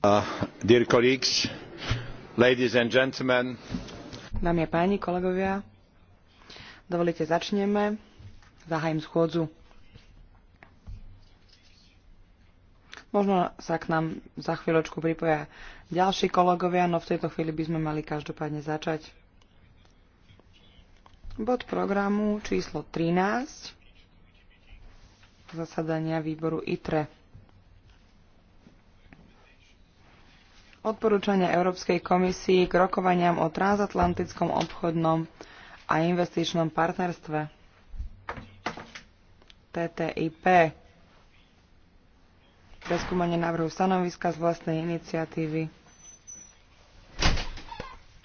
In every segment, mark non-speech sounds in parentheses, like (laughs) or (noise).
Uh, Dámy a páni, kolegovia, dovolite začneme. Zahájim schôdzu. Možno sa k nám za chvíľočku pripoja ďalší kolegovia, no v tejto chvíli by sme mali každopádne začať. Bod programu číslo thirteen zasadania výboru ITRE. odporúčania Európskej komisii k rokovaniam o transatlantickom obchodnom a investičnom partnerstve TTIP preskúmanie návrhu stanoviska z vlastnej iniciatívy.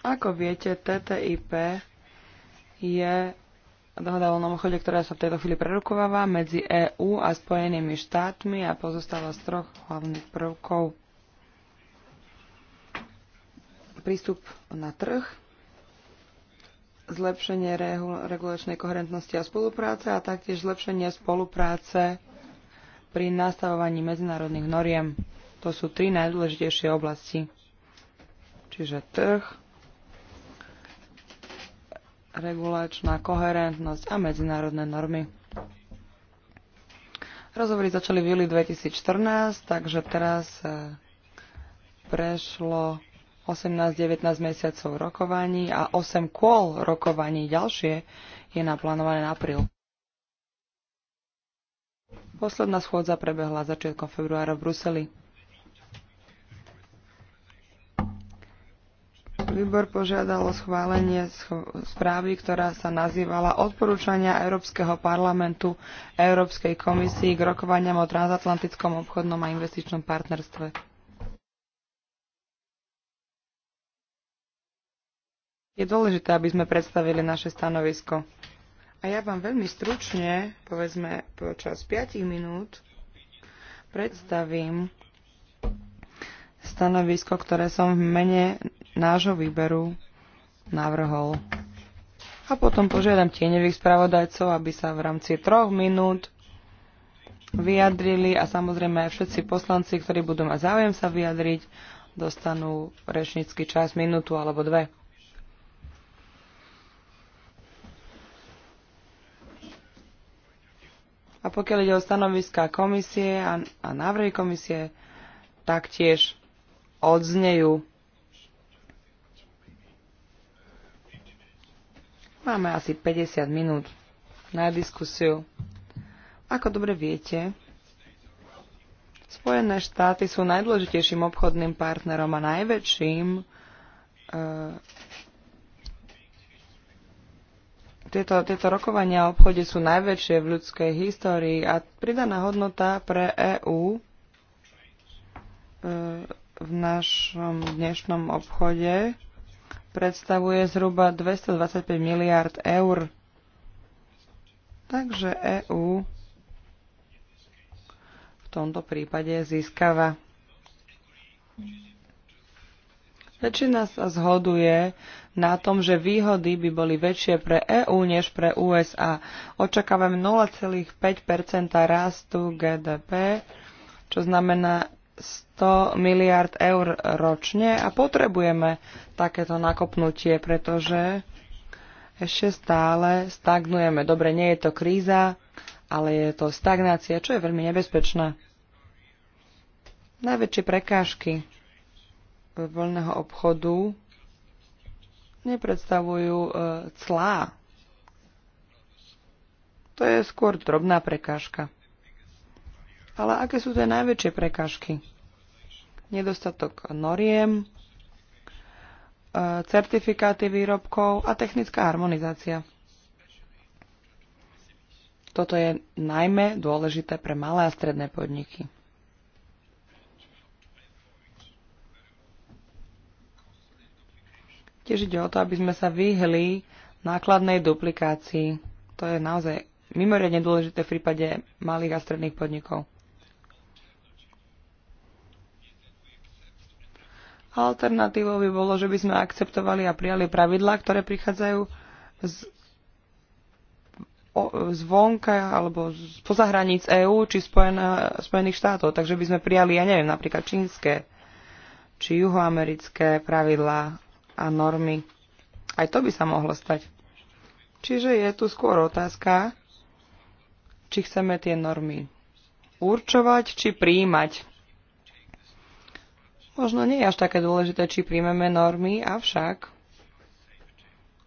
Ako viete, TTIP je dohoda o voľnom obchode, ktorá sa v tejto chvíli prerukováva medzi EÚ a Spojenými štátmi a pozostáva z troch hlavných prvkov prístup na trh, zlepšenie regulačnej koherentnosti a spolupráce a taktiež zlepšenie spolupráce pri nastavovaní medzinárodných noriem. To sú tri najdôležitejšie oblasti. Čiže trh, regulačná koherentnosť a medzinárodné normy. Rozhovory začali v júli 2014, takže teraz eh, prešlo 18-19 mesiacov rokovaní a 8 kôl rokovaní ďalšie je naplánované na apríl. Posledná schôdza prebehla začiatkom februára v Bruseli. Výbor požiadal o schválenie správy, ktorá sa nazývala Odporúčania Európskeho parlamentu Európskej komisii k rokovaniam o transatlantickom obchodnom a investičnom partnerstve. Je dôležité, aby sme predstavili naše stanovisko. A ja vám veľmi stručne, povedzme počas 5 minút, predstavím stanovisko, ktoré som v mene nášho výberu navrhol. A potom požiadam tieňových spravodajcov, aby sa v rámci troch minút vyjadrili a samozrejme aj všetci poslanci, ktorí budú mať záujem sa vyjadriť, dostanú rečnícky čas minútu alebo dve. A pokiaľ ide o stanoviská komisie a, a návrhy komisie, taktiež odznejú. Máme asi 50 minút na diskusiu. Ako dobre viete, Spojené štáty sú najdôležitejším obchodným partnerom a najväčším eh, tieto, tieto rokovania o obchode sú najväčšie v ľudskej histórii a pridaná hodnota pre EÚ e, v našom dnešnom obchode predstavuje zhruba 225 miliard eur. Takže EÚ v tomto prípade získava. Väčšina sa zhoduje, na tom, že výhody by boli väčšie pre EÚ než pre USA. Očakávam 0,5 rastu GDP, čo znamená 100 miliard eur ročne a potrebujeme takéto nakopnutie, pretože ešte stále stagnujeme. Dobre, nie je to kríza, ale je to stagnácia, čo je veľmi nebezpečná. Najväčšie prekážky voľného obchodu nepredstavujú e, clá. To je skôr drobná prekážka. Ale aké sú tie najväčšie prekážky? Nedostatok noriem, e, certifikáty výrobkov a technická harmonizácia. Toto je najmä dôležité pre malé a stredné podniky. Tiež ide o to, aby sme sa vyhli nákladnej duplikácii. To je naozaj mimoriadne dôležité v prípade malých a stredných podnikov. Alternatívou by bolo, že by sme akceptovali a prijali pravidlá, ktoré prichádzajú z, o, zvonka alebo z pozahraníc EÚ či Spojená, Spojených štátov. Takže by sme prijali, ja neviem, napríklad čínske či juhoamerické pravidlá a normy. Aj to by sa mohlo stať. Čiže je tu skôr otázka, či chceme tie normy určovať, či príjmať. Možno nie je až také dôležité, či príjmeme normy, avšak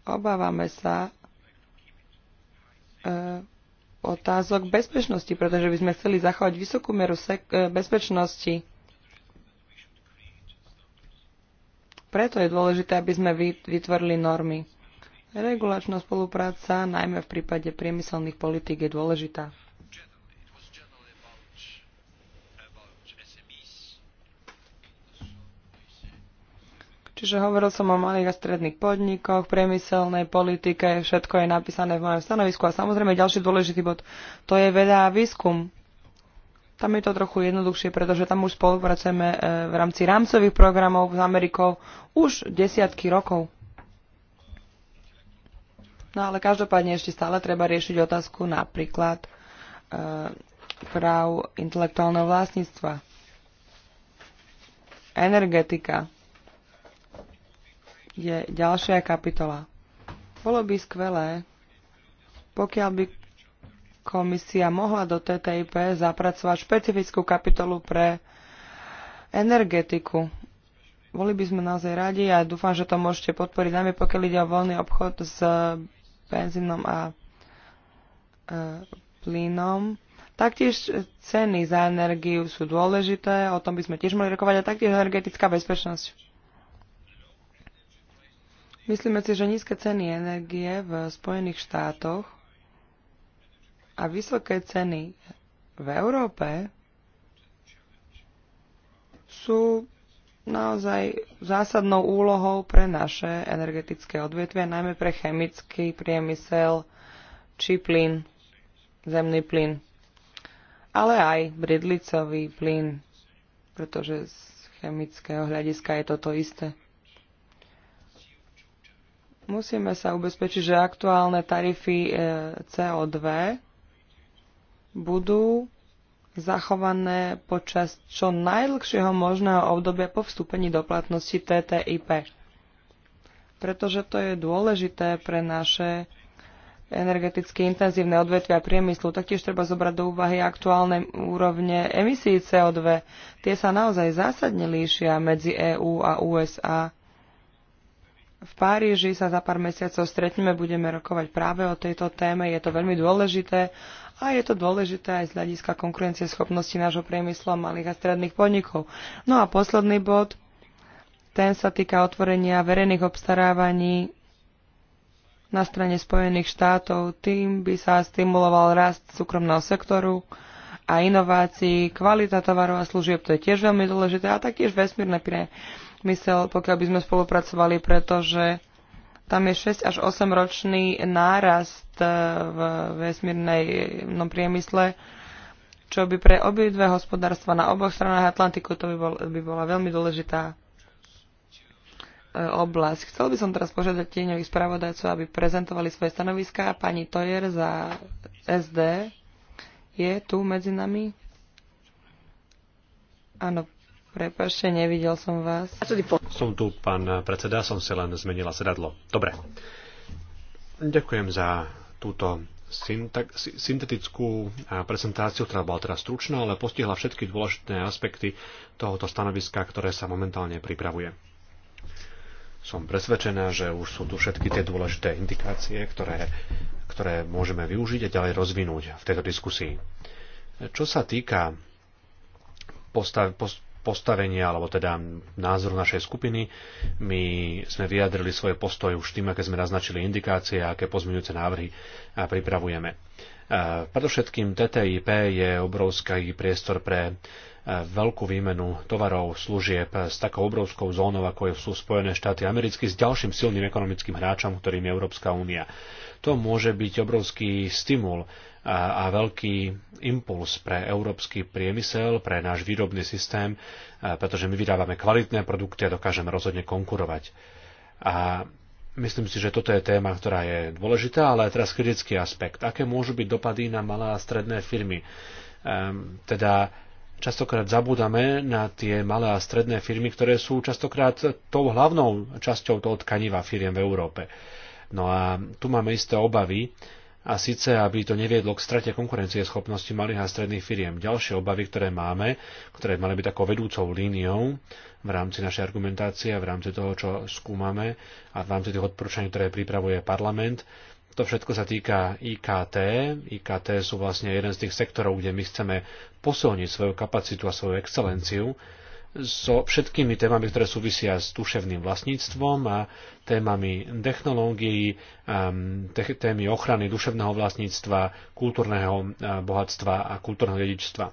obávame sa e, otázok bezpečnosti, pretože by sme chceli zachovať vysokú mieru e, bezpečnosti Preto je dôležité, aby sme vytvorili normy. Regulačná spolupráca, najmä v prípade priemyselných politík, je dôležitá. Čiže hovoril som o malých a stredných podnikoch, priemyselnej politike, všetko je napísané v mojom stanovisku a samozrejme ďalší dôležitý bod, to je veda a výskum. Tam je to trochu jednoduchšie, pretože tam už spolupracujeme e, v rámci rámcových programov s Amerikou už desiatky rokov. No ale každopádne ešte stále treba riešiť otázku napríklad e, práv intelektuálneho vlastníctva, energetika je ďalšia kapitola. Bolo by skvelé, pokiaľ by komisia mohla do TTIP zapracovať špecifickú kapitolu pre energetiku. Boli by sme naozaj radi a dúfam, že to môžete podporiť, najmä pokiaľ ide o voľný obchod s benzínom a e, plynom. Taktiež ceny za energiu sú dôležité, o tom by sme tiež mohli rokovať, a taktiež energetická bezpečnosť. Myslíme si, že nízke ceny energie v Spojených štátoch a vysoké ceny v Európe sú naozaj zásadnou úlohou pre naše energetické odvetvia, najmä pre chemický priemysel či plyn, zemný plyn, ale aj bridlicový plyn, pretože z chemického hľadiska je toto isté. Musíme sa ubezpečiť, že aktuálne tarify eh, CO2 budú zachované počas čo najdlhšieho možného obdobia po vstúpení do platnosti TTIP. Pretože to je dôležité pre naše energeticky intenzívne odvetvia priemyslu, taktiež treba zobrať do úvahy aktuálne úrovne emisí CO2. Tie sa naozaj zásadne líšia medzi EÚ a USA v Páriži sa za pár mesiacov stretneme, budeme rokovať práve o tejto téme. Je to veľmi dôležité a je to dôležité aj z hľadiska konkurencieschopnosti nášho priemyslu a malých a stredných podnikov. No a posledný bod, ten sa týka otvorenia verejných obstarávaní na strane Spojených štátov. Tým by sa stimuloval rast súkromného sektoru a inovácií, kvalita tovarov a služieb, to je tiež veľmi dôležité, a taktiež vesmírne pre zmysel, pokiaľ by sme spolupracovali, pretože tam je 6 až 8 ročný nárast e, v vesmírnej no, priemysle, čo by pre obidve hospodárstva na oboch stranách Atlantiku to by, bol, by bola veľmi dôležitá e, oblasť. Chcel by som teraz požiadať tieňových spravodajcov, aby prezentovali svoje stanoviská. Pani Tojer za SD je tu medzi nami. Áno, Prepašte, nevidel som vás. Som tu, pán predseda, som si len zmenila sedadlo. Dobre. Ďakujem za túto syntetickú prezentáciu, ktorá bola teraz stručná, ale postihla všetky dôležité aspekty tohoto stanoviska, ktoré sa momentálne pripravuje. Som presvedčená, že už sú tu všetky tie dôležité indikácie, ktoré, ktoré môžeme využiť a ďalej rozvinúť v tejto diskusii. Čo sa týka postav, post, postavenia, alebo teda názoru našej skupiny. My sme vyjadrili svoje postoje už tým, aké sme naznačili indikácie a aké pozmeňujúce návrhy pripravujeme. Predovšetkým TTIP je obrovský priestor pre veľkú výmenu tovarov, služieb s takou obrovskou zónou, ako sú Spojené štáty americky, s ďalším silným ekonomickým hráčom, ktorým je Európska únia. To môže byť obrovský stimul a veľký impuls pre európsky priemysel, pre náš výrobný systém, pretože my vydávame kvalitné produkty a dokážeme rozhodne konkurovať. A myslím si, že toto je téma, ktorá je dôležitá, ale teraz kritický aspekt. Aké môžu byť dopady na malé a stredné firmy? Ehm, teda častokrát zabúdame na tie malé a stredné firmy, ktoré sú častokrát tou hlavnou časťou toho tkaniva firiem v Európe. No a tu máme isté obavy, a síce, aby to neviedlo k strate konkurencieschopnosti malých a stredných firiem. Ďalšie obavy, ktoré máme, ktoré mali byť takou vedúcou líniou v rámci našej argumentácie, v rámci toho, čo skúmame a v rámci tých odporúčaní, ktoré pripravuje parlament, to všetko sa týka IKT. IKT sú vlastne jeden z tých sektorov, kde my chceme posilniť svoju kapacitu a svoju excelenciu so všetkými témami, ktoré súvisia s duševným vlastníctvom a témami technológií, ehm, témy ochrany duševného vlastníctva, kultúrneho eh, bohatstva a kultúrneho dedičstva.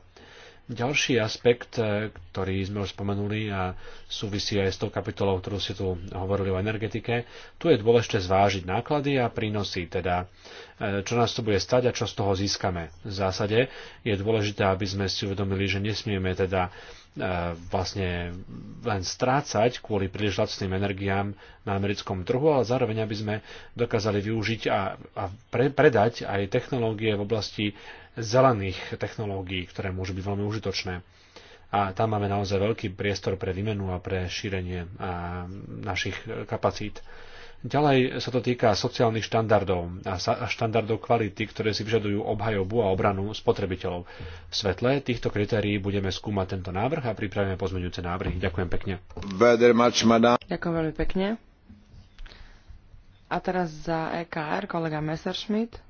Ďalší aspekt, eh, ktorý sme už spomenuli a súvisí aj s tou kapitolou, ktorú si tu hovorili o energetike, tu je dôležité zvážiť náklady a prínosy, teda eh, čo nás to bude stať a čo z toho získame. V zásade je dôležité, aby sme si uvedomili, že nesmieme teda E, vlastne len strácať kvôli príliš lacným energiám na americkom trhu, ale zároveň aby sme dokázali využiť a, a pre, predať aj technológie v oblasti zelených technológií, ktoré môžu byť veľmi užitočné. A tam máme naozaj veľký priestor pre výmenu a pre šírenie našich kapacít. Ďalej sa to týka sociálnych štandardov a štandardov kvality, ktoré si vyžadujú obhajobu a obranu spotrebiteľov. V svetle týchto kritérií budeme skúmať tento návrh a pripravíme pozmeňujúce návrhy. Ďakujem pekne. Ďakujem veľmi pekne. A teraz za EKR kolega Messerschmidt.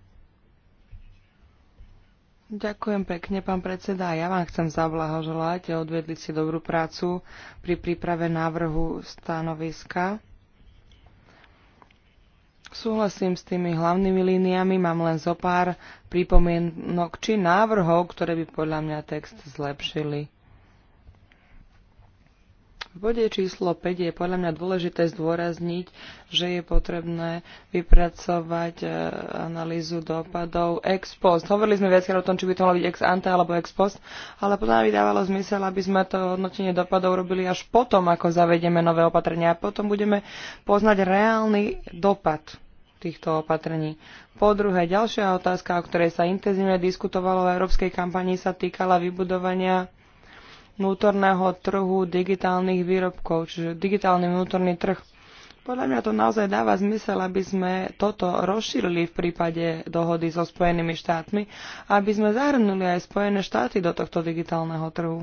Ďakujem pekne, pán predseda. Ja vám chcem zablahoželať. Odvedli si dobrú prácu pri príprave návrhu stanoviska. Súhlasím s tými hlavnými líniami, mám len zo pár pripomienok či návrhov, ktoré by podľa mňa text zlepšili. V bode číslo 5 je podľa mňa dôležité zdôrazniť, že je potrebné vypracovať e, analýzu dopadov ex post. Hovorili sme viackrát o tom, či by to malo byť ex ante alebo ex post, ale podľa mňa by dávalo zmysel, aby sme to hodnotenie dopadov robili až potom, ako zavedieme nové opatrenia a potom budeme poznať reálny dopad týchto opatrení. Po druhé, ďalšia otázka, o ktorej sa intenzívne diskutovalo v európskej kampanii, sa týkala vybudovania vnútorného trhu digitálnych výrobkov, čiže digitálny vnútorný trh. Podľa mňa to naozaj dáva zmysel, aby sme toto rozšírili v prípade dohody so Spojenými štátmi, aby sme zahrnuli aj Spojené štáty do tohto digitálneho trhu.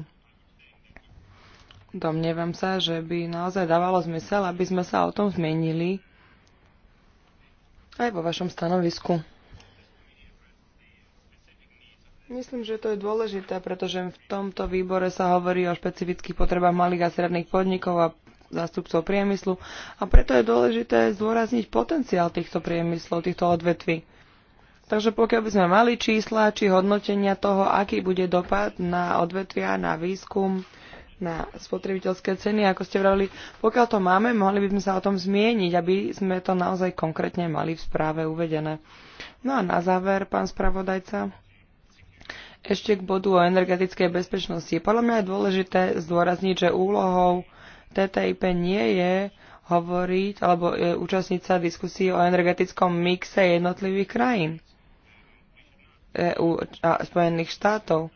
Domnievam sa, že by naozaj dávalo zmysel, aby sme sa o tom zmenili aj vo vašom stanovisku. Myslím, že to je dôležité, pretože v tomto výbore sa hovorí o špecifických potrebách malých a stredných podnikov a zástupcov priemyslu a preto je dôležité zdôrazniť potenciál týchto priemyslov, týchto odvetví. Takže pokiaľ by sme mali čísla či hodnotenia toho, aký bude dopad na odvetvia, na výskum, na spotrebiteľské ceny. Ako ste vravili, pokiaľ to máme, mohli by sme sa o tom zmieniť, aby sme to naozaj konkrétne mali v správe uvedené. No a na záver, pán spravodajca, ešte k bodu o energetickej bezpečnosti. Podľa mňa je dôležité zdôrazniť, že úlohou TTIP nie je hovoriť alebo je účastniť sa diskusí o energetickom mixe jednotlivých krajín EU a Spojených štátov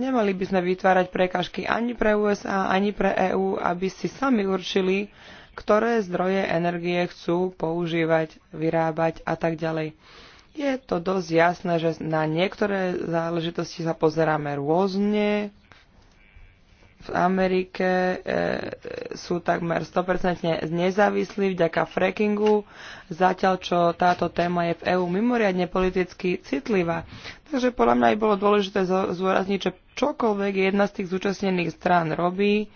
Nemali by sme vytvárať prekážky ani pre USA, ani pre EÚ, aby si sami určili, ktoré zdroje energie chcú používať, vyrábať a tak ďalej. Je to dosť jasné, že na niektoré záležitosti sa pozeráme rôzne. V Amerike e, sú takmer 100% nezávislí vďaka frackingu, zatiaľ čo táto téma je v EÚ mimoriadne politicky citlivá. Takže podľa mňa aj bolo dôležité zúrazniť, že čokoľvek jedna z tých zúčastnených strán robí,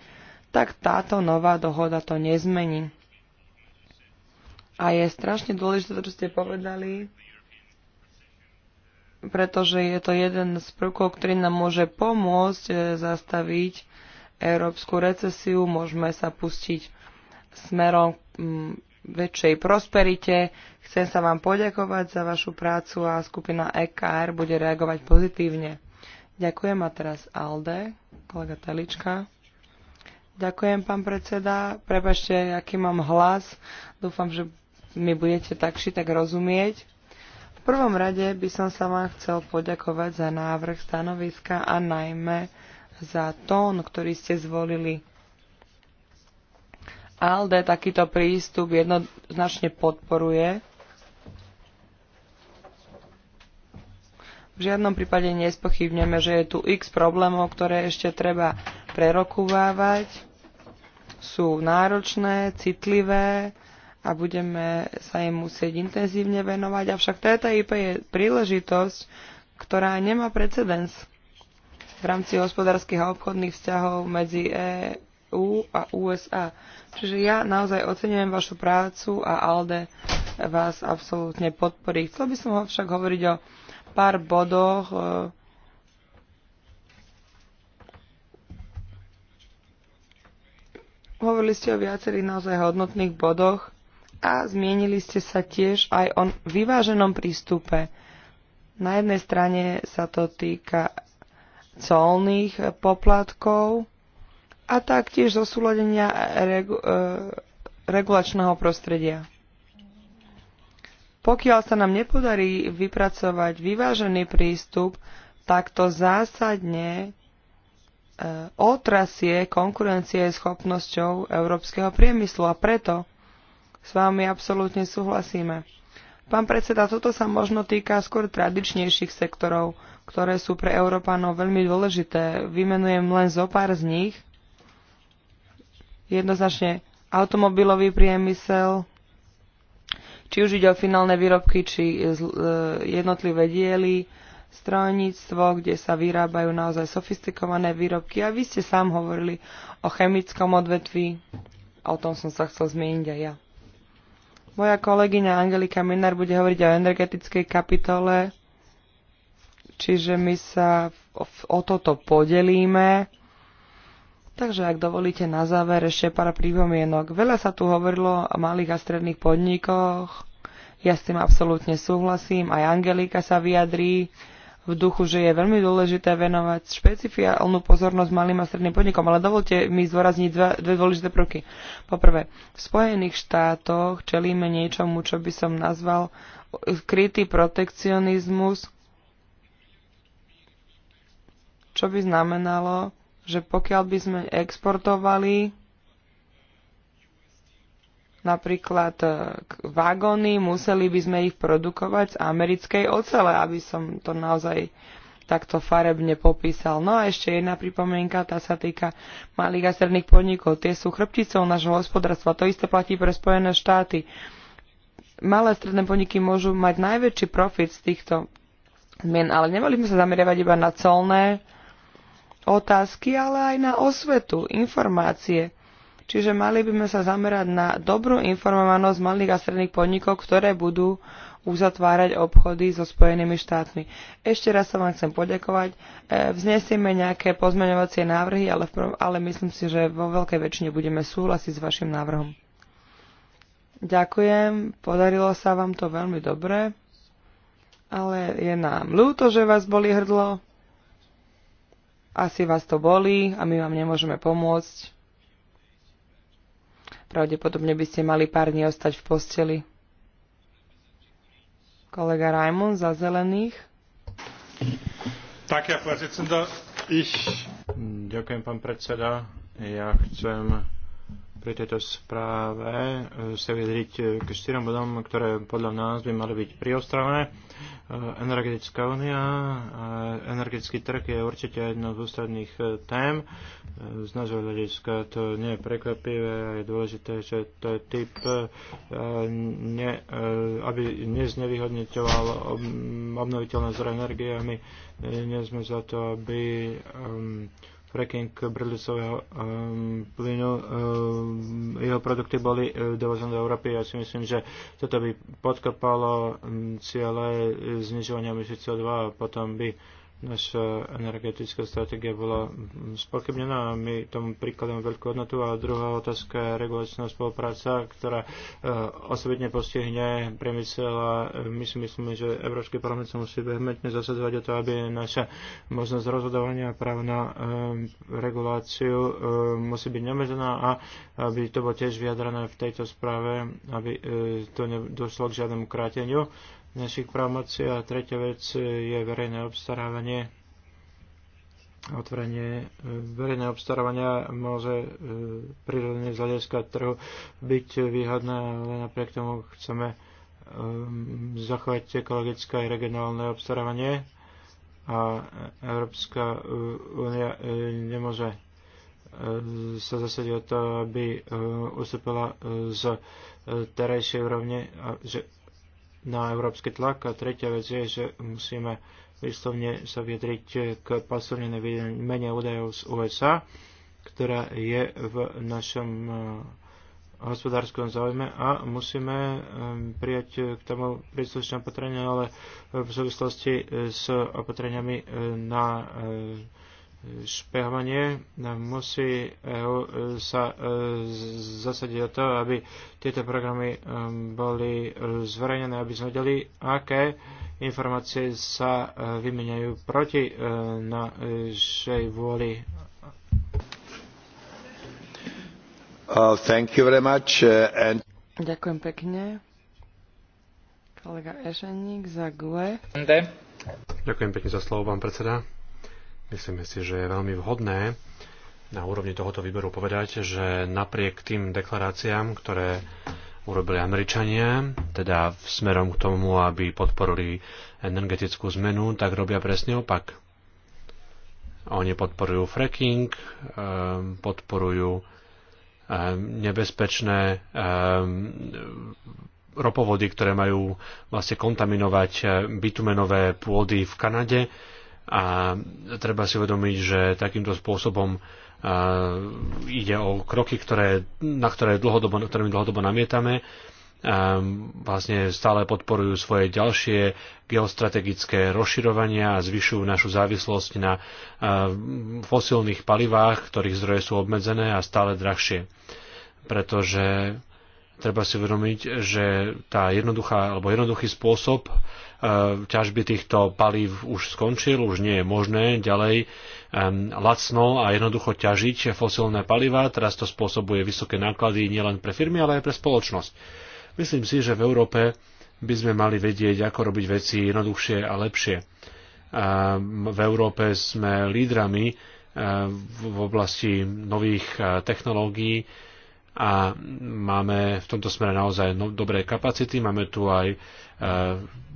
tak táto nová dohoda to nezmení. A je strašne dôležité, čo ste povedali, pretože je to jeden z prvkov, ktorý nám môže pomôcť e, zastaviť európsku recesiu. Môžeme sa pustiť smerom väčšej prosperite. Chcem sa vám poďakovať za vašu prácu a skupina EKR bude reagovať pozitívne. Ďakujem a teraz Alde, kolega Telička. Ďakujem, pán predseda. Prepašte, aký mám hlas. Dúfam, že mi budete tak či tak rozumieť. V prvom rade by som sa vám chcel poďakovať za návrh stanoviska a najmä za tón, ktorý ste zvolili. ALDE takýto prístup jednoznačne podporuje V žiadnom prípade nespochybneme, že je tu x problémov, ktoré ešte treba prerokúvávať. Sú náročné, citlivé a budeme sa im musieť intenzívne venovať. Avšak TTIP je príležitosť, ktorá nemá precedens v rámci hospodárskych a obchodných vzťahov medzi EU a USA. Čiže ja naozaj ocenujem vašu prácu a ALDE vás absolútne podporí. Chcel by som však hovoriť o pár bodoch e, Hovorili ste o viacerých naozaj hodnotných bodoch a zmienili ste sa tiež aj o vyváženom prístupe. Na jednej strane sa to týka colných poplatkov a taktiež zosúladenia regu- e, regulačného prostredia. Pokiaľ sa nám nepodarí vypracovať vyvážený prístup, tak to zásadne e, otrasie konkurencie schopnosťou európskeho priemyslu a preto s vami absolútne súhlasíme. Pán predseda, toto sa možno týka skôr tradičnejších sektorov, ktoré sú pre Európanov veľmi dôležité. Vymenujem len zo pár z nich. Jednoznačne automobilový priemysel, či už ide o finálne výrobky, či e, e, jednotlivé diely, strojníctvo, kde sa vyrábajú naozaj sofistikované výrobky. A vy ste sám hovorili o chemickom odvetví. O tom som sa chcel zmieniť aj ja. Moja kolegyňa Angelika Minár bude hovoriť o energetickej kapitole, čiže my sa o toto podelíme. Takže ak dovolíte na záver ešte pár pripomienok. Veľa sa tu hovorilo o malých a stredných podnikoch. Ja s tým absolútne súhlasím. Aj Angelika sa vyjadrí v duchu, že je veľmi dôležité venovať špecifiálnu pozornosť malým a stredným podnikom, ale dovolte mi zdôrazniť dva, dve dôležité prvky. Poprvé, v Spojených štátoch čelíme niečomu, čo by som nazval skrytý protekcionizmus, čo by znamenalo, že pokiaľ by sme exportovali napríklad e, vagóny, museli by sme ich produkovať z americkej ocele, aby som to naozaj takto farebne popísal. No a ešte jedna pripomienka, tá sa týka malých a stredných podnikov. Tie sú chrbticou nášho hospodárstva. To isté platí pre Spojené štáty. Malé a stredné podniky môžu mať najväčší profit z týchto zmien, ale nemali sme sa zameriavať iba na colné otázky, ale aj na osvetu, informácie. Čiže mali by sme sa zamerať na dobrú informovanosť malých a stredných podnikov, ktoré budú uzatvárať obchody so Spojenými štátmi. Ešte raz sa vám chcem poďakovať. E, vznesieme nejaké pozmeňovacie návrhy, ale, prv, ale myslím si, že vo veľkej väčšine budeme súhlasiť s vašim návrhom. Ďakujem, podarilo sa vám to veľmi dobre, ale je nám ľúto, že vás boli hrdlo. Asi vás to bolí a my vám nemôžeme pomôcť. Pravdepodobne by ste mali pár dní ostať v posteli. Kolega Raimund za zelených. Tak, ja, ich... Ďakujem, pán predseda. Ja chcem pri tejto správe eh, sa vyjadriť eh, k štyrom bodom, ktoré podľa nás by mali byť priostrané. Eh, energetická únia, energetický trh je určite jedno z ústredných tém. Z nášho hľadiska to nie je prekvapivé a je dôležité, že to je typ, ne, aby neznevýhodniteľoval obnoviteľné zdroje energie a my nie sme za to, aby um, fracking brzlicového um, ehm, plynu, um, jeho produkty boli uh, dovezené do Európy. Ja si myslím, že toto by podkopalo um, ehm, cieľe eh, znižovania emisí CO2 a potom by uh, naša energetická stratégia bola spochybnená a my tomu prikladom veľkú hodnotu. A druhá otázka je regulačná spolupráca, ktorá e, osobitne postihne priemysel a my si myslíme, že Európsky parlament sa musí vehementne zasadzovať o to, aby naša možnosť rozhodovania a práv na e, reguláciu e, musí byť neomezená a aby to bolo tiež vyjadrené v tejto správe, aby to nedošlo k žiadnemu kráteniu našich právomocí. A tretia vec je verejné obstarávanie. Otvorenie e, verejného obstarávania môže e, prírodne z hľadiska trhu byť výhodné, ale napriek tomu chceme e, zachovať ekologické a regionálne obstarávanie a Európska únia nemôže sa zasadiť o to, aby ustúpila z terajšej úrovne, že na európsky tlak. A tretia vec je, že musíme výslovne sa vyjadriť k posilnenej mene údajov z USA, ktorá je v našom eh, hospodárskom záujme a musíme eh, prijať k tomu príslušné opatrenia, ale v súvislosti s opatreniami eh, na špehovanie musí eh, eh, sa eh, zasadiť o to, aby tieto programy boli zverejnené, aby sme vedeli, aké informácie sa vymeniajú proti našej vôli. Uh, thank you very much, and... Ďakujem pekne. Kolega Ešeník za GUE. Ďakujem pekne za slovo, pán predseda. Myslíme si, že je veľmi vhodné na úrovni tohoto výberu povedať, že napriek tým deklaráciám, ktoré urobili Američania, teda v smerom k tomu, aby podporili energetickú zmenu, tak robia presne opak. Oni podporujú fracking, ehm, podporujú ehm, nebezpečné ehm, ropovody, ktoré majú vlastne kontaminovať e, bitumenové pôdy v Kanade a treba si uvedomiť, že takýmto spôsobom ide o kroky, ktoré, na ktoré dlhodobo, ktorými dlhodobo namietame vlastne stále podporujú svoje ďalšie geostrategické rozširovania a zvyšujú našu závislosť na fosílnych palivách, ktorých zdroje sú obmedzené a stále drahšie. Pretože treba si uvedomiť, že tá jednoduchá alebo jednoduchý spôsob Ehm, ťažby týchto palív už skončil, už nie je možné ďalej ehm, lacno a jednoducho ťažiť fosilné paliva, Teraz to spôsobuje vysoké náklady nielen pre firmy, ale aj pre spoločnosť. Myslím si, že v Európe by sme mali vedieť, ako robiť veci jednoduchšie a lepšie. Ehm, v Európe sme lídrami v oblasti nových e, technológií, a máme v tomto smere naozaj no, dobré kapacity. Máme tu aj e,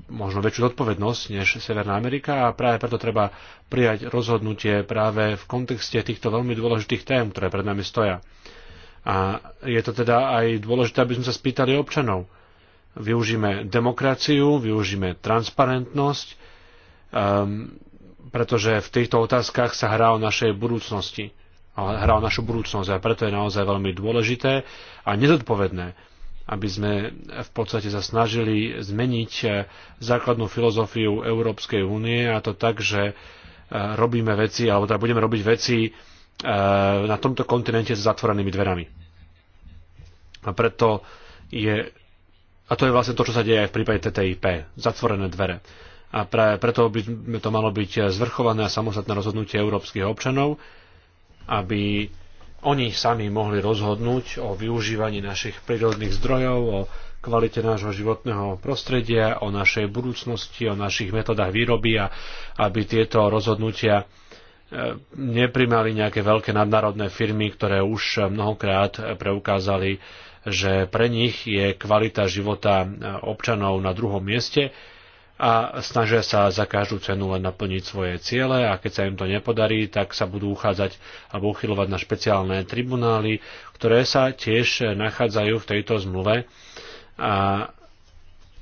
možno väčšiu zodpovednosť než Severná Amerika a práve preto treba prijať rozhodnutie práve v kontexte týchto veľmi dôležitých tém, ktoré pred nami stoja. A je to teda aj dôležité, aby sme sa spýtali občanov. Využíme demokraciu, využíme transparentnosť, um, pretože v týchto otázkach sa hrá o našej budúcnosti. Hrá o našu budúcnosť a preto je naozaj veľmi dôležité a nezodpovedné aby sme v podstate sa snažili zmeniť eh, základnú filozofiu Európskej únie a to tak, že eh, robíme veci, alebo teda budeme robiť veci eh, na tomto kontinente s zatvorenými dverami. A preto je, a to je vlastne to, čo sa deje aj v prípade TTIP, zatvorené dvere. A pre, preto by to malo byť zvrchované a samostatné rozhodnutie európskych občanov, aby oni sami mohli rozhodnúť o využívaní našich prírodných zdrojov, o kvalite nášho životného prostredia, o našej budúcnosti, o našich metodách výroby a aby tieto rozhodnutia e, neprimali nejaké veľké nadnárodné firmy, ktoré už mnohokrát preukázali, že pre nich je kvalita života e, občanov na druhom mieste a snažia sa za každú cenu len naplniť svoje ciele a keď sa im to nepodarí, tak sa budú uchádzať alebo uchylovať na špeciálne tribunály, ktoré sa tiež nachádzajú v tejto zmluve a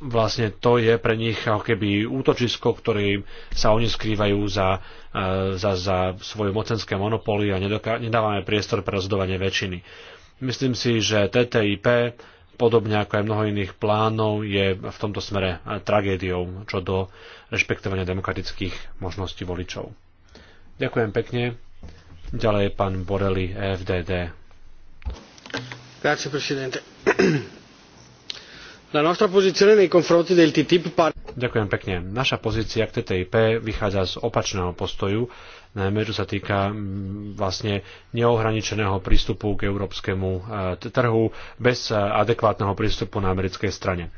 vlastne to je pre nich ako keby útočisko, ktorým sa oni skrývajú za, e, za, za svoje mocenské monopóly a nedávame priestor pre rozhodovanie väčšiny. Myslím si, že TTIP podobne ako aj mnoho iných plánov, je v tomto smere tragédiou čo do rešpektovania demokratických možností voličov. Ďakujem pekne. Ďalej pán Borelli, FDD. Grazie, presidente. La nostra posizione nei confronti del TTIP Ďakujem pekne. Naša pozícia k TTIP vychádza z opačného postoju, najmä čo sa týka mm, vlastne neohraničeného prístupu k európskemu e, trhu bez e, adekvátneho prístupu na americkej strane.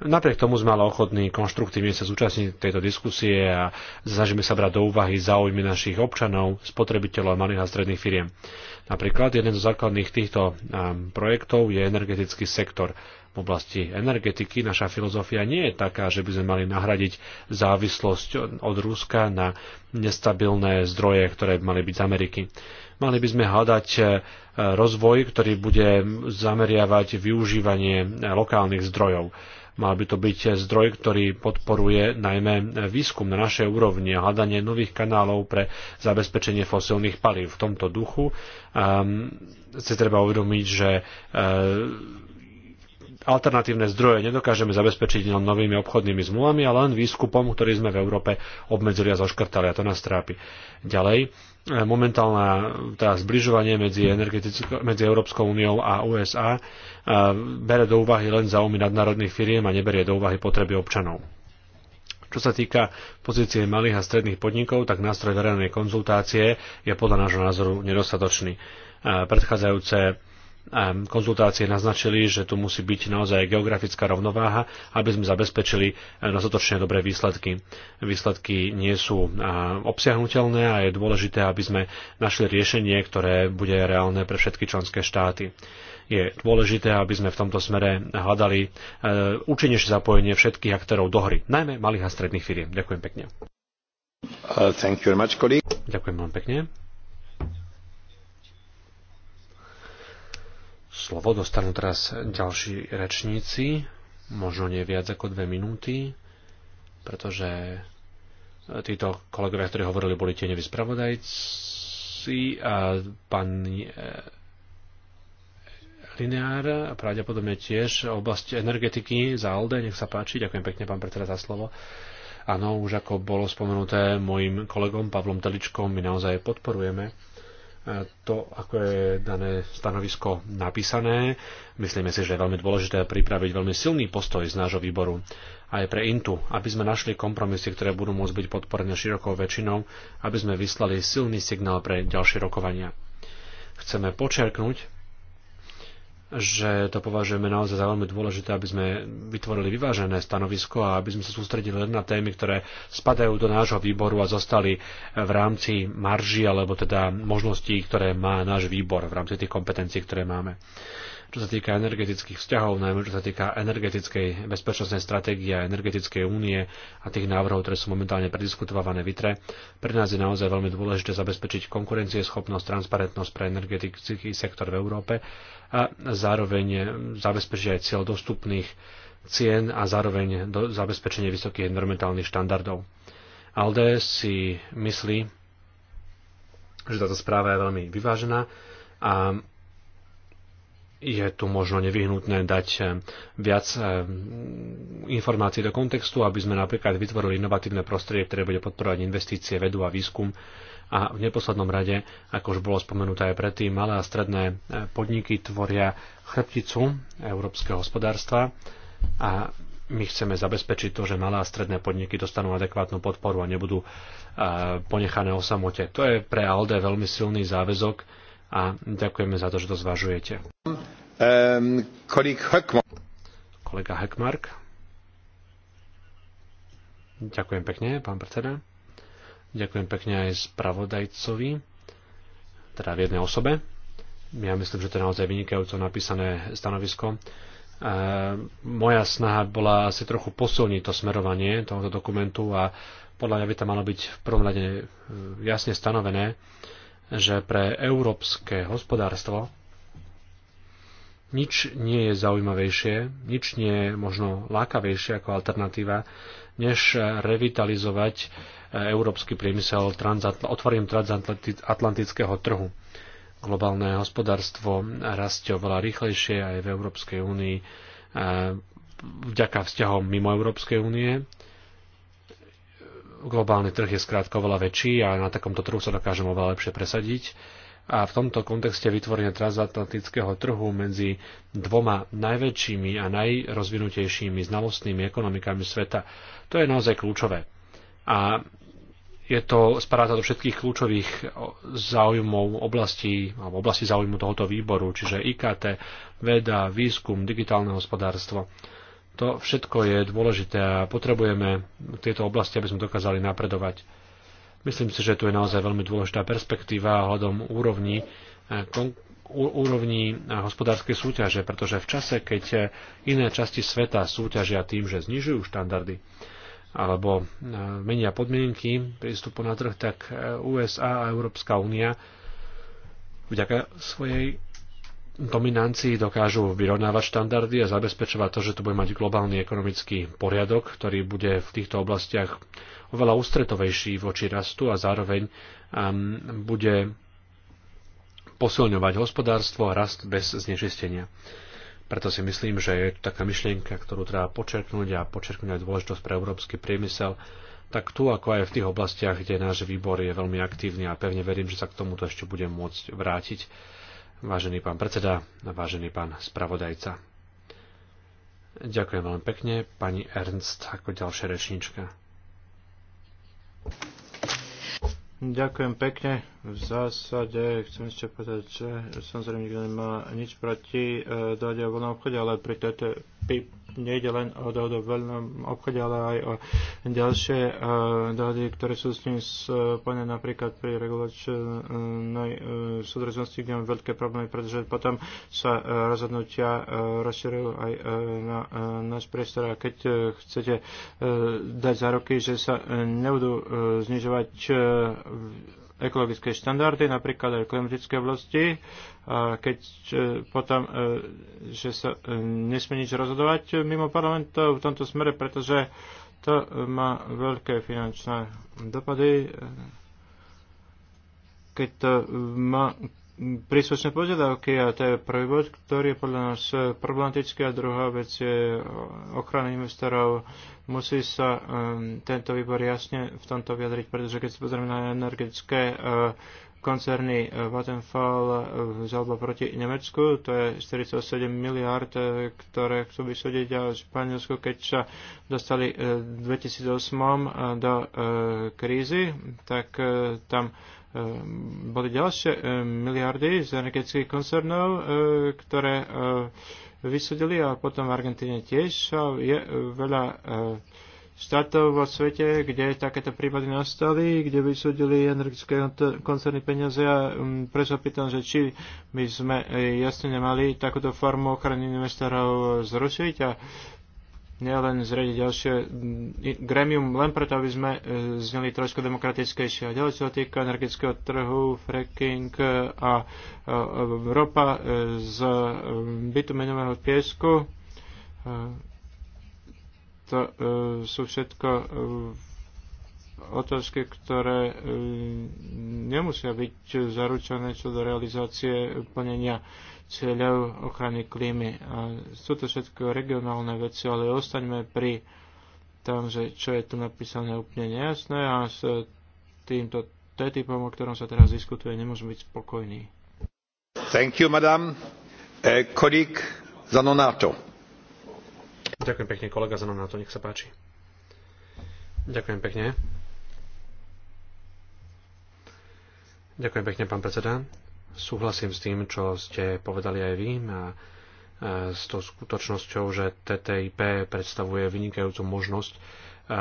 Napriek tomu sme ale ochotní konštruktívne sa zúčastniť tejto diskusie a snažíme sa brať do úvahy záujmy našich občanov, spotrebiteľov a malých a stredných firiem. Napríklad jeden zo základných týchto e, projektov je energetický sektor v oblasti energetiky naša filozofia nie je taká, že by sme mali nahradiť závislosť od Ruska na nestabilné zdroje, ktoré mali byť z Ameriky. Mali by sme hľadať e, rozvoj, ktorý bude zameriavať využívanie lokálnych zdrojov. Mal by to byť zdroj, ktorý podporuje najmä výskum na našej úrovni a hľadanie nových kanálov pre zabezpečenie fosilných palív. V tomto duchu um, si treba uvedomiť, že um, alternatívne zdroje nedokážeme zabezpečiť len novými obchodnými zmluvami, ale len výskupom, ktorý sme v Európe obmedzili a zoškrtali a to nás trápi. Ďalej, e, momentálne teda zbližovanie medzi, medzi Európskou úniou a USA a e, bere do úvahy len záujmy nadnárodných firiem a neberie do úvahy potreby občanov. Čo sa týka pozície malých a stredných podnikov, tak nástroj verejnej konzultácie je podľa nášho názoru nedostatočný. E, predchádzajúce konzultácie naznačili, že tu musí byť naozaj geografická rovnováha, aby sme zabezpečili eh, dostatočne dobré výsledky. Výsledky nie sú eh, obsiahnutelné a je dôležité, aby sme našli riešenie, ktoré bude reálne pre všetky členské štáty je dôležité, aby sme v tomto smere hľadali eh, účinnejšie zapojenie všetkých aktérov do hry, najmä malých a stredných firiem. Ďakujem pekne. Uh, much, Ďakujem veľmi pekne. Slovo dostanú teraz ďalší rečníci, možno nie viac ako dve minúty, pretože títo kolegovia, ktorí hovorili, boli tieňoví spravodajci a pán e, Lineár a pravdepodobne tiež oblasť energetiky za Alde, nech sa páči, ďakujem pekne pán predseda za slovo. Áno, už ako bolo spomenuté mojim kolegom Pavlom Teličkom, my naozaj podporujeme to, ako je dané stanovisko napísané. Myslíme si, že je veľmi dôležité pripraviť veľmi silný postoj z nášho výboru aj pre Intu, aby sme našli kompromisy, ktoré budú môcť byť podporené širokou väčšinou, aby sme vyslali silný signál pre ďalšie rokovania. Chceme počerknúť, že to považujeme naozaj za veľmi dôležité, aby sme vytvorili vyvážené stanovisko a aby sme sa sústredili len na témy, ktoré spadajú do nášho výboru a zostali v rámci marží alebo teda možností, ktoré má náš výbor v rámci tých kompetencií, ktoré máme čo sa týka energetických vzťahov, najmä čo sa týka energetickej bezpečnostnej stratégie a energetickej únie a tých návrhov, ktoré sú momentálne prediskutované v ITRE. Pre nás je naozaj veľmi dôležité zabezpečiť konkurencieschopnosť, transparentnosť pre energetický sektor v Európe a zároveň zabezpečí aj cieľ dostupných cien a zároveň do, zabezpečenie vysokých environmentálnych štandardov. ALDE si myslí, že táto správa je veľmi vyvážená a je tu možno nevyhnutné dať eh, viac eh, informácií do kontextu, aby sme napríklad vytvorili inovatívne prostredie, ktoré bude podporovať investície, vedu a výskum a v neposlednom rade, ako už bolo spomenuté aj predtým, malé a stredné e, podniky tvoria chrbticu európskeho hospodárstva a my chceme zabezpečiť to, že malé a stredné podniky dostanú adekvátnu podporu a nebudú e, ponechané o samote. To je pre ALDE veľmi silný záväzok a ďakujeme za to, že to zvažujete. Um, Kolega Heckmark. Ďakujem pekne, pán predseda. Ďakujem pekne aj spravodajcovi, teda v jednej osobe. Ja myslím, že to je naozaj vynikajúco napísané stanovisko. E, moja snaha bola asi trochu posilniť to smerovanie tohoto dokumentu a podľa mňa by tam malo byť v prvom rade e, jasne stanovené, že pre európske hospodárstvo nič nie je zaujímavejšie, nič nie je možno lákavejšie ako alternatíva, než revitalizovať európsky priemysel transatl- otvorím transatlantického trhu. Globálne hospodárstvo rastie oveľa rýchlejšie aj v Európskej únii eh, vďaka vzťahom mimo Európskej únie. Globálny trh je skrátka oveľa väčší a na takomto trhu sa dokážeme oveľa lepšie presadiť a v tomto kontexte vytvorenie transatlantického trhu medzi dvoma najväčšími a najrozvinutejšími znalostnými ekonomikami sveta, to je naozaj kľúčové. A je to, spadá to do všetkých kľúčových záujmov oblasti, alebo oblasti záujmu tohoto výboru, čiže IKT, veda, výskum, digitálne hospodárstvo. To všetko je dôležité a potrebujeme tieto oblasti, aby sme dokázali napredovať. Myslím si, že tu je naozaj veľmi dôležitá perspektíva hľadom úrovni, eh, úrovni eh, hospodárskej súťaže, pretože v čase, keď eh, iné časti sveta súťažia tým, že znižujú štandardy, alebo e, menia podmienky prístupu na trh, tak e, USA a Európska únia vďaka svojej dominancii dokážu vyrovnávať štandardy a zabezpečovať to, že tu bude mať globálny ekonomický poriadok, ktorý bude v týchto oblastiach oveľa ústretovejší voči rastu a zároveň um, bude posilňovať hospodárstvo a rast bez znečistenia. Preto si myslím, že je to taká myšlienka, ktorú treba počerknúť a počerknúť aj dôležitosť pre európsky priemysel, tak tu ako aj v tých oblastiach, kde náš výbor je veľmi aktívny a pevne verím, že sa k tomuto ešte budem môcť vrátiť. Vážený pán predseda, vážený pán spravodajca. Ďakujem veľmi pekne, pani Ernst, ako ďalšia rečníčka. Ďakujem pekne. V zásade chcem ešte povedať, že samozrejme nikto nemá nič proti e, dohode o voľnom obchode, ale pri tejto PIP nejde len o dohodu v veľnom obchode, ale aj o ďalšie uh, dohody, ktoré sú s ním spojené napríklad pri regulačnej uh, súdržnosti, kde máme veľké problémy, pretože potom sa uh, rozhodnutia uh, rozširujú aj uh, na uh, náš priestor a keď uh, chcete uh, dať zároky, že sa uh, nebudú uh, znižovať uh, ekologické štandardy, napríklad aj klimatické vlasti, keď e, potom, e, že sa e, nesmie nič rozhodovať mimo parlamentu v tomto smere, pretože to má veľké finančné dopady, keď to má príslušné požiadavky a to je prvý bod, ktorý je podľa nás problematický a druhá vec je ochrana investorov. Musí sa um, tento výbor jasne v tomto vyjadriť, pretože keď sa pozrieme na energetické uh, koncerny eh, Vattenfall eh, žalba proti Nemecku, to je 47 miliard, eh, ktoré chcú vysúdiť a Španielsku, keď sa dostali v 2008 do krízy, tak tam boli ďalšie miliardy z energetických koncernov, ktoré vysúdili a potom v Argentíne tiež je veľa štátov vo svete, kde takéto prípady nastali, kde vysúdili energetické koncerny peniaze a um, preto pýtam, že či by sme e, jasne nemali takúto formu ochrany investorov zrušiť a nielen zrediť ďalšie mm, gremium, len preto, aby sme e, zneli trošku demokratickejšie. A ďalej, čo týka energetického trhu, fracking e, a ropa z menového piesku, to e, sú všetko e, otázky, ktoré e, nemusia byť zaručené čo do realizácie plnenia cieľov ochrany klímy. A sú to všetko regionálne veci, ale ostaňme pri tom, že čo je tu napísané úplne nejasné a s týmto TTIPom, o ktorom sa teraz diskutuje, nemôžem byť spokojný. Thank you, madam. Eh, kolik Zanonato. Ďakujem pekne, kolega Zanon, na to nech sa páči. Ďakujem pekne. Ďakujem pekne, pán predseda. Súhlasím s tým, čo ste povedali aj vy a e, s tou skutočnosťou, že TTIP predstavuje vynikajúcu možnosť e,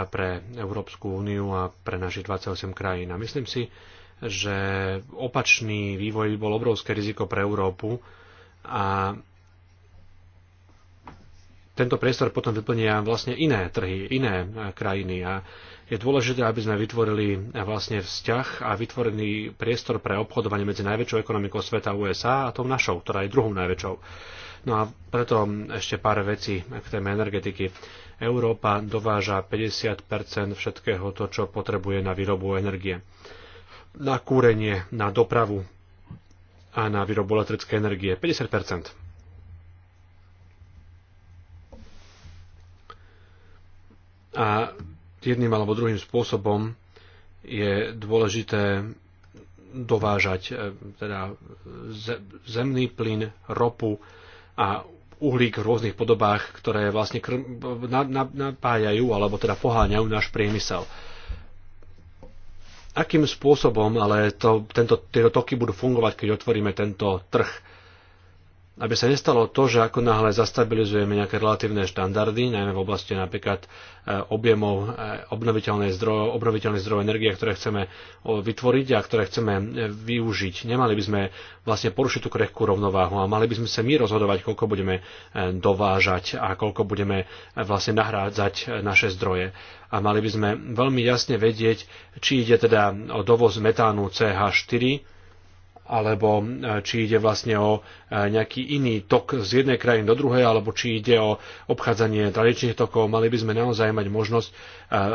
pre Európsku úniu a pre našich 28 krajín. A myslím si, že opačný vývoj bol obrovské riziko pre Európu a tento priestor potom vyplnia vlastne iné trhy, iné e, krajiny a je dôležité, aby sme vytvorili e, vlastne vzťah a vytvorený priestor pre obchodovanie medzi najväčšou ekonomikou sveta USA a tou našou, ktorá je druhou najväčšou. No a preto ešte pár vecí k téme energetiky. Európa dováža 50 všetkého to, čo potrebuje na výrobu energie. Na kúrenie, na dopravu a na výrobu elektrickej energie 50 A jedným alebo druhým spôsobom je dôležité dovážať e, teda zemný plyn, ropu a uhlík v rôznych podobách, ktoré vlastne napájajú alebo teda poháňajú náš priemysel. Akým spôsobom ale to, tento, tieto toky budú fungovať, keď otvoríme tento trh? aby sa nestalo to, že ako náhle zastabilizujeme nejaké relatívne štandardy, najmä v oblasti napríklad e, objemov e, obnoviteľnej zdrojov, obnoviteľných zdrojov energie, ktoré chceme vytvoriť a ktoré chceme e, využiť. Nemali by sme vlastne porušiť tú krehkú rovnováhu a mali by sme sa my rozhodovať, koľko budeme dovážať a koľko budeme vlastne nahrádzať naše zdroje. A mali by sme veľmi jasne vedieť, či ide teda o dovoz metánu CH4, alebo e, či ide vlastne o e, nejaký iný tok z jednej krajiny do druhej, alebo či ide o obchádzanie tradičných tokov, mali by sme naozaj mať možnosť e,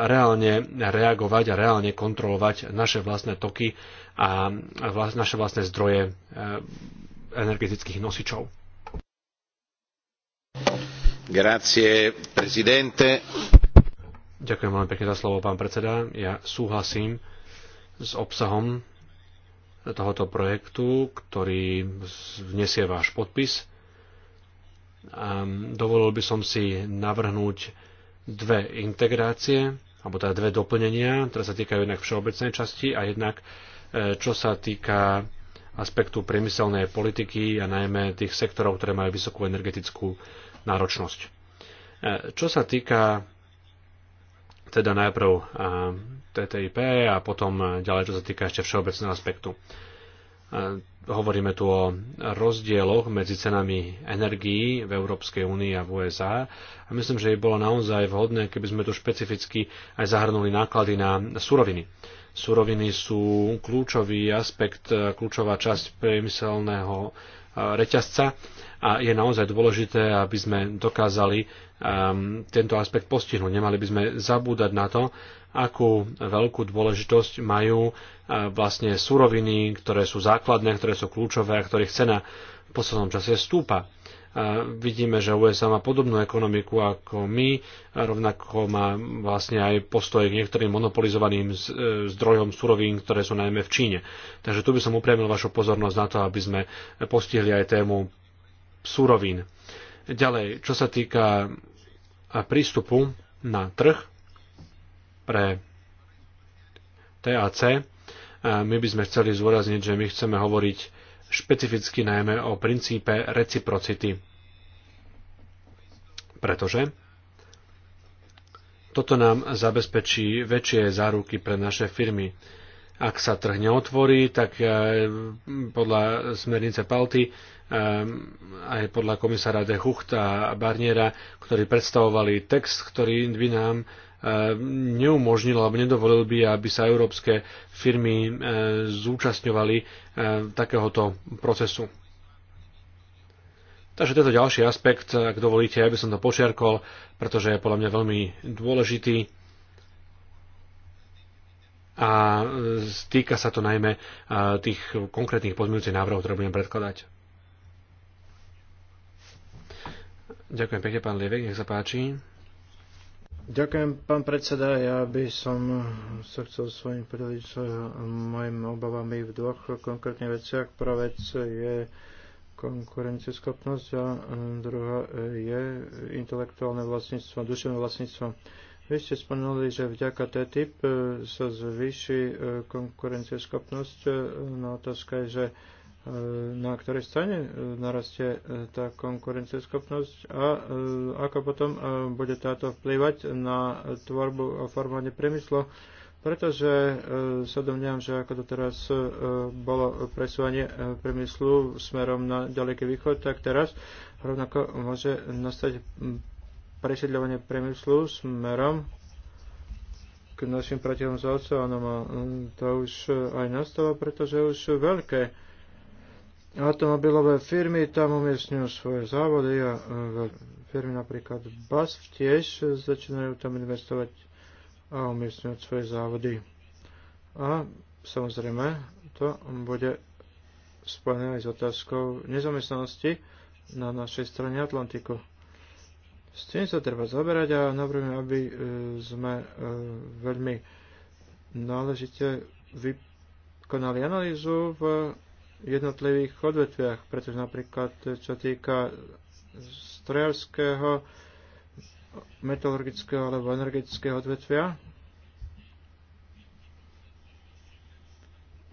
reálne reagovať a reálne kontrolovať naše vlastné toky a naše vlastné zdroje energetických nosičov. Grazie, prezidente. Ďakujem veľmi pekne za slovo, pán predseda. Ja súhlasím s obsahom tohoto projektu, ktorý vnesie váš podpis. Ehm, dovolil by som si navrhnúť dve integrácie, alebo teda dve doplnenia, ktoré sa týkajú jednak všeobecnej časti a jednak e, čo sa týka aspektu priemyselnej politiky a najmä tých sektorov, ktoré majú vysokú energetickú náročnosť. E, čo sa týka teda najprv eh, TTIP a potom eh, ďalej, čo sa týka ešte všeobecného aspektu. Eh, hovoríme tu o rozdieloch medzi cenami energií v Európskej únii a v USA a myslím, že by bolo naozaj vhodné, keby sme tu špecificky aj zahrnuli náklady na suroviny. Suroviny sú kľúčový aspekt, kľúčová časť priemyselného reťazca a je naozaj dôležité, aby sme dokázali um, tento aspekt postihnúť. Nemali by sme zabúdať na to, akú veľkú dôležitosť majú uh, vlastne suroviny, ktoré sú základné, ktoré sú kľúčové a ktorých cena v poslednom čase stúpa. Vidíme, že USA má podobnú ekonomiku ako my, rovnako má vlastne aj postoj k niektorým monopolizovaným e, zdrojom surovín, ktoré sú najmä v Číne. Takže tu by som upriamil vašu pozornosť na to, aby sme postihli aj tému surovín. Ďalej, čo sa týka prístupu na trh pre TAC, my by sme chceli zdôrazniť, že my chceme hovoriť špecificky najmä o princípe reciprocity. Pretože toto nám zabezpečí väčšie záruky pre naše firmy. Ak sa trh neotvorí, tak eh, podľa smernice Palty eh, aj podľa komisára de Hucht a Barniera, ktorí predstavovali text, ktorý by nám neumožnil alebo nedovolil by, aby sa európske firmy e, zúčastňovali e, takéhoto procesu. Takže je ďalší aspekt, ak dovolíte, aby som to počiarkol, pretože je podľa mňa veľmi dôležitý a e, týka sa to najmä tých konkrétnych pozmeňujúcich návrhov, ktoré budem predkladať. Ďakujem pekne, pán Lievek, nech sa páči. Ďakujem, pán predseda. Ja by som sa chcel s vami podeliť s mojimi obavami v dvoch konkrétnych veciach. Prvá vec je konkurencieschopnosť a druhá je intelektuálne vlastníctvo, duševné vlastníctvo. Vy ste spomenuli, že vďaka TTIP sa zvýši konkurencieschopnosť. No otázka je, že E, na ktorej strane e, narastie e, tá konkurencieschopnosť a ako potom bude táto vplyvať na tvorbu a formovanie priemyslu, pretože sa domňam, že ako to teraz bolo presúvanie priemyslu smerom na ďaleký východ, tak teraz rovnako môže nastať presiedľovanie priemyslu smerom k našim pratiom za oceánom a to už aj nastalo, pretože už veľké automobilové firmy tam umiestňujú svoje závody a e, firmy napríklad BAS tiež začínajú tam investovať a umiestňujú svoje závody. A samozrejme to bude spojené aj s otázkou nezamestnanosti na našej strane Atlantiku. S tým sa treba zaberať a navrhujem, aby e, sme e, veľmi náležite vykonali analýzu v jednotlivých odvetviach, pretože napríklad čo týka strojárskeho, metalurgického alebo energetického odvetvia,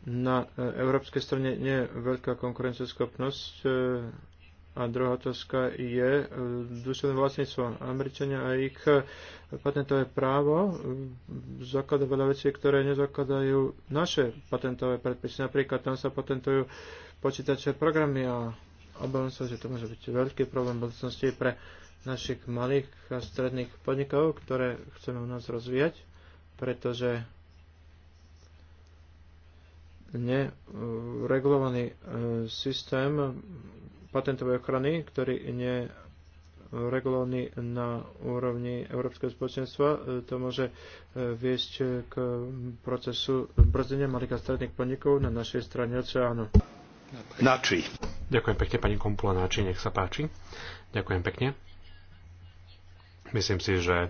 na e, európskej strane nie je veľká konkurenceschopnosť e, a druhá otázka je e, duševné vlastníctvo. Američania a ich patentové právo zaklada veľa vecí, ktoré nezakladajú naše patentové predpisy. Napríklad tam sa patentujú počítače programy a obávam sa, že to môže byť veľký problém v budúcnosti pre našich malých a stredných podnikov, ktoré chceme u nás rozvíjať, pretože neregulovaný e, systém patentovej ochrany, ktorý nie regulovaný na úrovni Európskeho spoločenstva. E, to môže e, viesť k procesu brzdenia malých a stredných podnikov na našej strane oceánu. Náči. Ďakujem pekne, pani Kompula Náči, nech sa páči. Ďakujem pekne. Myslím si, že e,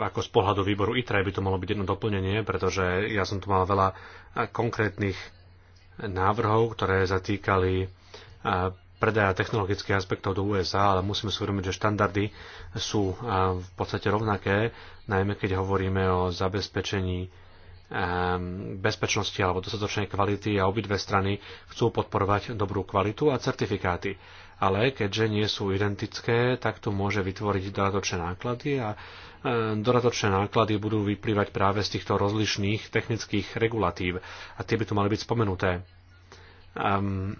ako z pohľadu výboru ITRA by to malo byť jedno doplnenie, pretože ja som tu mal veľa konkrétnych návrhov, ktoré zatýkali predaja technologických aspektov do USA, ale musíme si uvedomiť, že štandardy sú v podstate rovnaké, najmä keď hovoríme o zabezpečení e, bezpečnosti alebo dostatočnej kvality a obidve strany chcú podporovať dobrú kvalitu a certifikáty. Ale keďže nie sú identické, tak to môže vytvoriť dodatočné náklady a e, dodatočné náklady budú vyplývať práve z týchto rozlišných technických regulatív a tie by tu mali byť spomenuté. Um,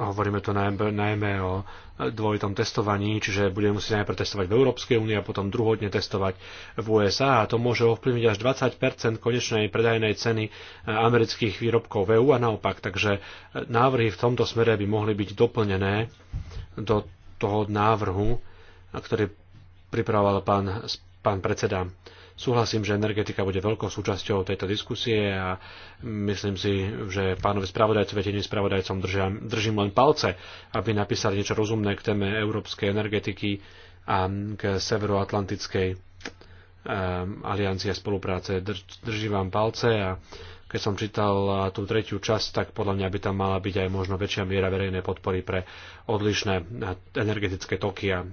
Hovoríme to najmä, o dvojitom testovaní, čiže budeme musieť najprv testovať v Európskej únii a potom druhodne testovať v USA a to môže ovplyvniť až 20 konečnej predajnej ceny e, amerických výrobkov v EU a naopak. Takže e, návrhy v tomto smere by mohli byť doplnené do toho návrhu, e, ktorý pripravoval pán, pán predseda. Súhlasím, že energetika bude veľkou súčasťou tejto diskusie a myslím si, že pánovi spravodajcovi, vedení spravodajcom držam, držím len palce, aby napísali niečo rozumné k téme európskej energetiky a k severoatlantickej eh, aliancie spolupráce. Drž, držím vám palce a keď som čítal eh, tú tretiu časť, tak podľa mňa by tam mala byť aj možno väčšia miera verejnej podpory pre odlišné eh, energetické toky a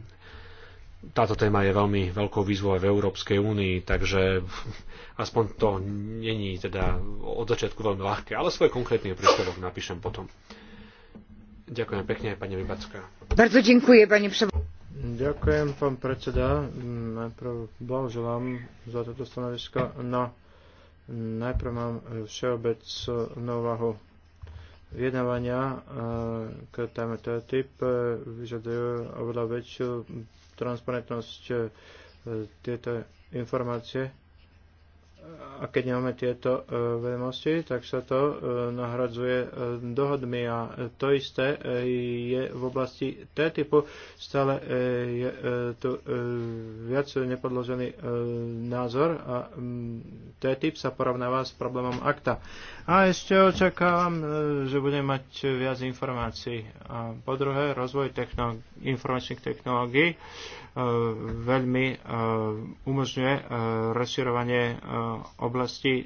táto téma je veľmi veľkou výzvou aj v Európskej únii, takže (laughs) aspoň to není teda od začiatku veľmi ľahké, ale svoj konkrétny príspevok napíšem potom. Ďakujem pekne, pani Rybacká. Bardzo dziękuję, pani Ďakujem, pán predseda. Najprv blahoželám za toto stanovisko. No, najprv mám všeobecnú váhu vyjednávania e, k téme TTIP e, vyžadujú oveľa väčšiu transparentnosť e, tieto informácie. A keď nemáme tieto e, vedomosti, tak sa to e, nahradzuje dohodmi a to isté je v oblasti T-typu. Stále je tu viac nepodložený názor a T-typ sa porovnáva s problémom akta. A ešte očakávam, e, že budem mať viac informácií. A po druhé, rozvoj technolo- informačných technológií e, veľmi e, umožňuje rozširovanie oblasti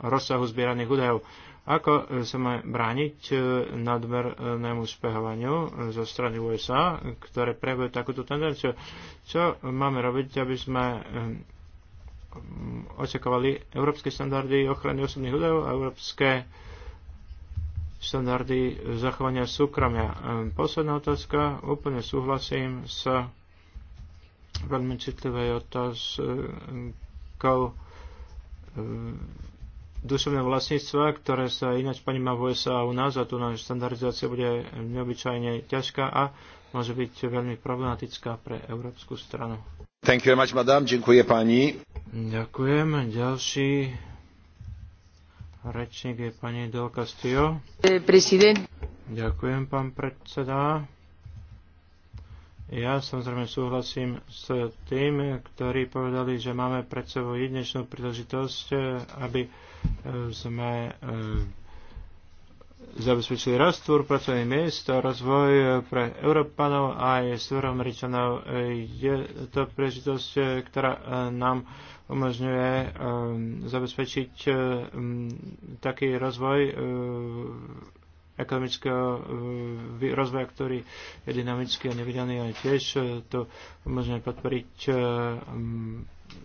rozsahu zbieraných údajov. Ako sa má brániť nadmernému špehovaniu zo strany USA, ktoré prejavujú takúto tendenciu? Čo máme robiť, aby sme očakávali európske štandardy ochrany osobných údajov a európske štandardy zachovania súkromia. Ehm, posledná otázka, úplne súhlasím s veľmi citlivej otázkou ehm, duševného vlastníctva, ktoré sa ináč poníma v USA a u nás a tu na štandardizácia bude neobyčajne ťažká a môže byť veľmi problematická pre európsku stranu. Thank you very much, madam. Ďakujem pani. Ďakujem. Ďalší rečník je pani Del Castillo. Ďakujem, pán predseda. Ja samozrejme súhlasím s tým, ktorí povedali, že máme pred sebou jedinečnú príležitosť, eh, aby eh, sme eh, zabezpečili roztvor, pracovných miest a rozvoj pre Európanov a aj Severoameričanov. Je to príležitosť, ktorá eh, nám umožňuje eh, zabezpečiť eh, taký rozvoj ekonomického rozvoja, ktorý je dynamický a nevydaný a tiež to umožňuje podporiť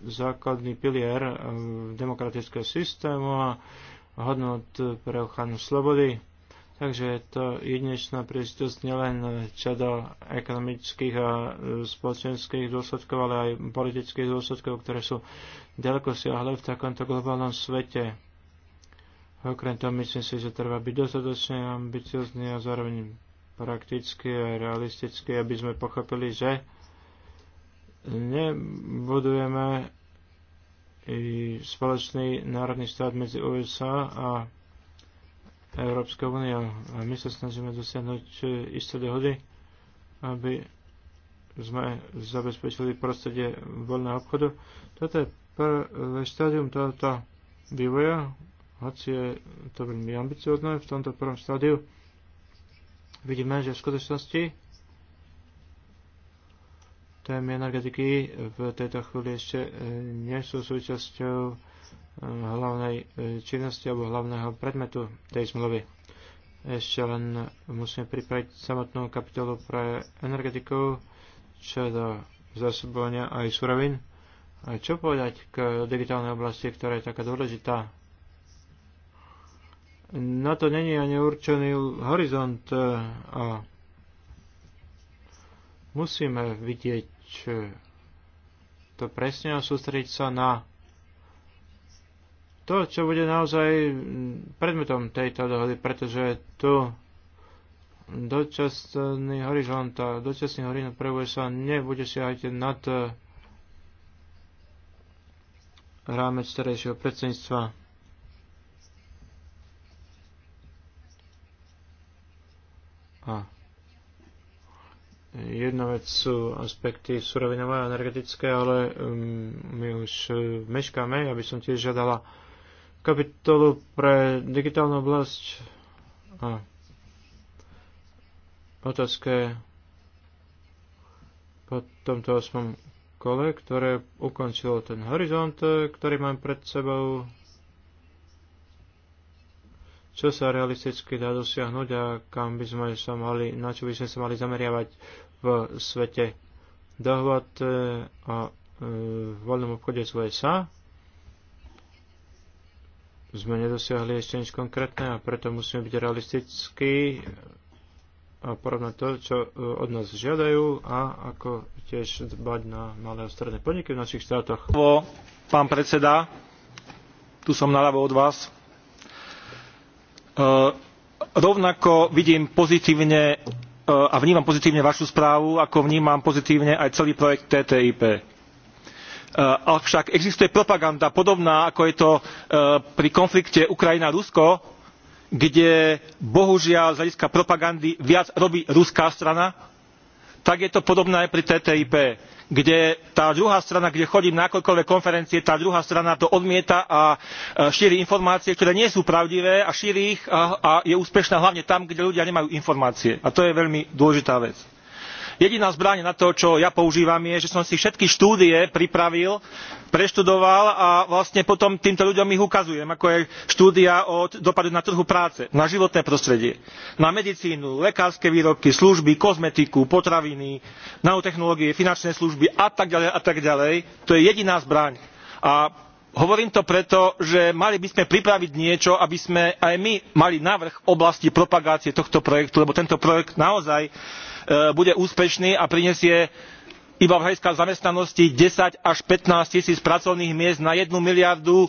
základný pilier demokratického systému a hodnot pre ochranu slobody Takže je to jedinečná príležitosť nielen čo do ekonomických a e, spoločenských dôsledkov, ale aj politických dôsledkov, ktoré sú ďaleko siahle v takomto globálnom svete. Okrem toho myslím si, že treba byť dostatočne ambiciozný a zároveň prakticky a realisticky, aby sme pochopili, že nebudujeme i spoločný národný štát medzi USA a Európska únia. A my sa snažíme dosiahnuť isté dohody, aby sme zabezpečili prostredie voľného obchodu. Toto je prvé štádium tohoto vývoja, hoci je to veľmi ambiciozne v tomto prvom štádiu. Vidíme, že v skutočnosti témy energetiky v tejto chvíli ešte nie sú súčasťou hlavnej eh, činnosti alebo hlavného predmetu tej zmluvy. Ešte len musíme pripraviť samotnú kapitolu pre energetikov, čo do zásobovania aj surovín. A čo povedať k digitálnej oblasti, ktorá je taká dôležitá? Na to není ani určený horizont eh, a musíme vidieť eh, to presne a sústrediť sa na to, čo bude naozaj predmetom tejto dohody, pretože tu dočasný horizont a dočasný horizont prebude sa nebude siahať nad e, rámec starejšieho predsedníctva. A jedna vec sú aspekty surovinové a energetické, ale my už e, meškáme, aby som tiež žiadala kapitolu pre digitálnu oblasť a otázke po tomto osmom kole, ktoré ukončilo ten horizont, ktorý mám pred sebou, čo sa realisticky dá dosiahnuť a kam by sme sa mali, na čo by sme sa mali zameriavať v svete. dohvat e, a e, voľnom obchode z USA sme nedosiahli ešte nič konkrétne a preto musíme byť realistickí a porovnať to, čo e, od nás žiadajú a ako tiež dbať na malé a stredné podniky v našich štátoch. Pán predseda, tu som naľavo od vás. E, rovnako vidím pozitívne e, a vnímam pozitívne vašu správu, ako vnímam pozitívne aj celý projekt TTIP Eh, avšak existuje propaganda podobná ako je to eh, pri konflikte ukrajina rusko kde bohužiaľ z hľadiska propagandy viac robí ruská strana tak je to podobné aj pri ttip kde tá druhá strana kde chodím na akékoľvek konferencie tá druhá strana to odmieta a eh, šíri informácie ktoré nie sú pravdivé a šíri ich a, a je úspešná hlavne tam kde ľudia nemajú informácie a to je veľmi dôležitá vec jediná zbraň na to čo ja používam je že som si všetky štúdie pripravil preštudoval a vlastne potom týmto ľuďom ich ukazujem ako je štúdia o dopade na trhu práce na životné prostredie na medicínu lekárske výrobky služby kozmetiku potraviny nanotechnológie finančné služby a tak ďalej a tak ďalej. to je jediná zbraň a hovorím to preto že mali by sme pripraviť niečo aby sme aj my mali navrh v oblasti propagácie tohto projektu lebo tento projekt naozaj e, bude úspešný a prinesie iba z hľadiska zamestnanosti ten až fifteen tisíc pracovných miest na jednu miliardu e,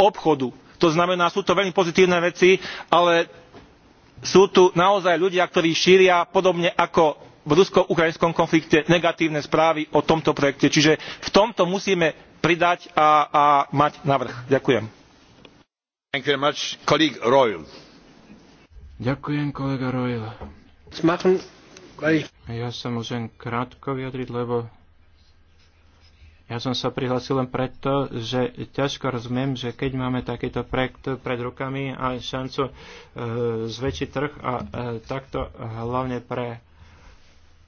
obchodu. to znamená sú to veľmi pozitívne veci ale sú tu naozaj ľudia ktorí šíria podobne ako v rusko ukrajinskom konflikte negatívne správy o tomto projekte čiže v tomto musíme pridať a, a mať navrh. Ďakujem. Ďakujem, kolega Royal. Ja sa môžem krátko vyjadriť, lebo ja som sa prihlásil len preto, že ťažko rozumiem, že keď máme takýto projekt pred rukami a šancu e, zväčšiť trh a e, takto hlavne pre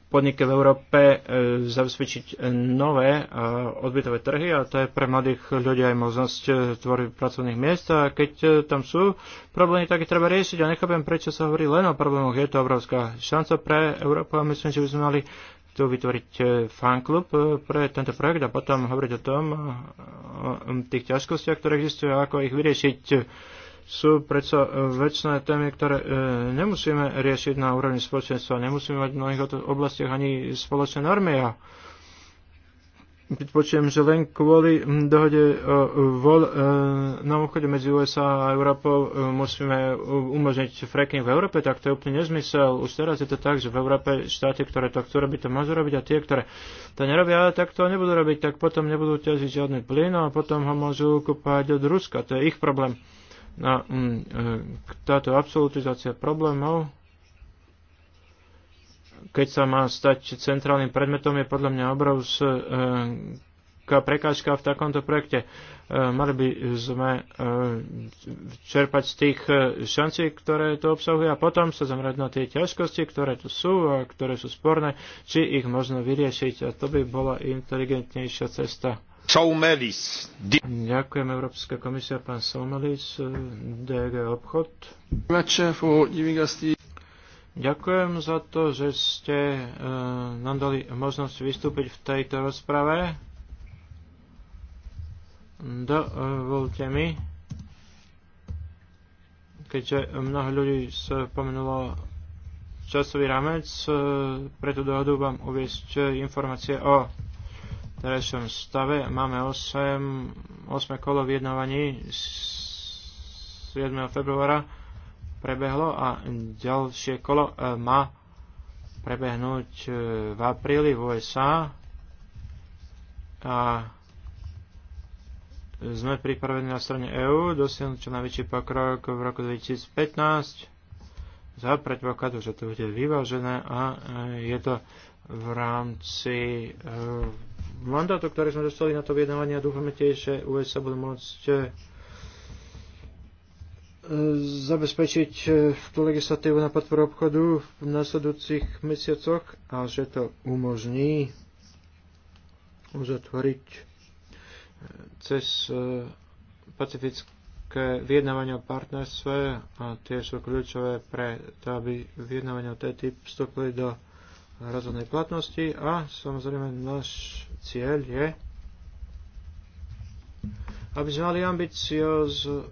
podniky v Európe e, zabezpečiť nové e, odbytové trhy a to je pre mladých ľudí aj možnosť e, tvoriť pracovných miest a keď tam sú problémy, tak je treba riešiť a nechápem, prečo sa hovorí len o problémoch. Je to obrovská šanca pre Európu a myslím, že by sme mali tu vytvoriť fanklub pre tento projekt a potom hovoriť o tom, o tých ťažkostiach, ktoré existujú a ako ich vyriešiť sú predsa e, väčšiné témy, ktoré e, nemusíme riešiť na úrovni spoločenstva. Nemusíme mať v mnohých oblastiach ani spoločné normy. A Počujem, že len kvôli dohode vol, e, na obchode medzi USA a Európou musíme umožniť fracking v Európe, tak to je úplne nezmysel. Už teraz je to tak, že v Európe štáty, ktoré to chcú robiť, to môžu robiť a tie, ktoré to nerobia, tak to nebudú robiť, tak potom nebudú ťažiť žiadny plyn a potom ho môžu kúpať od Ruska. To je ich problém. A mm, e, táto absolutizácia problémov, keď sa má stať centrálnym predmetom, je podľa mňa obrovská e, prekážka v takomto projekte. E, mali by sme čerpať z tých šancí, ktoré to obsahuje a potom sa zamerať na tie ťažkosti, ktoré tu sú a ktoré sú sporné, či ich možno vyriešiť. A to by bola inteligentnejšia cesta. Soumelis. Ďakujem Európska komisia, pán Soumelis, eh, DG obchod. Ďakujem za to, že ste uh, nám dali možnosť vystúpiť v tejto rozprave. Dovolte mi, keďže mnoho ľudí sa pomenulo časový ramec, eh, pre tú dohodu vám uviesť informácie o terajšom stave. Máme 8, 8 kolo vyjednávaní 7. februára prebehlo a ďalšie kolo e, má prebehnúť e, v apríli v USA a sme pripravení na strane EÚ dosiahnuť čo najväčší pokrok v roku 2015 za predpokladu, že to bude vyvážené a e, je to v rámci mandátu, ktoré sme dostali na to vyjednávanie a dúfame tiež, že USA budú môcť e, zabezpečiť e, tú legislatívu na podporu obchodu v následujúcich mesiacoch a že to umožní uzatvoriť e, cez pacifické vyjednávania o partnerstve a tie sú kľúčové pre to, aby vyjednávania o TTIP vstúpili do rozhodnej platnosti a samozrejme náš Cieľ je, aby sme mali ambicioznú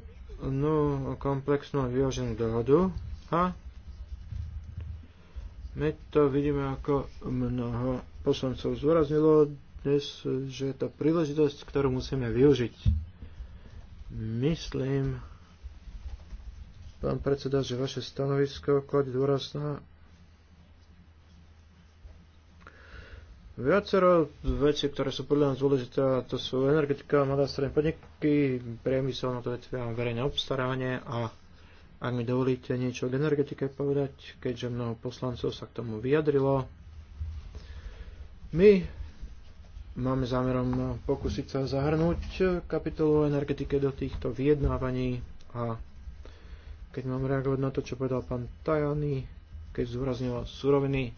komplexnú vyloženú dohodu a my to vidíme ako mnoho poslancov zdôraznilo dnes, že je to príležitosť, ktorú musíme využiť. Myslím, pán predseda, že vaše stanovisko kladí dôraz na Viacero veci, ktoré sú podľa nás dôležité, to sú energetika, malé stredné podniky, priemysel, na no to vetvia teda verejné obstarávanie a ak mi dovolíte niečo k energetike povedať, keďže mnoho poslancov sa k tomu vyjadrilo. My máme zámerom pokúsiť sa zahrnúť kapitolu o energetike do týchto vyjednávaní a keď mám reagovať na to, čo povedal pán Tajany, keď zúraznil suroviny,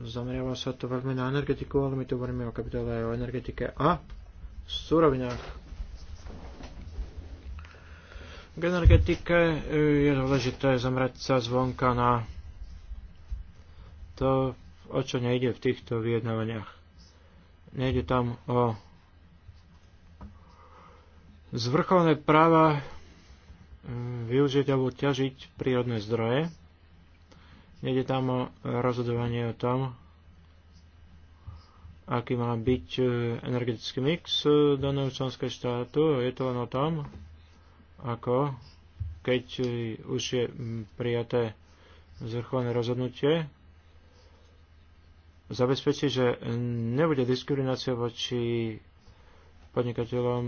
zameriava sa to veľmi na energetiku, ale my tu hovoríme o kapitále, o energetike a surovinách. K energetike eh, je dôležité zamrať sa zvonka na to, o čo nejde v týchto vyjednávaniach. Nejde tam o zvrchovné práva eh, využiť alebo ťažiť prírodné zdroje, Nede tam o rozhodovanie o tom, aký má byť e, energetický mix e, daného členského štátu. Je to len o tom, ako keď e, už je prijaté zrchované rozhodnutie, zabezpečí, že nebude diskriminácia voči podnikateľom,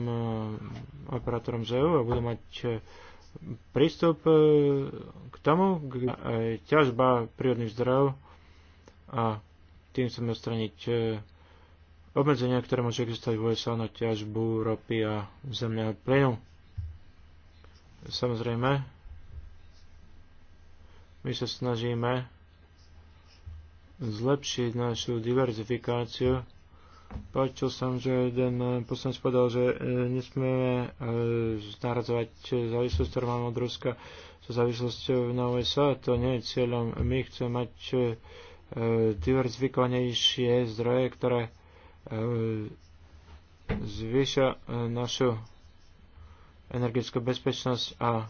operátorom z EU a budú mať prístup e, k tomu, k e, ťažba prírodných zdrojov a tým chceme odstraniť e, obmedzenia, ktoré môže existovať v USA na ťažbu ropy a zemného plynu. Samozrejme, my sa snažíme zlepšiť našu diverzifikáciu Počul som, že jeden poslanec povedal, že e, nesmieme e, narazovať závislosť, ktorú máme od Ruska so závislosťou na USA. To nie je cieľom. My chceme mať e, diverzifikovanejšie zdroje, ktoré zvýšia našu energetickú bezpečnosť a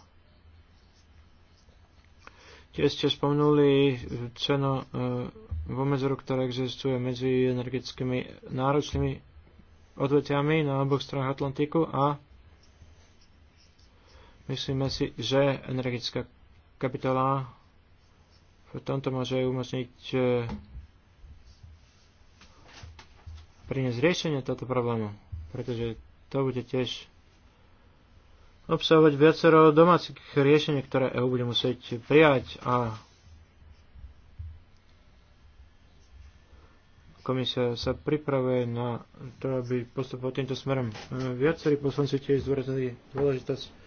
Tiež ste spomenuli cenu vo medzeru, ktorá existuje medzi energetickými náročnými odvetiami na oboch stranách Atlantiku a myslíme si, že energetická kapitola v tomto môže umožniť e, priniesť riešenie tohto problému, pretože to bude tiež obsahovať viacero domácich riešení, ktoré EU bude musieť prijať a komisia sa pripravuje na to, aby postupoval týmto smerom. Viacerí poslanci tiež zdôraznili dôležitosť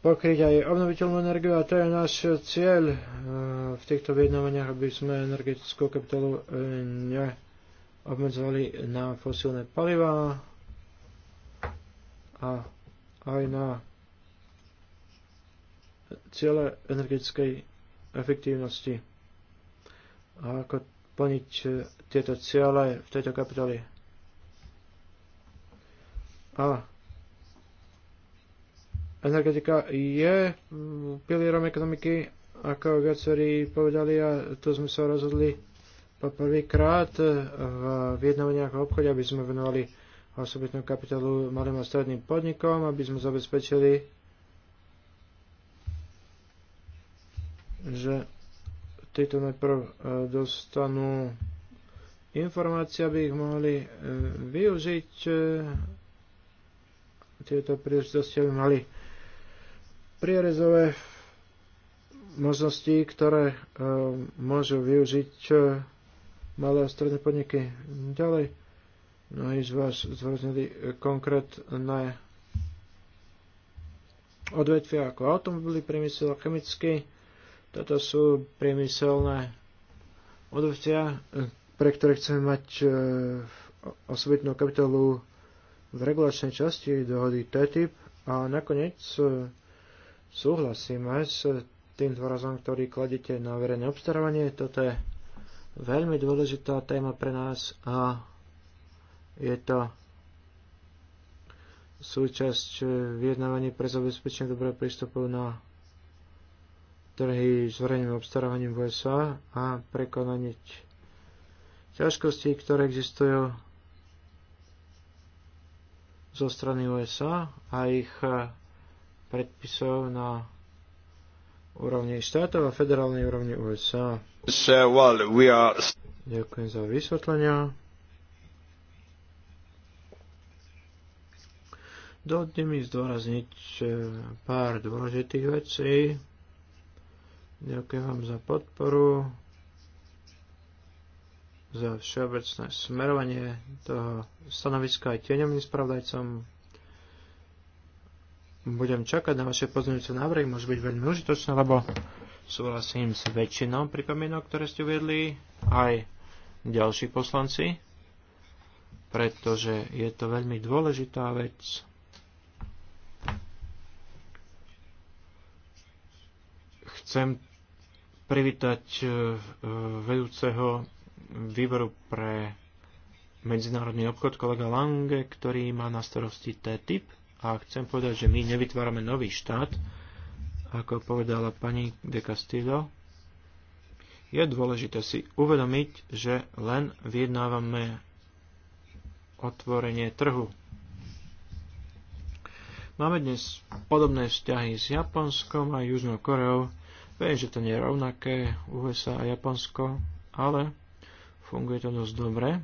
pokryť aj obnoviteľnú energiu a to je náš cieľ eh, v týchto vyjednávaniach, aby sme energetickú kapitolu eh, neobmedzovali na fosílne paliva a aj na ciele energetickej efektívnosti. A ako splniť eh, tieto cieľe v tejto kapitoli. A energetika je mm, pilierom ekonomiky, ako viacerí povedali, a tu sme sa rozhodli po prvýkrát eh, v vyjednávaniach o obchode, aby sme venovali osobitnú kapitolu malým a stredným podnikom, aby sme zabezpečili, že títo najprv e, dostanú informácie, aby ich mohli e, využiť e, tieto príležitosti, aby mali prierezové možnosti, ktoré môžu využiť malé a stredné podniky. Ďalej, No i z vás zvrznili konkrétne odvetvia ako automobily, priemysel a chemický toto sú priemyselné odvetvia, pre ktoré chceme mať e, osobitnú kapitolu v regulačnej časti dohody TTIP a nakoniec e, súhlasíme s tým dôrazom, ktorý kladete na verejné obstarávanie. Toto je veľmi dôležitá téma pre nás a je to súčasť e, vyjednávaní pre zabezpečenie dobrého prístupu na trhy s verejným obstarávaním v USA a prekonaniť. ťažkosti, ktoré existujú zo strany USA a ich eh, predpisov na úrovni štátov a federálnej úrovni USA. Ďakujem za vysvetlenia. Dovolte mi zdôrazniť eh, pár dôležitých vecí. Ďakujem vám za podporu, za všeobecné smerovanie toho stanoviska aj tieňovým spravdajcom. Budem čakať na vaše pozornice návrhy, môže byť veľmi užitočné, lebo súhlasím s väčšinou pripomienok, ktoré ste uviedli, aj ďalší poslanci, pretože je to veľmi dôležitá vec. Chcem privítať e, vedúceho výboru pre medzinárodný obchod kolega Lange, ktorý má na starosti TTIP a chcem povedať, že my nevytvárame nový štát, ako povedala pani de Castillo. Je dôležité si uvedomiť, že len vyjednávame otvorenie trhu. Máme dnes podobné vzťahy s Japonskom a Južnou Koreou Viem, že to nie je rovnaké USA a Japonsko, ale funguje to dosť dobre.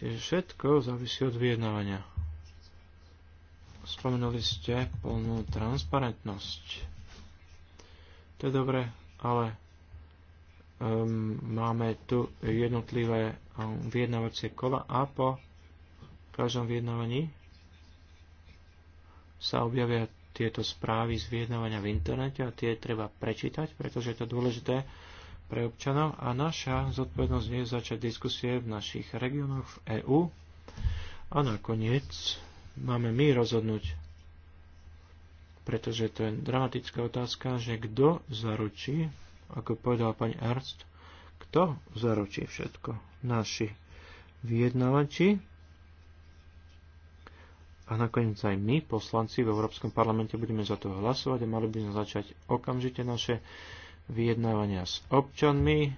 Čiže všetko závisí od vyjednávania. Spomenuli ste plnú transparentnosť. To je dobre, ale um, máme tu jednotlivé um, vyjednávacie kola a po každom vyjednávaní sa objavia tieto správy z vyjednávania v internete a tie treba prečítať, pretože je to dôležité pre občanov a naša zodpovednosť je začať diskusie v našich regiónoch v EÚ a nakoniec máme my rozhodnúť, pretože to je dramatická otázka, že kto zaručí, ako povedala pani Ernst, kto zaručí všetko? Naši vyjednávači, a nakoniec aj my, poslanci v Európskom parlamente, budeme za to hlasovať a mali by sme začať okamžite naše vyjednávania s občanmi.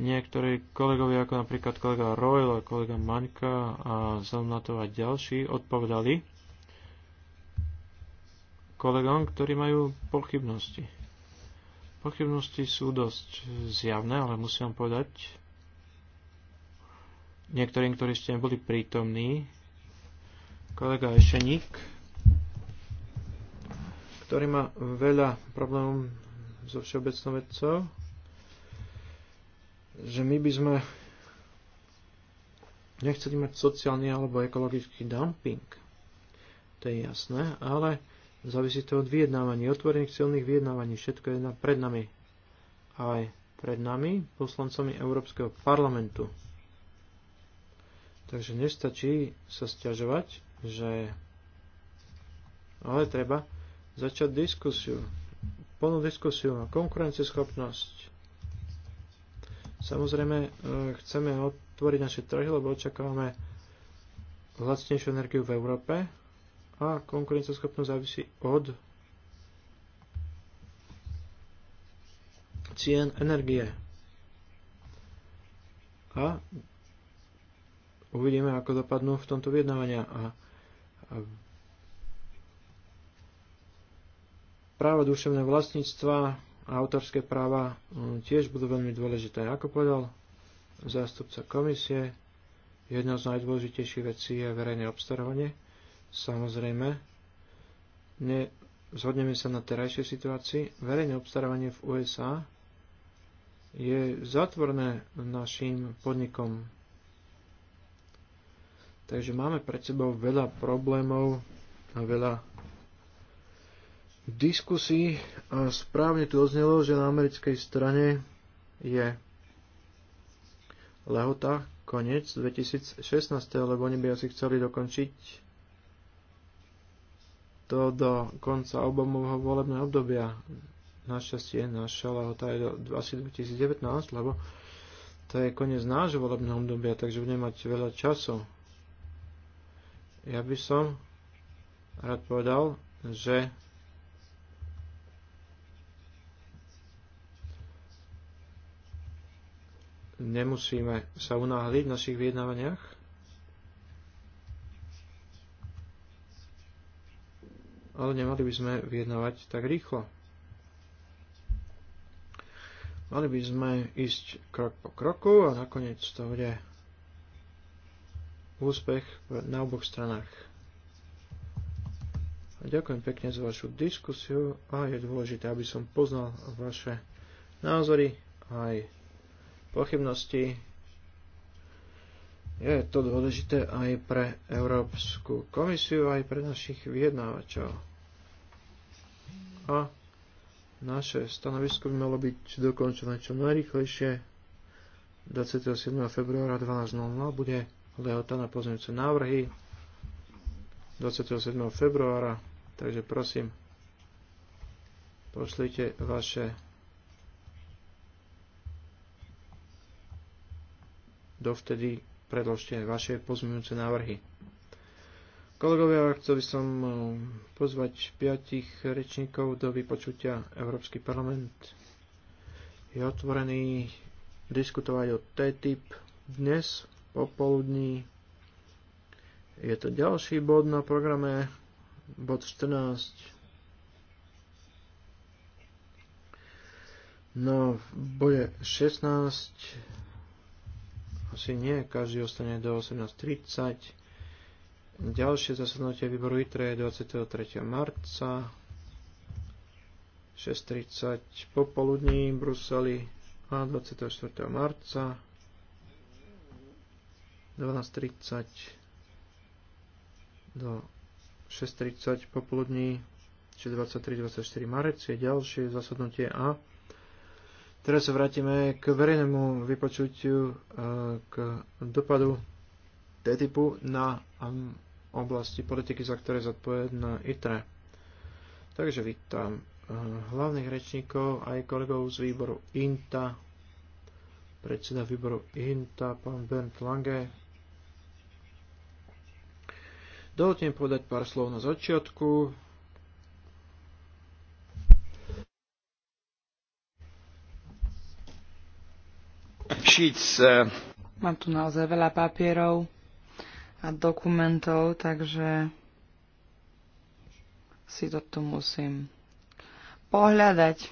Niektorí kolegovia, ako napríklad kolega Royal a kolega Maňka a Zelnatov a ďalší, odpovedali kolegom, ktorí majú pochybnosti. Pochybnosti sú dosť zjavné, ale musím vám povedať, niektorým, ktorí ste neboli prítomní, kolega Ešeník, ktorý má veľa problémov so všeobecnou vedcov, že my by sme nechceli mať sociálny alebo ekologický dumping. To je jasné, ale závisí to od vyjednávaní, otvorených silných vyjednávaní. Všetko je pred nami. Aj pred nami, poslancami Európskeho parlamentu. Takže nestačí sa stiažovať, že ale treba začať diskusiu, plnú diskusiu a konkurencieschopnosť. Samozrejme, e, chceme otvoriť naše trhy, lebo očakávame lacnejšiu energiu v Európe a konkurencieschopnosť závisí od cien energie. A uvidíme, ako dopadnú v tomto vyjednávania. A Právo duševného vlastníctva a autorské práva mm, tiež budú veľmi dôležité. Ako povedal zástupca komisie, jedna z najdôležitejších vecí je verejné obstarávanie. Samozrejme, ne, zhodneme sa na terajšej situácii. Verejné obstarávanie v USA je zatvorné našim podnikom Takže máme pred sebou veľa problémov a veľa diskusí a správne tu oznelo, že na americkej strane je lehota koniec 2016, lebo oni by asi chceli dokončiť to do konca obomovho volebného obdobia. Našťastie naša lehota je do, asi 2019, lebo to je koniec nášho volebného obdobia, takže budeme mať veľa času ja by som rád povedal, že nemusíme sa unáhliť v našich vyjednávaniach. Ale nemali by sme vyjednávať tak rýchlo. Mali by sme ísť krok po kroku a nakoniec to bude úspech na oboch stranách. Ďakujem pekne za vašu diskusiu a je dôležité, aby som poznal vaše názory aj pochybnosti. Je to dôležité aj pre Európsku komisiu, aj pre našich vyjednávačov. A naše stanovisko by malo byť dokončené čo najrychlejšie. 27. februára 12.00 bude lehota na pozmeňujúce návrhy 27. februára, takže prosím, pošlite vaše dovtedy predložte vaše pozmeňujúce návrhy. Kolegovia, chcel by som eh, pozvať piatich rečníkov do vypočutia Európsky parlament. Je otvorený diskutovať o TTIP dnes popoludní. Je to ďalší bod na programe, bod 14. No, v bode 16 asi nie, každý ostane do 18.30. Ďalšie zasadnutie výboru ITRE je 23. marca 6.30 popoludní v Bruseli a 24. marca 12.30 do 6.30 popoludní, čiže 23 marec je ďalšie zasadnutie a teraz sa vrátime k verejnému vypočutiu e, k dopadu TTIPu na oblasti politiky, za ktoré zodpovedná ITRE. Takže vítam e, hlavných rečníkov aj kolegov z výboru INTA, predseda výboru INTA, pán Bernd Lange, Dovolte mi povedať pár slov na začiatku. Eh. Mám tu naozaj veľa papierov a dokumentov, takže si to tu musím pohľadať.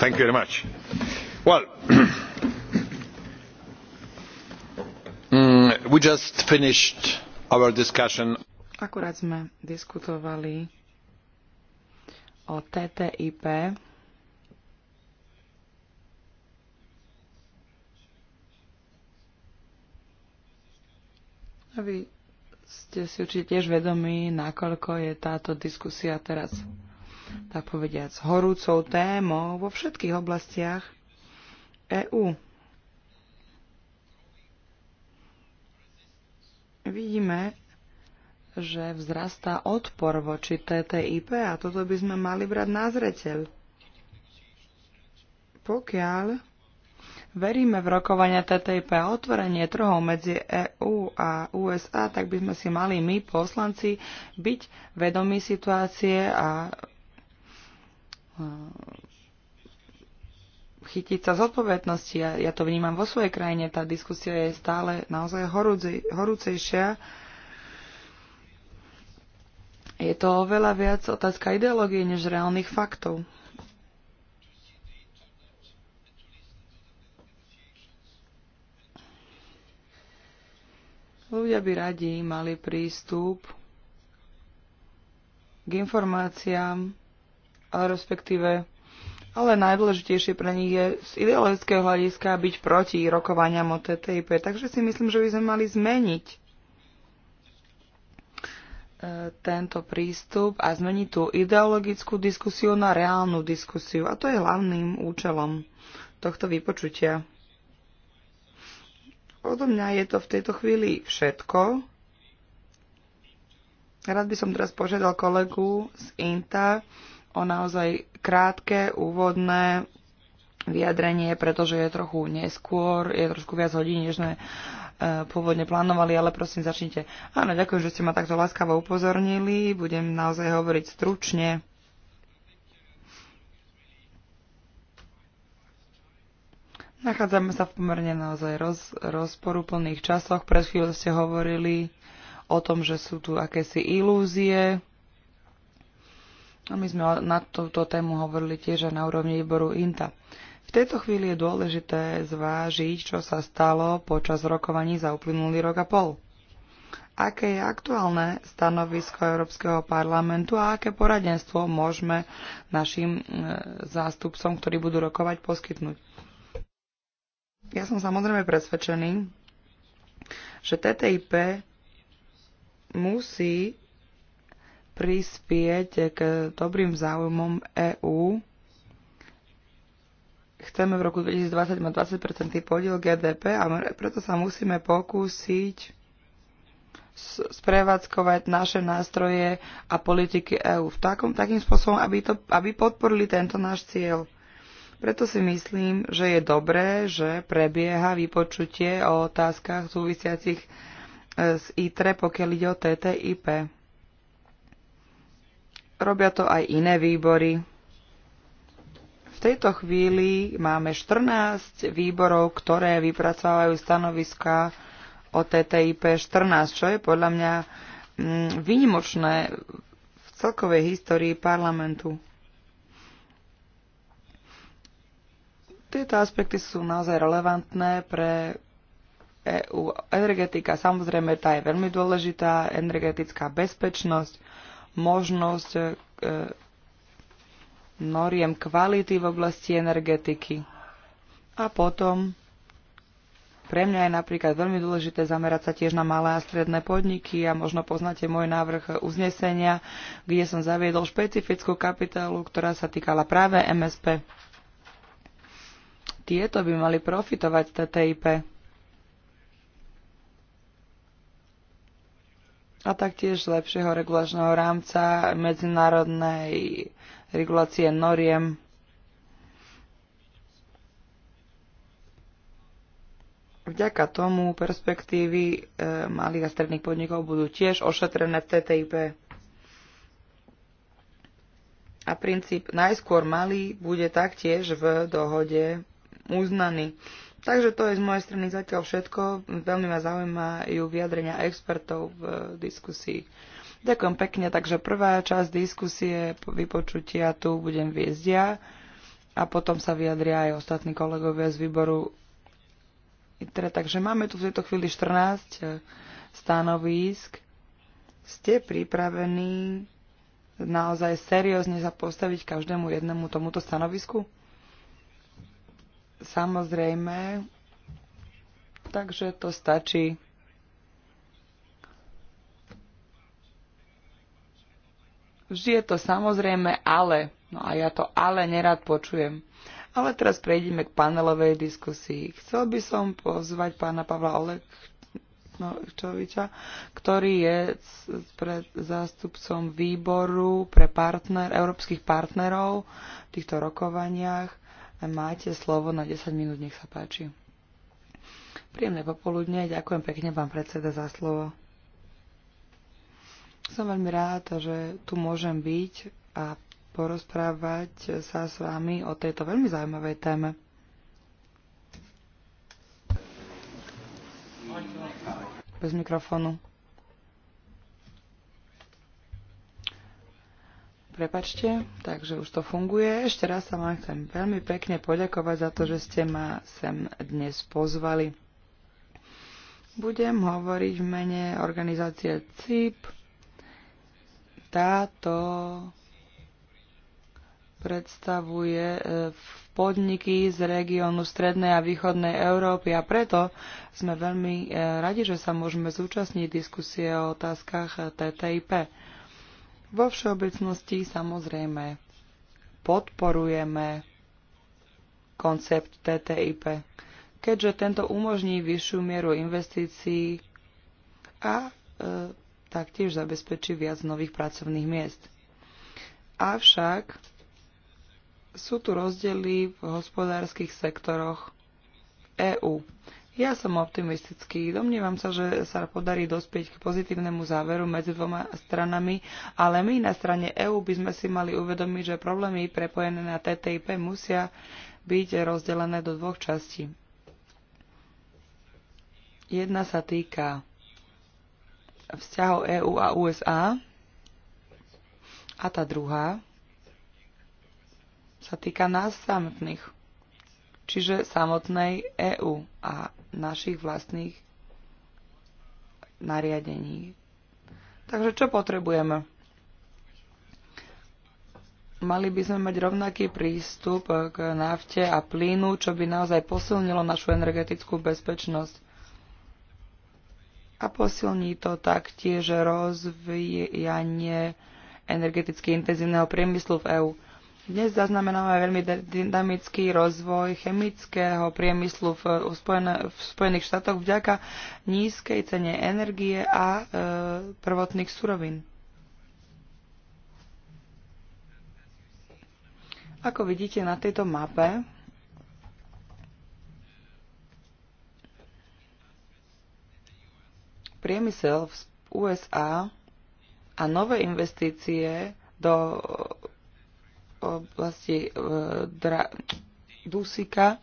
Thank you very much. Well, (clears throat) mm, we just finished our discussion Akurát sme diskutovali o TTIP. A vy ste si určite tiež vedomí, nakoľko je táto diskusia teraz, tak povediať, s horúcou témou vo všetkých oblastiach EÚ. Vidíme, že vzrastá odpor voči TTIP a toto by sme mali brať na zreteľ. Pokiaľ veríme v rokovania TTIP a otvorenie trhov medzi EÚ a USA, tak by sme si mali my, poslanci, byť vedomí situácie a e, chytiť sa zodpovednosti. Ja, ja to vnímam vo svojej krajine, tá diskusia je stále naozaj horúcej, horúcejšia je to oveľa viac otázka ideológie než reálnych faktov. Ľudia by radi mali prístup k informáciám, ale respektíve, ale najdôležitejšie pre nich je z ideologického hľadiska byť proti rokovaniam o TTIP. Takže si myslím, že by sme mali zmeniť tento prístup a zmeniť tú ideologickú diskusiu na reálnu diskusiu. A to je hlavným účelom tohto vypočutia. Odo mňa je to v tejto chvíli všetko. Rád by som teraz požiadal kolegu z INTA o naozaj krátke, úvodné vyjadrenie, pretože je trochu neskôr, je trošku viac hodín, než sme Eh, pôvodne plánovali, ale prosím, začnite. Áno, ďakujem, že ste ma takto láskavo upozornili. Budem naozaj hovoriť stručne. Nachádzame sa v pomerne naozaj roz, rozporúplných časoch. Pred chvíľou ste hovorili o tom, že sú tu akési ilúzie. A my sme na túto tému hovorili tiež aj na úrovni výboru INTA. V tejto chvíli je dôležité zvážiť, čo sa stalo počas rokovaní za uplynulý rok a pol. Aké je aktuálne stanovisko Európskeho parlamentu a aké poradenstvo môžeme našim e, zástupcom, ktorí budú rokovať, poskytnúť? Ja som samozrejme presvedčený, že TTIP musí prispieť k dobrým záujmom EÚ chceme v roku 2020 mať 20% podiel GDP a preto sa musíme pokúsiť sprevádzkovať naše nástroje a politiky EÚ v takom, takým spôsobom, aby, to, aby podporili tento náš cieľ. Preto si myslím, že je dobré, že prebieha vypočutie o otázkach súvisiacich z e, ITRE, pokiaľ ide o TTIP. Robia to aj iné výbory v tejto chvíli máme 14 výborov, ktoré vypracovajú stanoviska o TTIP 14, čo je podľa mňa mm, výnimočné v celkovej histórii parlamentu. Tieto aspekty sú naozaj relevantné pre EU. Energetika, samozrejme, tá je veľmi dôležitá, energetická bezpečnosť, možnosť e, noriem kvality v oblasti energetiky. A potom pre mňa je napríklad veľmi dôležité zamerať sa tiež na malé a stredné podniky a možno poznáte môj návrh uznesenia, kde som zaviedol špecifickú kapitálu, ktorá sa týkala práve MSP. Tieto by mali profitovať TTIP. A taktiež lepšieho regulačného rámca medzinárodnej regulácie noriem. Vďaka tomu perspektívy e, malých a stredných podnikov budú tiež ošetrené v TTIP. A princíp najskôr malý bude taktiež v dohode uznaný. Takže to je z mojej strany zatiaľ všetko. Veľmi ma zaujímajú vyjadrenia expertov v diskusii. Ďakujem pekne, takže prvá časť diskusie, vypočutia tu budem viesť ja a potom sa vyjadria aj ostatní kolegovia z výboru ITRE. Takže máme tu v tejto chvíli 14 e, stanovísk. Ste pripravení naozaj seriózne sa postaviť každému jednému tomuto stanovisku? Samozrejme, takže to stačí Vždy je to samozrejme ale. No a ja to ale nerad počujem. Ale teraz prejdeme k panelovej diskusii. Chcel by som pozvať pána Pavla Olekčoviča, ktorý je pred zástupcom výboru pre partner, európskych partnerov v týchto rokovaniach. Máte slovo na 10 minút, nech sa páči. Príjemné popoludne, ďakujem pekne, pán predseda, za slovo. Som veľmi rád, že tu môžem byť a porozprávať sa s vami o tejto veľmi zaujímavej téme. Bez mikrofónu. Prepačte, takže už to funguje. Ešte raz sa vám chcem veľmi pekne poďakovať za to, že ste ma sem dnes pozvali. Budem hovoriť v mene organizácie CIP, táto predstavuje e, podniky z regiónu Strednej a Východnej Európy a preto sme veľmi e, radi, že sa môžeme zúčastniť diskusie o otázkach e, TTIP. Vo všeobecnosti samozrejme podporujeme koncept TTIP, keďže tento umožní vyššiu mieru investícií a taktiež zabezpečí viac nových pracovných miest. Avšak sú tu rozdiely v hospodárskych sektoroch EÚ. Ja som optimistický. Domnievam sa, že sa podarí dospieť k pozitívnemu záveru medzi dvoma stranami, ale my na strane EÚ by sme si mali uvedomiť, že problémy prepojené na TTIP musia byť rozdelené do dvoch častí. Jedna sa týka vzťahov EÚ a USA. A tá druhá sa týka nás samotných, čiže samotnej EÚ a našich vlastných nariadení. Takže čo potrebujeme? Mali by sme mať rovnaký prístup k nafte a plynu, čo by naozaj posilnilo našu energetickú bezpečnosť a posilní to taktiež rozvíjanie energeticky intenzívneho priemyslu v EÚ. Dnes zaznamenáme veľmi dynamický rozvoj chemického priemyslu v, Spojen- v Spojených štátoch vďaka nízkej cene energie a e, prvotných surovín. Ako vidíte na tejto mape, priemysel v USA a nové investície do eh, oblasti eh, dra- dusika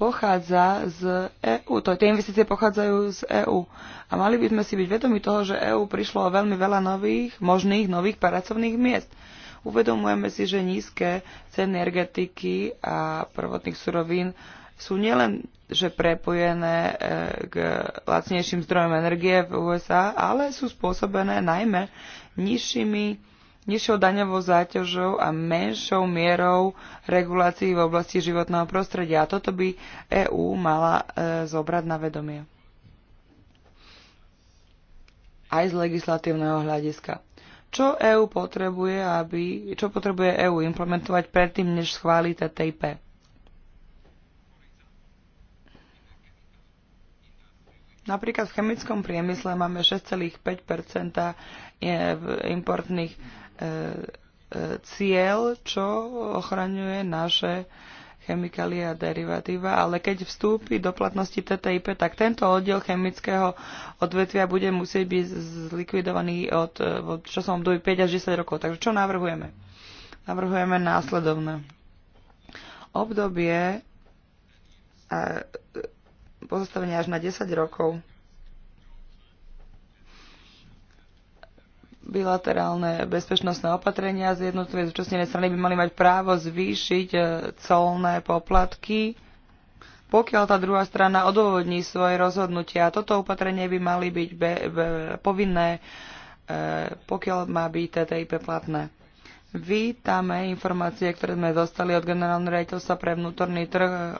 pochádza z EÚ. Tie investície pochádzajú z EÚ. A mali by sme si byť vedomi toho, že EÚ prišlo o veľmi veľa nových, možných nových pracovných miest. Uvedomujeme si, že nízke ceny energetiky a prvotných surovín sú nielen že prepojené e, k lacnejším zdrojom energie v USA, ale sú spôsobené najmä nižšími, nižšou daňovou záťažou a menšou mierou regulácií v oblasti životného prostredia. A toto by EÚ mala e, zobrať na vedomie. Aj z legislatívneho hľadiska. Čo EÚ potrebuje, aby, čo potrebuje EÚ implementovať predtým, než schválí TTIP? Napríklad v chemickom priemysle máme 6,5 eh, importných eh, eh, cieľ, čo ochraňuje naše chemikálie a derivatíva, ale keď vstúpi do platnosti TTIP, tak tento oddiel chemického odvetvia bude musieť byť zlikvidovaný od, od som období 5 až 10 rokov. Takže čo navrhujeme? Navrhujeme následovné. Obdobie pozastavenie až na 10 rokov. bilaterálne bezpečnostné opatrenia z jednotlivé zúčastnené strany by mali mať právo zvýšiť e, colné poplatky, pokiaľ tá druhá strana odôvodní svoje rozhodnutia. Toto opatrenie by mali byť be- be- povinné, e, pokiaľ má byť TTIP platné. Vítame informácie, ktoré sme dostali od generálneho rejiteľstva pre vnútorný trh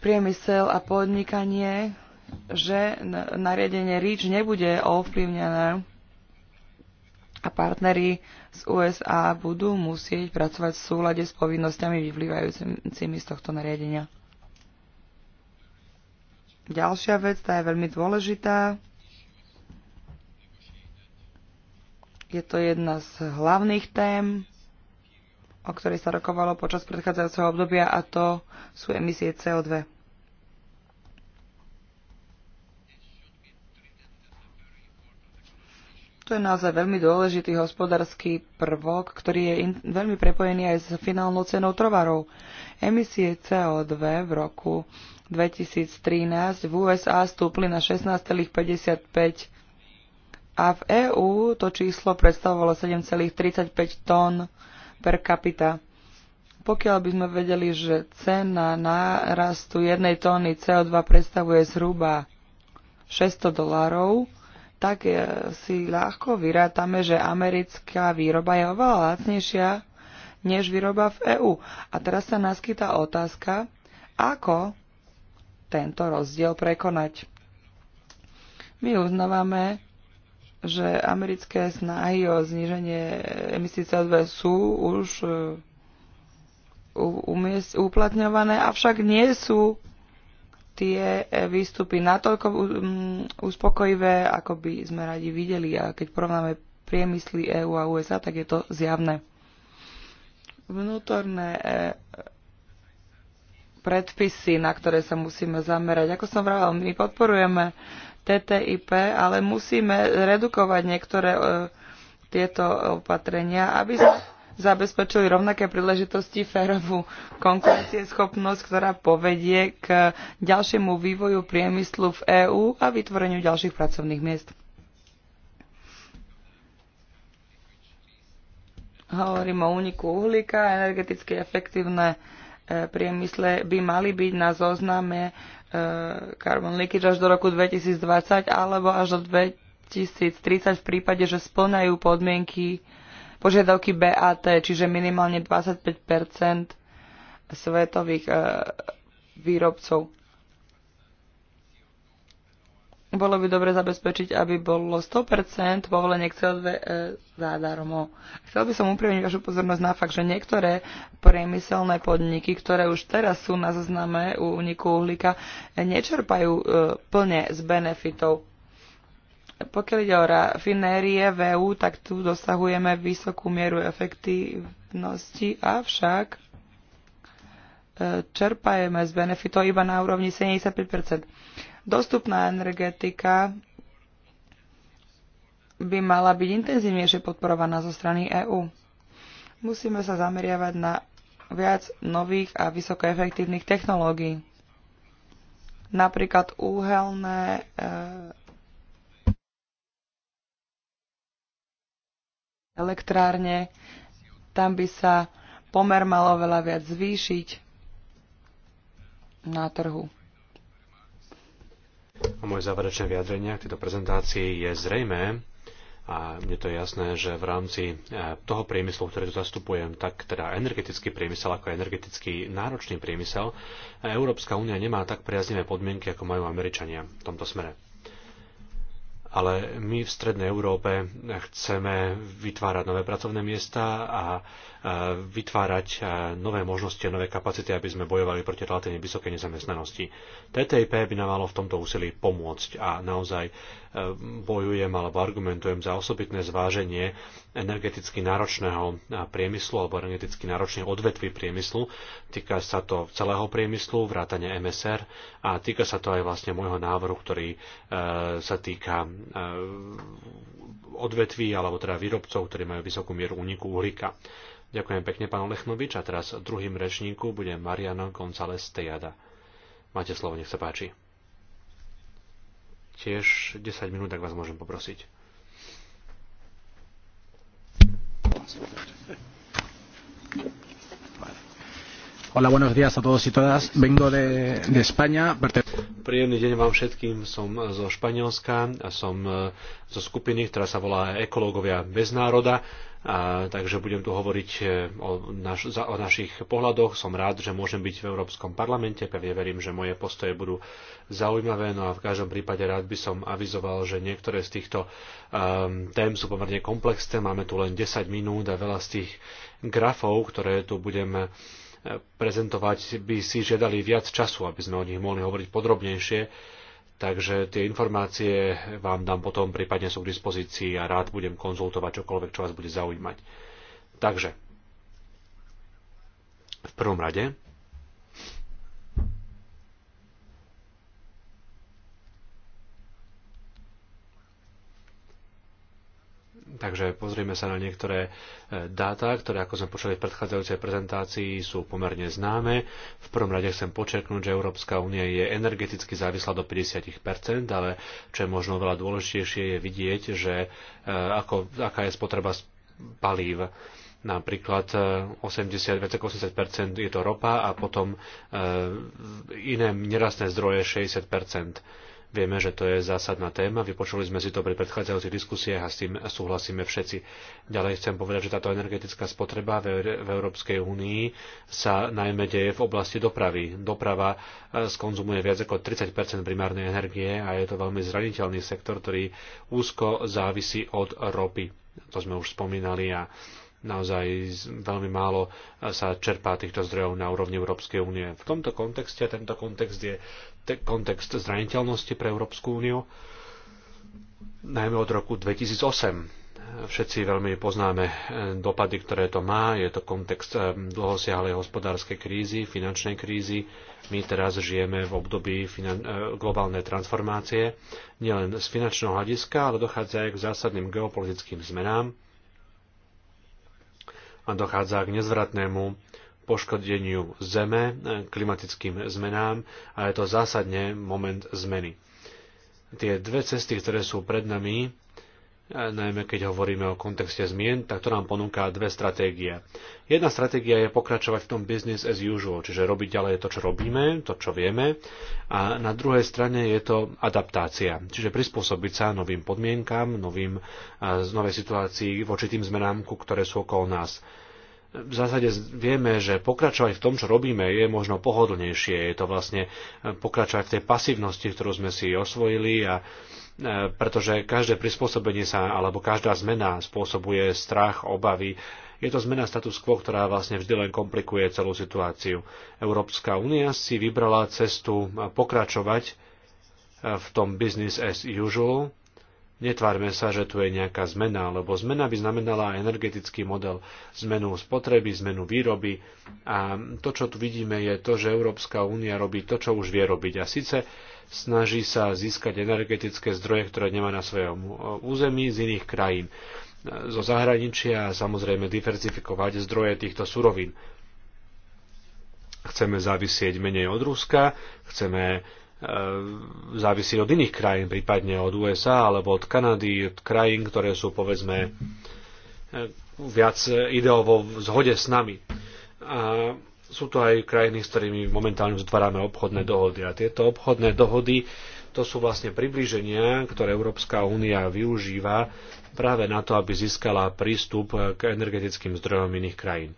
priemysel a podnikanie, že nariadenie REACH nebude ovplyvnené a partnery z USA budú musieť pracovať v súlade s povinnosťami vyplývajúcimi z tohto nariadenia. Ďalšia vec, tá je veľmi dôležitá. Je to jedna z hlavných tém o ktorej sa rokovalo počas predchádzajúceho obdobia a to sú emisie CO2. To je naozaj veľmi dôležitý hospodársky prvok, ktorý je in- veľmi prepojený aj s finálnou cenou trovarov. Emisie CO2 v roku 2013 v USA stúpli na 16,55 a v EÚ to číslo predstavovalo 7,35 tón per capita. Pokiaľ by sme vedeli, že cena nárastu jednej tóny CO2 predstavuje zhruba 600 dolárov, tak e, si ľahko vyrátame, že americká výroba je oveľa lacnejšia než výroba v EÚ. A teraz sa naskytá otázka, ako tento rozdiel prekonať. My uznávame, že americké snahy o zníženie emisí CO2 sú už e, uplatňované, avšak nie sú tie e, výstupy natoľko uspokojivé, ako by sme radi videli. A keď porovnáme priemysly EÚ a USA, tak je to zjavné. Vnútorné e, predpisy, na ktoré sa musíme zamerať. Ako som vravala, my podporujeme TTIP, ale musíme redukovať niektoré e, tieto opatrenia, aby sme zabezpečili rovnaké príležitosti férovú konkurencieschopnosť, ktorá povedie k ďalšiemu vývoju priemyslu v EÚ a vytvoreniu ďalších pracovných miest. Hovorím o úniku uhlíka, energeticky efektívne e, priemysle by mali byť na zozname E, carbon leakage až do roku 2020 alebo až do 2030 v prípade, že splňajú podmienky požiadavky BAT, čiže minimálne 25 svetových e, výrobcov bolo by dobre zabezpečiť, aby bolo 100% povolenie k CO2 e, zadarmo. Chcel by som upriamiť vašu pozornosť na fakt, že niektoré priemyselné podniky, ktoré už teraz sú na zozname u uniku uhlíka, nečerpajú e, plne z benefitov. Pokiaľ ide o rafinérie VU, tak tu dosahujeme vysokú mieru efektívnosti, avšak e, čerpajeme z benefitov iba na úrovni 75 Dostupná energetika by mala byť intenzívnejšie podporovaná zo strany EÚ. Musíme sa zameriavať na viac nových a vysokoefektívnych technológií. Napríklad úhelné e, elektrárne, tam by sa pomer malo veľa viac zvýšiť na trhu moje záverečné vyjadrenie k tejto prezentácii je zrejmé, a mne to je jasné, že v rámci e, toho priemyslu, ktorý tu zastupujem, tak teda energetický priemysel ako energetický náročný priemysel, Európska únia nemá tak priaznivé podmienky, ako majú Američania v tomto smere ale my v Strednej Európe chceme vytvárať nové pracovné miesta a vytvárať nové možnosti a nové kapacity, aby sme bojovali proti relatívne vysokej nezamestnanosti. TTIP by nám malo v tomto úsilí pomôcť a naozaj e, bojujem alebo argumentujem za osobitné zváženie energeticky náročného e, priemyslu alebo energeticky náročných odvetví priemyslu. Týka sa to celého priemyslu, vrátane MSR a týka sa to aj vlastne môjho návrhu, ktorý e, sa týka Eh, odvetví alebo teda výrobcov, ktorí majú vysokú mieru úniku uhlíka. Ďakujem pekne, pán Lechnovič. A teraz druhým rečníku bude Mariano González Tejada. Máte slovo, nech sa páči. Tiež 10 minút, tak vás môžem poprosiť. Hola, buenos días a todos y todas. Vengo de, de España. Príjemný deň vám všetkým. Som zo Španielska a som e, zo skupiny, ktorá sa volá Ekológovia bez národa. A, takže budem tu hovoriť e, o, naš, za, o našich pohľadoch. Som rád, že môžem byť v Európskom parlamente. Pevne verím, že moje postoje budú zaujímavé. No a v každom prípade rád by som avizoval, že niektoré z týchto um, tém sú pomerne komplexné. Máme tu len 10 minút a veľa z tých grafov, ktoré tu budem prezentovať, by si žiadali viac času, aby sme o nich mohli hovoriť podrobnejšie. Takže tie informácie vám dám potom, prípadne sú k dispozícii a rád budem konzultovať čokoľvek, čo vás bude zaujímať. Takže, v prvom rade, Takže pozrieme sa na niektoré e, dáta, ktoré, ako sme počuli v predchádzajúcej prezentácii, sú pomerne známe. V prvom rade chcem počerknúť, že Európska únia je energeticky závislá do 50%, ale čo je možno veľa dôležitejšie je vidieť, že e, ako, aká je spotreba palív. Napríklad 80, e, 80% je to ropa a potom iné nerastné zdroje 60%. Vieme, že to je zásadná téma, vypočuli sme si to pri predchádzajúcich diskusiách a s tým súhlasíme všetci. Ďalej chcem povedať, že táto energetická spotreba v, v Európskej únii sa najmä deje v oblasti dopravy. Doprava e, skonzumuje viac ako 30 primárnej energie a je to veľmi zraniteľný sektor, ktorý úzko závisí od ropy. To sme už spomínali a naozaj veľmi málo e, sa čerpá týchto zdrojov na úrovni Európskej únie. V tomto kontexte, tento kontext je kontext zraniteľnosti pre Európsku úniu, najmä od roku 2008 všetci veľmi poznáme eh, dopady, ktoré to má. Je to kontext eh, dlhosiahlej hospodárskej krízy, finančnej krízy. My teraz žijeme v období eh, globálnej transformácie, nielen z finančného hľadiska, ale dochádza aj k zásadným geopolitickým zmenám a dochádza k nezvratnému poškodeniu zeme, e, klimatickým zmenám a je to zásadne moment zmeny. Tie dve cesty, ktoré sú pred nami, e, najmä keď hovoríme o kontexte zmien, tak to nám ponúka dve stratégie. Jedna stratégia je pokračovať v tom business as usual, čiže robiť ďalej to, čo robíme, to, čo vieme. A na druhej strane je to adaptácia, čiže prispôsobiť sa novým podmienkam, novým, novej situácii voči tým zmenám, ktoré sú okolo nás v zásade vieme, že pokračovať v tom, čo robíme, je možno pohodlnejšie. Je to vlastne e, pokračovať v tej pasívnosti, ktorú sme si osvojili a e, pretože každé prispôsobenie sa alebo každá zmena spôsobuje strach, obavy. Je to zmena status quo, ktorá vlastne vždy len komplikuje celú situáciu. Európska únia si vybrala cestu e, pokračovať v tom business as usual, Netvárme sa, že tu je nejaká zmena, lebo zmena by znamenala energetický model, zmenu spotreby, zmenu výroby a to, čo tu vidíme, je to, že Európska únia robí to, čo už vie robiť. A síce snaží sa získať energetické zdroje, ktoré nemá na svojom e, území z iných krajín, e, zo zahraničia a samozrejme diverzifikovať zdroje týchto surovín. Chceme závisieť menej od Ruska, chceme E, závisí od iných krajín, prípadne od USA alebo od Kanady, od krajín, ktoré sú povedzme e, viac ideovo v zhode s nami. A sú to aj krajiny, s ktorými momentálne uzatvárame obchodné dohody. A tieto obchodné dohody to sú vlastne priblíženia, ktoré Európska únia využíva práve na to, aby získala prístup k energetickým zdrojom iných krajín.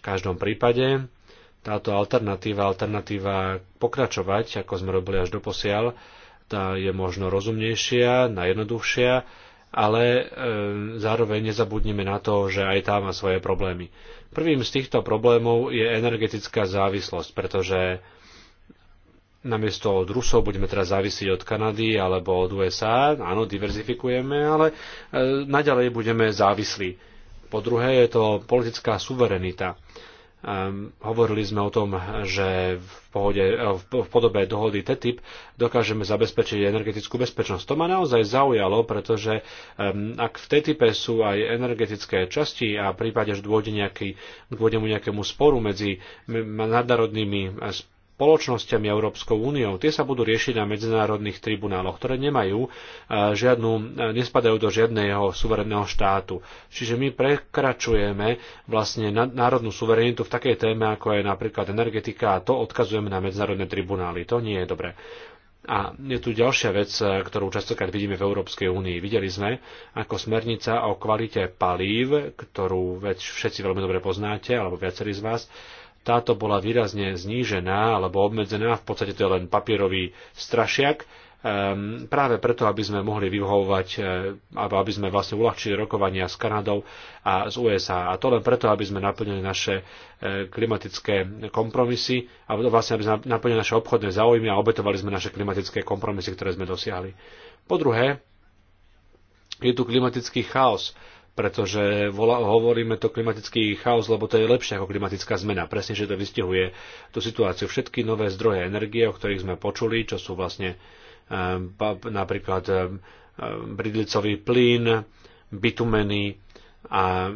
V každom prípade táto alternatíva, alternatíva pokračovať, ako sme robili až doposiaľ, tá je možno rozumnejšia, najjednoduchšia, ale e, zároveň nezabudnime na to, že aj tá má svoje problémy. Prvým z týchto problémov je energetická závislosť, pretože namiesto od Rusov budeme teraz závisiť od Kanady alebo od USA. Áno, diverzifikujeme, ale e, naďalej budeme závislí. Po druhé je to politická suverenita. Um, hovorili sme o tom, že v, pohode, eh, v podobe dohody TTIP dokážeme zabezpečiť energetickú bezpečnosť. To ma naozaj zaujalo, pretože um, ak v TTIP sú aj energetické časti a v prípade, že dôjde, nejaký, dôjde mu nejakému sporu medzi nadnárodnými eh, spoločnosťami Európskou úniou. Tie sa budú riešiť na medzinárodných tribunáloch, ktoré nemajú e, žiadnu, e, nespadajú do žiadneho suverénneho štátu. Čiže my prekračujeme vlastne národnú suverenitu v takej téme, ako je napríklad energetika a to odkazujeme na medzinárodné tribunály. To nie je dobré. A je tu ďalšia vec, e, ktorú častokrát vidíme v Európskej únii. Videli sme, ako smernica o kvalite palív, ktorú veď všetci veľmi dobre poznáte, alebo viacerí z vás, táto bola výrazne znížená alebo obmedzená, v podstate to je len papierový strašiak, ehm, práve preto, aby sme mohli vyhovovať, e, aby sme vlastne uľahčili rokovania s Kanadou a z USA. A to len preto, aby sme naplnili naše e, klimatické kompromisy a vlastne aby sme naplnili naše obchodné záujmy a obetovali sme naše klimatické kompromisy, ktoré sme dosiahli. Po druhé, je tu klimatický chaos pretože hovoríme to klimatický chaos, lebo to je lepšie ako klimatická zmena. Presne, že to vystihuje tú situáciu. Všetky nové zdroje energie, o ktorých sme počuli, čo sú vlastne eh, napríklad eh, eh, bridlicový plyn, bitumeny a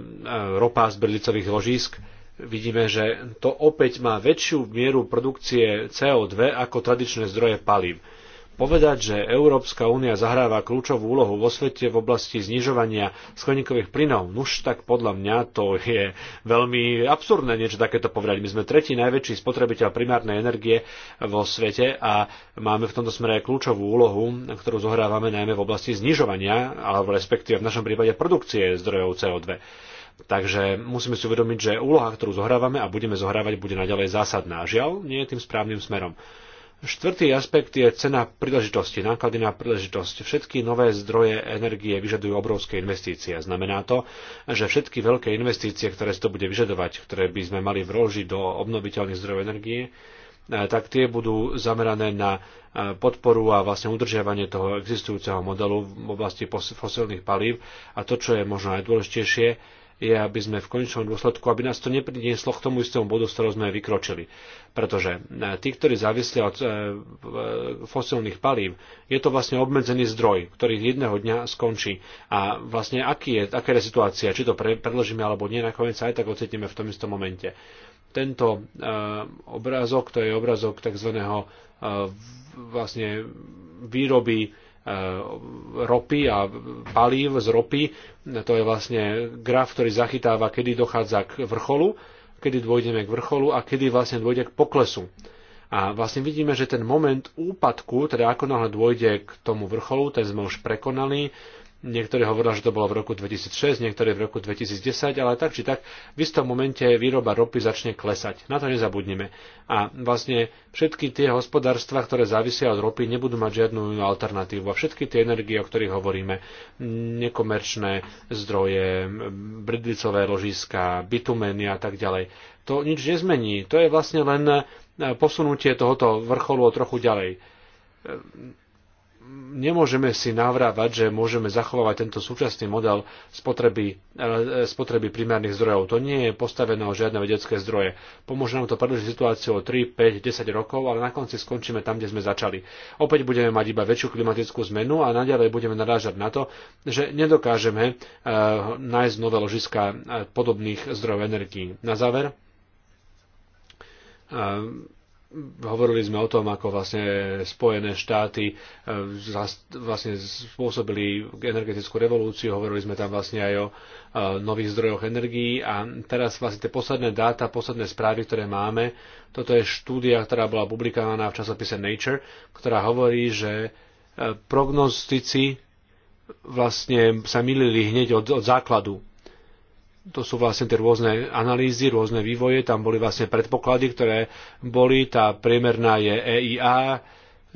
ropa z bridlicových ložísk, vidíme, že to opäť má väčšiu mieru produkcie CO2 ako tradičné zdroje palív. Povedať, že Európska únia zahráva kľúčovú úlohu vo svete v oblasti znižovania skleníkových plynov, nuž tak podľa mňa to je veľmi absurdné niečo takéto povedať. My sme tretí najväčší spotrebiteľ primárnej energie vo svete a máme v tomto smere kľúčovú úlohu, ktorú zohrávame najmä v oblasti znižovania, alebo respektíve v našom prípade produkcie zdrojov CO2. Takže musíme si uvedomiť, že úloha, ktorú zohrávame a budeme zohrávať, bude naďalej zásadná. Žiaľ, nie je tým správnym smerom. Štvrtý aspekt je cena príležitosti, náklady na príležitosť. Všetky nové zdroje energie vyžadujú obrovské investície. Znamená to, že všetky veľké investície, ktoré si to bude vyžadovať, ktoré by sme mali vložiť do obnoviteľných zdrojov energie, e, tak tie budú zamerané na e, podporu a vlastne udržiavanie toho existujúceho modelu v oblasti fosilných palív. A to, čo je možno najdôležitejšie, je, aby sme v konečnom dôsledku, aby nás to neprinieslo k tomu istému bodu, z ktorého sme vykročili. Pretože e, tí, ktorí závislia od e, e, fosilných palív, je to vlastne obmedzený zdroj, ktorý jedného dňa skončí. A vlastne aký je, aká je situácia, či to pre, predložíme alebo nie, nakoniec aj tak ocitneme v tom istom momente. Tento obrázok, to je obrázok tzv. vlastne výroby E, ropy a palív z ropy. To je vlastne graf, ktorý zachytáva, kedy dochádza k vrcholu, kedy dôjdeme k vrcholu a kedy vlastne dôjde k poklesu. A vlastne vidíme, že ten moment úpadku, teda ako náhle dôjde k tomu vrcholu, ten sme už prekonali, Niektorí hovoria, že to bolo v roku 2006, niektorí v roku 2010, ale tak či tak v istom momente výroba ropy začne klesať. Na to nezabudnime. A vlastne všetky tie hospodárstva, ktoré závisia od ropy, nebudú mať žiadnu inú alternatívu. A všetky tie energie, o ktorých hovoríme, nekomerčné zdroje, bridlicové ložiska, bitumeny a tak ďalej, to nič nezmení. To je vlastne len posunutie tohoto vrcholu o trochu ďalej nemôžeme si navrávať, že môžeme zachovávať tento súčasný model spotreby, eh, spotreby primárnych zdrojov. To nie je postavené o žiadne vedecké zdroje. Pomôže nám to predlžiť situáciu o 3, 5, 10 rokov, ale na konci skončíme tam, kde sme začali. Opäť budeme mať iba väčšiu klimatickú zmenu a naďalej budeme narážať na to, že nedokážeme eh, nájsť nové ložiska eh, podobných zdrojov energií. Na záver, hovorili sme o tom, ako vlastne Spojené štáty e, vlastne spôsobili energetickú revolúciu, hovorili sme tam vlastne aj o e, nových zdrojoch energií a teraz vlastne tie posledné dáta, posledné správy, ktoré máme, toto je štúdia, ktorá bola publikovaná v časopise Nature, ktorá hovorí, že e, prognostici vlastne sa milili hneď od, od základu to sú vlastne tie rôzne analýzy, rôzne vývoje, tam boli vlastne predpoklady, ktoré boli, tá priemerná je EIA,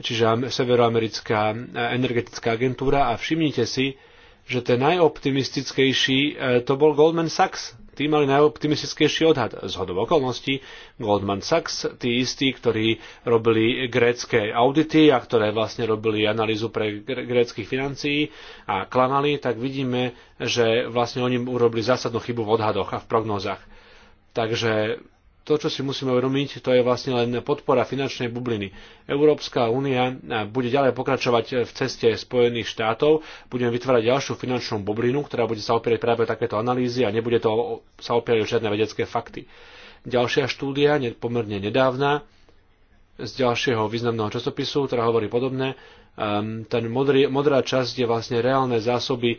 čiže Severoamerická energetická agentúra a všimnite si, že ten najoptimistickejší e, to bol Goldman Sachs, tí mali najoptimistickejší odhad. Z hodov okolností Goldman Sachs, tí istí, ktorí robili grécké audity a ktoré vlastne robili analýzu pre gréckých financií a klamali, tak vidíme, že vlastne oni urobili zásadnú chybu v odhadoch a v prognózach. Takže to, čo si musíme uvedomiť, to je vlastne len podpora finančnej bubliny. Európska únia eh, bude ďalej pokračovať eh, v ceste Spojených štátov, budeme vytvárať ďalšiu finančnú bublinu, ktorá bude sa opierať práve takéto analýzy a nebude to sa opierať o žiadne vedecké fakty. Ďalšia štúdia, pomerne nedávna, z ďalšieho významného časopisu, ktorá hovorí podobné, Ehm, ten modrý, modrá časť je vlastne reálne zásoby eh,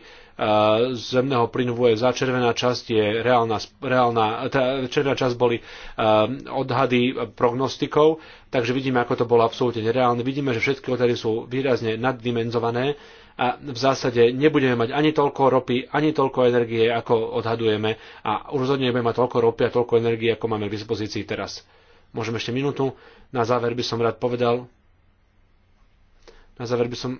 zemného plynu v USA, červená časť je reálna, reálna tá červená časť boli ehm, odhady prognostikov, takže vidíme, ako to bolo absolútne nereálne. Vidíme, že všetky odhady sú výrazne naddimenzované a v zásade nebudeme mať ani toľko ropy, ani toľko energie, ako odhadujeme a rozhodne nebudeme mať toľko ropy a toľko energie, ako máme k dispozícii teraz. Môžem ešte minútu. Na záver by som rád povedal, na záver by som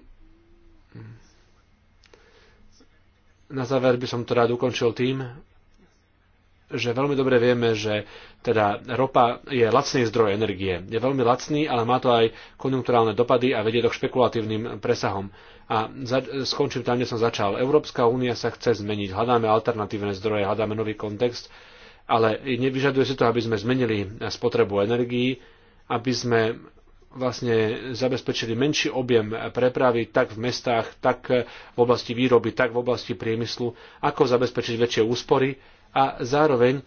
na záver by som to rád ukončil tým, že veľmi dobre vieme, že teda ropa je lacný zdroj energie. Je veľmi lacný, ale má to aj konjunkturálne dopady a vedie to k špekulatívnym presahom. A za, skončím tam, kde som začal. Európska únia sa chce zmeniť. Hľadáme alternatívne zdroje, hľadáme nový kontext, ale nevyžaduje si to, aby sme zmenili spotrebu energií, aby sme vlastne zabezpečili menší objem prepravy tak v mestách, tak v oblasti výroby, tak v oblasti priemyslu, ako zabezpečiť väčšie úspory a zároveň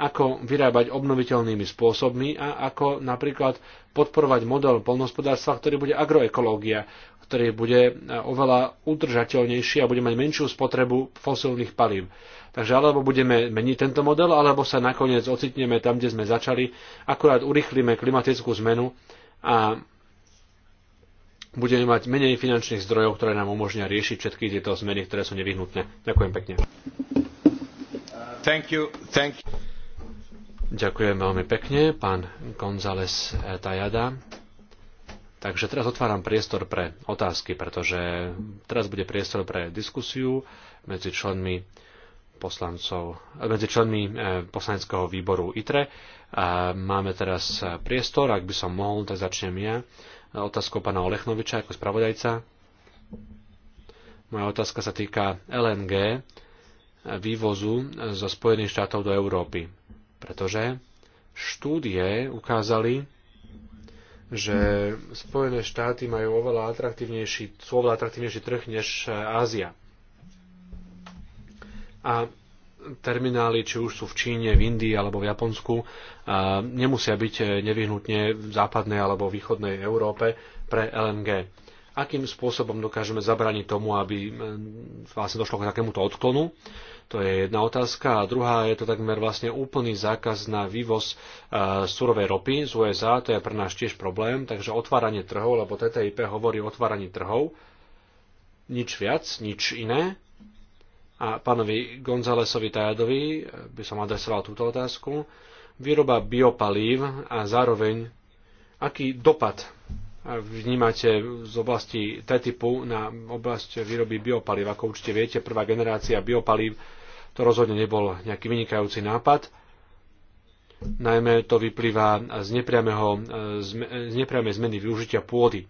ako vyrábať obnoviteľnými spôsobmi a ako napríklad podporovať model polnospodárstva, ktorý bude agroekológia, ktorý bude e, oveľa udržateľnejší a bude mať menšiu spotrebu fosilných palív. Takže alebo budeme meniť tento model, alebo sa nakoniec ocitneme tam, kde sme začali, akurát urychlíme klimatickú zmenu a budeme mať menej finančných zdrojov, ktoré nám umožnia riešiť všetky tieto zmeny, ktoré sú nevyhnutné. Ďakujem pekne. Thank you, thank you. Ďakujem veľmi pekne, pán González Tajada. Takže teraz otváram priestor pre otázky, pretože teraz bude priestor pre diskusiu medzi členmi poslancov, medzi členmi eh, poslaneckého výboru ITRE. A máme teraz eh, priestor, ak by som mohol, tak začnem ja. Otázkou pána Olechnoviča ako spravodajca. Moja otázka sa týka LNG eh, vývozu zo Spojených štátov do Európy, pretože štúdie ukázali, že Spojené štáty majú oveľa atraktívnejší, sú oveľa atraktívnejší trh než Ázia a terminály, či už sú v Číne, v Indii alebo v Japonsku, nemusia byť e, nevyhnutne v západnej alebo východnej Európe pre LNG. Akým spôsobom dokážeme zabrániť tomu, aby e, vlastne došlo k takémuto odklonu? To je jedna otázka. A druhá je to takmer vlastne úplný zákaz na vývoz e, surovej ropy z USA. To je pre nás tiež problém. Takže otváranie trhov, lebo TTIP hovorí o otváraní trhov. Nič viac, nič iné a pánovi Gonzalesovi Tajadovi by som adresoval túto otázku. Výroba biopalív a zároveň aký dopad vnímate z oblasti T-typu na oblasť výroby biopalív. Ako určite viete, prvá generácia biopalív to rozhodne nebol nejaký vynikajúci nápad. Najmä to vyplýva z, z nepriamej zmeny využitia pôdy.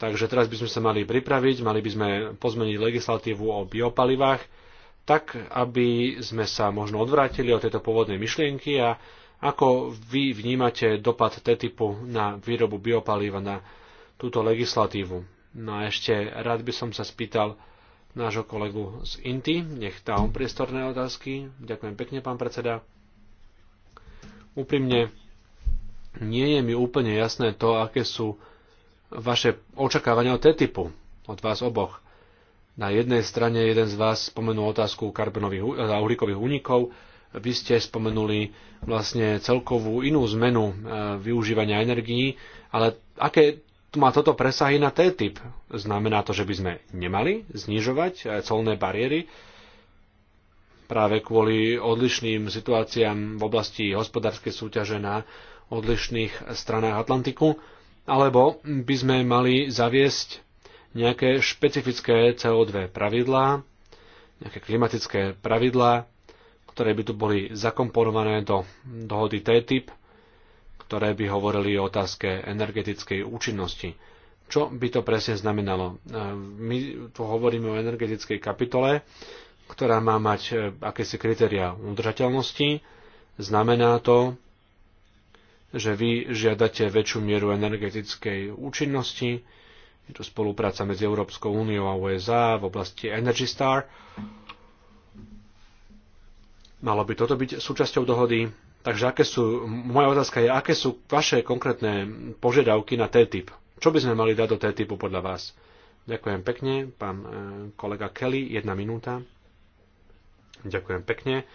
Takže teraz by sme sa mali pripraviť, mali by sme pozmeniť legislatívu o biopalivách, tak aby sme sa možno odvrátili od tejto pôvodnej myšlienky a ako vy vnímate dopad T-typu na výrobu biopalíva na túto legislatívu. No a ešte rád by som sa spýtal nášho kolegu z INTI, nech dá on priestorné otázky. Ďakujem pekne, pán predseda. Úprimne, nie je mi úplne jasné to, aké sú vaše očakávania od T-typu, od vás oboch. Na jednej strane jeden z vás spomenul otázku karbonových a uhlíkových únikov, vy ste spomenuli vlastne celkovú inú zmenu e, využívania energií, ale aké má toto presahy na TTIP? Znamená to, že by sme nemali znižovať e, colné bariéry práve kvôli odlišným situáciám v oblasti hospodárskej súťaže na odlišných stranách Atlantiku? Alebo by sme mali zaviesť nejaké špecifické CO2 pravidlá, nejaké klimatické pravidlá, ktoré by tu boli zakomponované do dohody TTIP, ktoré by hovorili o otázke energetickej účinnosti. Čo by to presne znamenalo? E, my tu hovoríme o energetickej kapitole, ktorá má mať e, akési kritéria udržateľnosti. Znamená to, že vy žiadate väčšiu mieru energetickej účinnosti, je tu spolupráca medzi Európskou úniou a USA v oblasti Energy Star. Malo by toto byť súčasťou dohody. Takže aké sú, moja otázka je, aké sú vaše konkrétne požiadavky na TTIP? Čo by sme mali dať do TTIPu podľa vás? Ďakujem pekne, pán e, kolega Kelly, jedna minúta. Ďakujem pekne.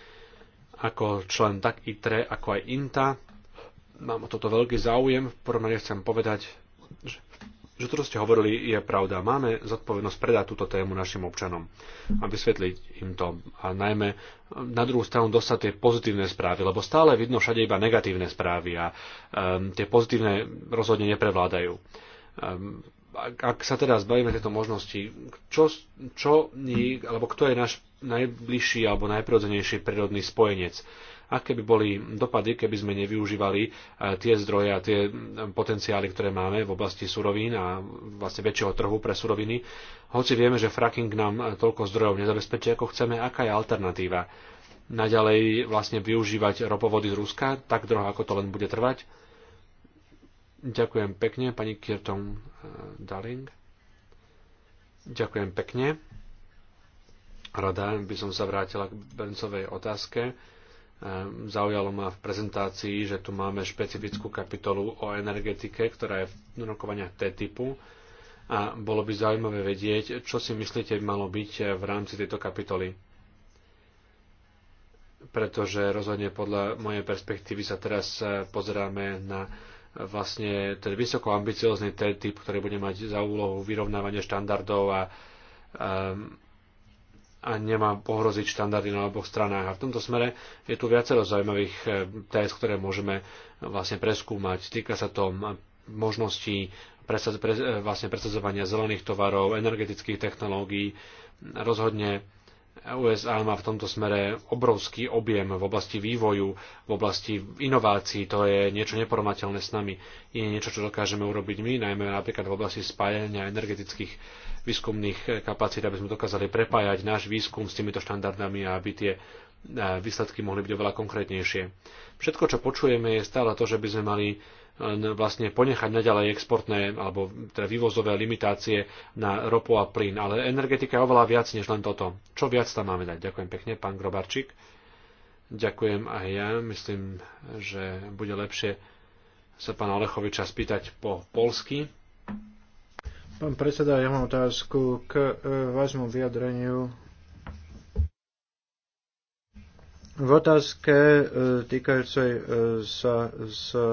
Ako člen tak ITRE, ako aj INTA, mám o toto veľký záujem. V prvom rade chcem povedať, že že to, čo ste hovorili, je pravda. Máme zodpovednosť predať túto tému našim občanom a vysvetliť im to. A najmä ehm, na druhú stranu dostať tie pozitívne správy, lebo stále vidno všade iba negatívne správy a um, tie pozitívne rozhodne neprevládajú. Um, ak, ak sa teda zbavíme tejto možnosti, čo, čo alebo kto je náš najbližší alebo najprirodzenejší prírodný spojenec? aké by boli dopady, keby sme nevyužívali e, tie zdroje a tie potenciály, ktoré máme v oblasti surovín a vlastne väčšieho trhu pre suroviny. Hoci vieme, že fracking nám e, toľko zdrojov nezabezpečí, ako chceme, aká je alternatíva? Naďalej vlastne využívať ropovody z Ruska, tak droho, ako to len bude trvať? Ďakujem pekne, pani Kirton e, Darling. Ďakujem pekne. Rada by som sa vrátila k Bencovej otázke. Ehm, zaujalo ma v prezentácii, že tu máme špecifickú kapitolu o energetike, ktorá je v rokovaniach T-typu a bolo by zaujímavé vedieť, čo si myslíte by malo byť eh, v rámci tejto kapitoly. Pretože rozhodne podľa mojej perspektívy sa teraz eh, pozeráme na eh, vlastne ten vysoko ambiciózny T-typ, ktorý bude mať za úlohu vyrovnávanie štandardov a ehm, a nemá pohroziť štandardy na oboch stranách. A v tomto smere je tu viacero zaujímavých eh, test, ktoré môžeme vlastne preskúmať. Týka sa to možností presaz, pre, eh, vlastne presadzovania zelených tovarov, energetických technológií. Rozhodne USA má v tomto smere obrovský objem v oblasti vývoju, v oblasti inovácií. To je niečo neporovnateľné s nami. Je niečo, čo dokážeme urobiť my, najmä napríklad v oblasti spájania energetických výskumných kapacít, aby sme dokázali prepájať náš výskum s týmito štandardami a aby tie výsledky mohli byť oveľa konkrétnejšie. Všetko, čo počujeme, je stále to, že by sme mali e, vlastne ponechať naďalej exportné alebo teda vývozové limitácie na ropu a plyn. Ale energetika je oveľa viac než len toto. Čo viac tam máme dať? Ďakujem pekne, pán Grobarčík. Ďakujem aj ja. Myslím, že bude lepšie sa pána Olechoviča spýtať po polsky. Pán predseda, ja mám otázku k e, vášmu vyjadreniu V otázke e, týkajúcej e, sa s e,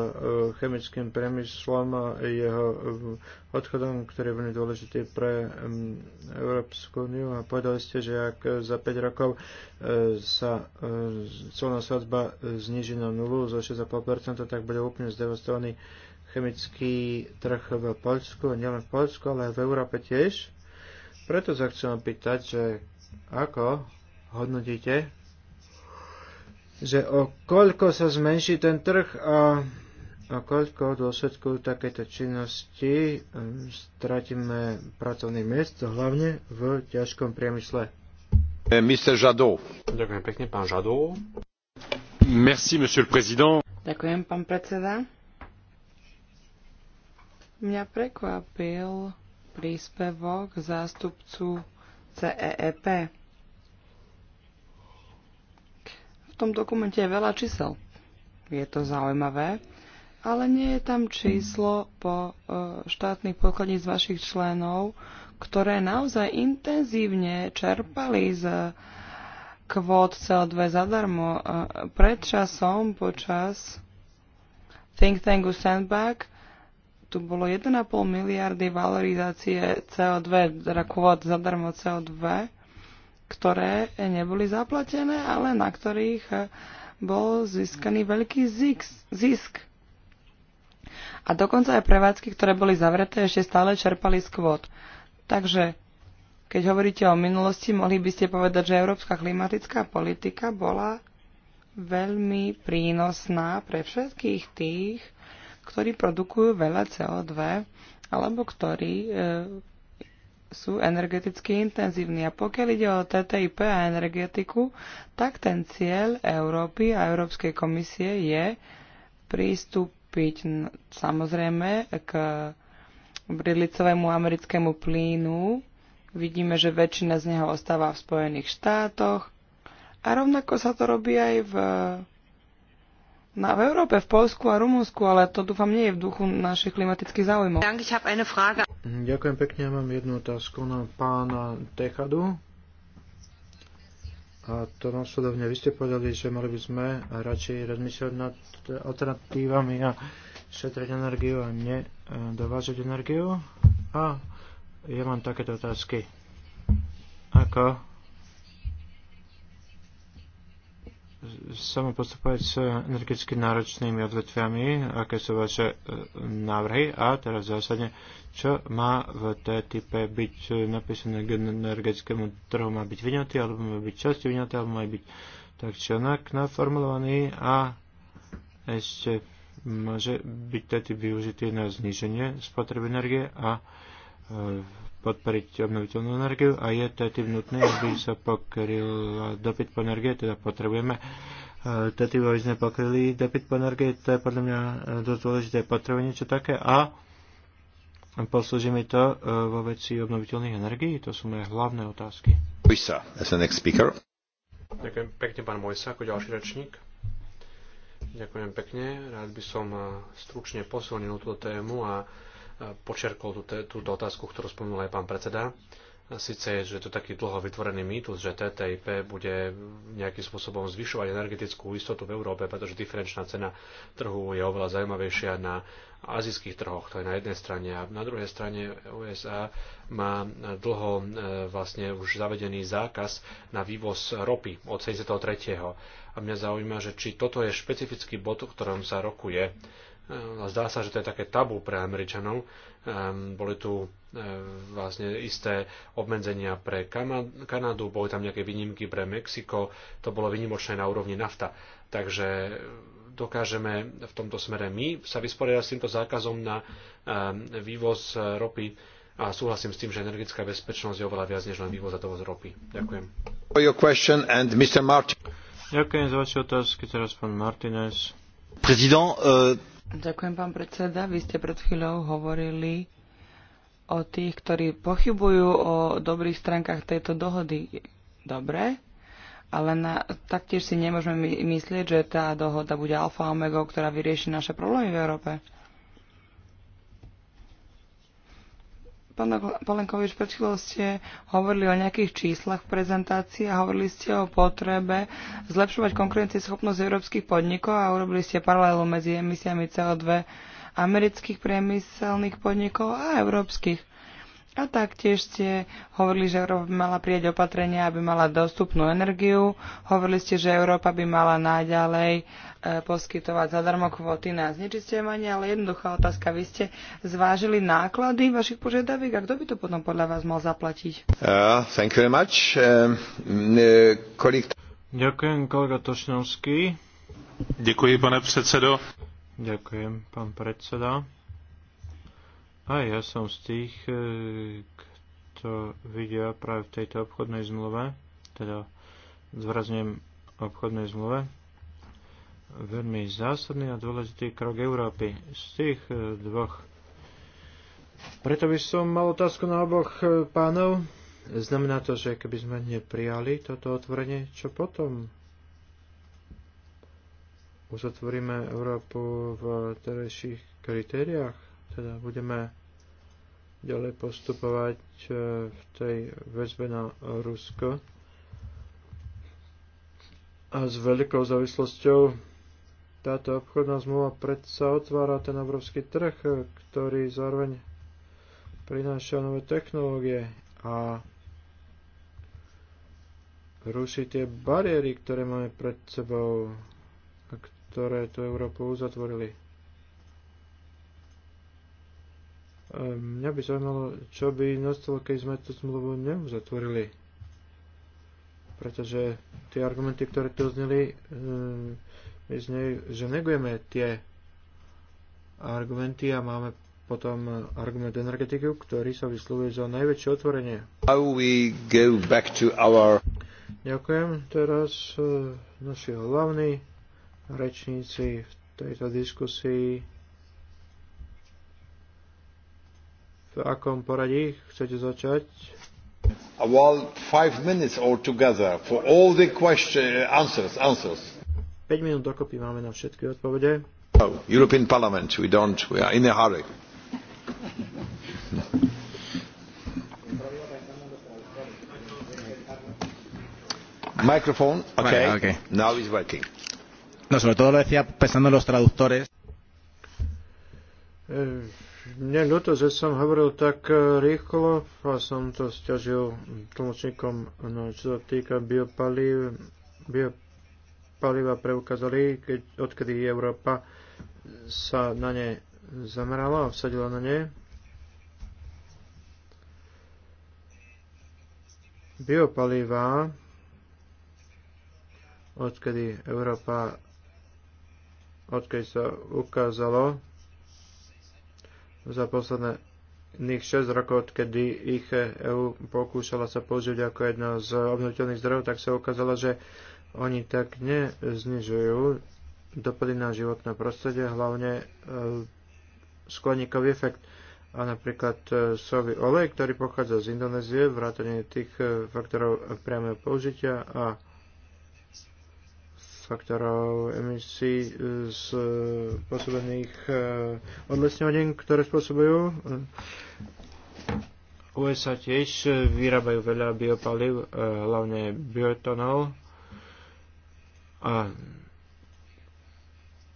chemickým priemyslom a jeho odchodom, ktorý je veľmi dôležitý pre Európsku úniu a povedali ste, že ak za 5 rokov sa celná sadzba zniží na nulu zo 6,5%, tak bude úplne zdevastovaný chemický trh v Poľsku, nielen v Poľsku, ale aj v Európe tiež. Preto sa chcem pýtať, že ako hodnotíte že o koľko sa zmenší ten trh a o koľko dôsledku takéto činnosti ehm, stratíme pracovný miest, hlavne v ťažkom priemysle. Eh, Mr. Žadó. Ďakujem pekne, pán Žadó. Merci, monsieur le président. Ďakujem, pán predseda. Mňa prekvapil príspevok zástupcu CEEP V tom dokumente je veľa čísel. Je to zaujímavé, ale nie je tam číslo po e, štátnych z vašich členov, ktoré naozaj intenzívne čerpali z e, kvót CO2 zadarmo. E, pred časom, počas think tanku Sandbag, tu bolo 1,5 miliardy valorizácie CO2, teda kvót zadarmo CO2 ktoré neboli zaplatené, ale na ktorých eh, bol získaný veľký zisk. A dokonca aj prevádzky, ktoré boli zavreté, ešte stále čerpali z kvót. Takže, keď hovoríte o minulosti, mohli by ste povedať, že európska klimatická politika bola veľmi prínosná pre všetkých tých, ktorí produkujú veľa CO2 alebo ktorí e, sú energeticky intenzívni. A pokiaľ ide o TTIP a energetiku, tak ten cieľ Európy a Európskej komisie je prístupiť samozrejme k bridlicovému americkému plínu. Vidíme, že väčšina z neho ostáva v Spojených štátoch. A rovnako sa to robí aj v na v Európe, v Polsku a Rumunsku, ale to dúfam nie je v duchu našich klimatických záujmov. Ďakujem pekne, ja mám jednu otázku na pána Techadu. A to následovne vy ste povedali, že mali by sme radšej rozmýšľať nad alternatívami a šetriť energiu a nedovážať e, energiu. A ja mám takéto otázky. Ako samo postupovať s energeticky náročnými odvetviami, aké sú vaše e, návrhy a teraz zásadne, čo má v TTIP byť napísané k energetickému trhu, má byť vyňatý, alebo má byť časti vyňatý, alebo má byť tak či onak naformulovaný a ešte môže byť TTIP využitý na zníženie spotreby energie a e, podporiť obnoviteľnú energiu a je TTIP nutné, aby sa pokryl dopyt po energie, teda potrebujeme e, tedy, aby sme pokryli dopyt po energie, to je podľa mňa dosť dôležité, potrebujeme niečo také a poslúži mi to e, vo veci obnoviteľných energií, to sú moje hlavné otázky. Mojsa, as the next speaker. Ďakujem pekne, pán Mojsa, ako ďalší rečník. Ďakujem pekne, rád by som e, stručne posilnil túto tému a počerkol túto, túto otázku, ktorú spomínal aj pán predseda. Sice, že to taký dlho vytvorený mýtus, že TTIP bude nejakým spôsobom zvyšovať energetickú istotu v Európe, pretože diferenčná cena trhu je oveľa zaujímavejšia na azijských trhoch, to je na jednej strane. A na druhej strane USA má dlho e, vlastne už zavedený zákaz na vývoz ropy od 73. A mňa zaujíma, že či toto je špecifický bod, o ktorom sa rokuje zdá sa, že to je také tabu pre Američanov. Ehm, boli tu e, vlastne isté obmedzenia pre Kanadu, boli tam nejaké výnimky pre Mexiko, to bolo výnimočné na úrovni nafta. Takže e, dokážeme v tomto smere my sa vysporiadať s týmto zákazom na ehm, vývoz e, ropy a súhlasím s tým, že energetická bezpečnosť je oveľa viac než len vývoz a dovoz ropy. Ďakujem. Ďakujem za vaše otázky. Teraz pán Martinez. Prezident, uh... Ďakujem, pán predseda. Vy ste pred chvíľou hovorili o tých, ktorí pochybujú o dobrých stránkach tejto dohody. Dobre, ale na, taktiež si nemôžeme myslieť, že tá dohoda bude alfa a omega, ktorá vyrieši naše problémy v Európe. Pán Polenkovič, pred chvíľou ste hovorili o nejakých číslach v prezentácii a hovorili ste o potrebe zlepšovať konkurencieschopnosť európskych podnikov a urobili ste paralelu medzi emisiami CO2 amerických priemyselných podnikov a európskych. A taktiež ste hovorili, že Európa by mala prijať opatrenia, aby mala dostupnú energiu. Hovorili ste, že Európa by mala naďalej e, poskytovať zadarmo kvóty na znečistievanie, ale jednoduchá otázka. Vy ste zvážili náklady vašich požiadaviek a kto by to potom podľa vás mal zaplatiť? Uh, thank you very much. Um, uh, kolik... Ďakujem, kolega Tošňovský. Ďakujem, pane predsedo. Ďakujem, pán predseda. A ja som z tých, e, kto vidia práve v tejto obchodnej zmluve, teda zvrazňujem obchodnej zmluve, veľmi zásadný a dôležitý krok Európy. Z tých e, dvoch. Preto by som mal otázku na oboch e, pánov. Znamená to, že keby sme neprijali toto otvorenie, čo potom? Uzatvoríme Európu v terajších kritériách? teda budeme ďalej postupovať e, v tej väzbe na Rusko a s veľkou závislosťou táto obchodná zmluva predsa otvára ten obrovský trh, e, ktorý zároveň prináša nové technológie a ruší tie bariéry, ktoré máme pred sebou a ktoré tú Európu uzatvorili. Mňa by zaujímalo, čo by nastalo, keď sme tú zmluvu neuzatvorili. Pretože tie argumenty, ktoré tu zneli, eh, my z nej, že negujeme tie argumenty a máme potom argument energetiku, ktorý sa vyslovuje za najväčšie otvorenie. Our... Ďakujem. Teraz eh, naši hlavní rečníci v tejto diskusii V akom poradí chcete začať? Well, five minutes all together for all the question, eh, answers, answers. 5 minút dokopy máme na všetky odpovede. No, European Parliament, we don't, we are in a hurry. Microphone, okay. Well, okay. Now it's working. No, sobre todo lo decía pensando en los traductores. Eh mne ľúto, že som hovoril tak e, rýchlo a som to stiažil tlmočníkom, no, čo sa týka biopalív. Biopaliva preukázali, keď, odkedy Európa sa na ne zamerala a vsadila na ne. Biopalíva, odkedy Európa, odkedy sa ukázalo, za posledné posledných 6 rokov, kedy ich EU pokúšala sa použiť ako jedna z obnoviteľných zdrojov, tak sa ukázalo, že oni tak neznižujú dopady na životné prostredie, hlavne e, skleníkový efekt. A napríklad e, sový olej, ktorý pochádza z Indonézie, vrátanie tých e, faktorov priamého použitia a faktorov emisí e, z spôsobených e, odlesňovaním, ktoré spôsobujú. USA tiež e, vyrábajú veľa biopaliv, hlavne bioetanol. A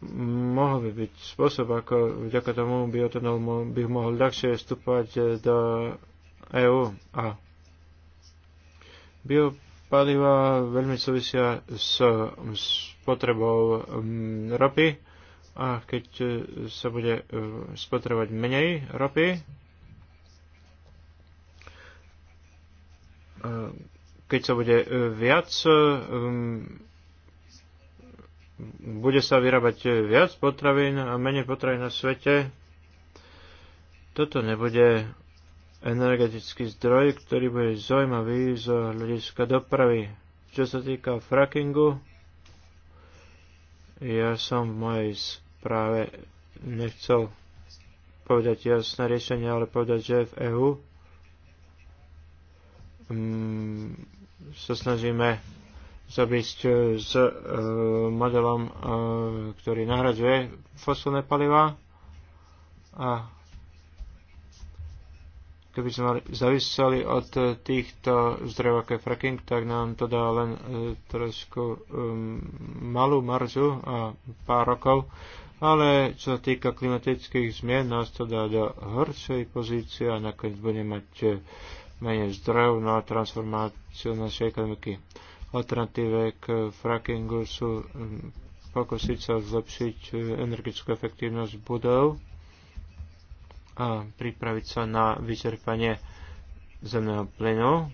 mohol by byť spôsob, ako vďaka tomu bioetanol by mohol ľahšie vstúpať do EÚ. A bio paliva veľmi súvisia s, s potrebou mm, e, e, ropy a keď sa bude spotrebovať menej ropy, keď sa bude viac, e, bude sa vyrábať viac potravín a menej potravín na svete, toto nebude energetický zdroj, ktorý bude zaujímavý z hľadiska dopravy. Čo sa týka frackingu, ja som v mojej správe nechcel povedať jasné riešenie, ale povedať, že v EU mm, sa snažíme zabísť e, s e, modelom, e, ktorý nahradzuje fosilné paliva a Keby sme mali, zavisali od eh, týchto zdrojov ako je fracking, tak nám to dá len e, trošku e, malú maržu a pár rokov, ale čo sa týka klimatických zmien, nás to dá do horšej pozície a nakoniec bude mať eh, menej zdrojov na no transformáciu našej ekonomiky. Alternatíve k frackingu sú ehm, pokúsiť sa zlepšiť energetickú efektívnosť budov a pripraviť sa na vyčerpanie zemného plynu,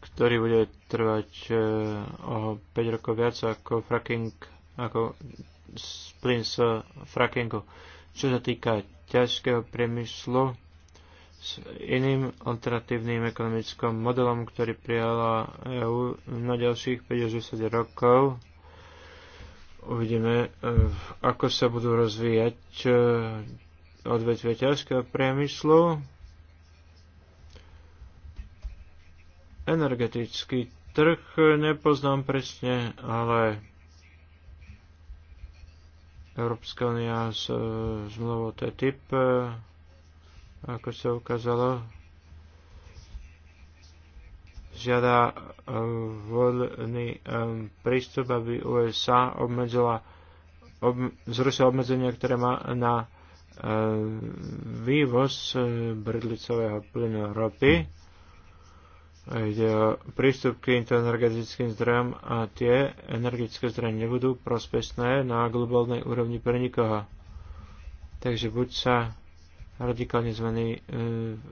ktorý bude trvať eh, o 5 rokov viac ako fracking, ako plyn z frackingu. Čo sa týka ťažkého priemyslu, s iným alternatívnym ekonomickým modelom, ktorý prijala EU na ďalších 50 rokov uvidíme, e, ako sa budú rozvíjať e, odvetvie ťažkého priemyslu. Energetický trh nepoznám presne, ale Európska unia s e, zmluvou TTIP, ako sa ukázalo, žiada e, voľný e, prístup, aby USA obmedzila, ob, zrušila obmedzenia, ktoré má na e, vývoz brdlicového plynu ropy. Ide o prístup k týmto energetickým zdrojom a tie energetické zdroje nebudú prospešné na globálnej úrovni pre nikoho. Takže buď sa radikálne zmený e,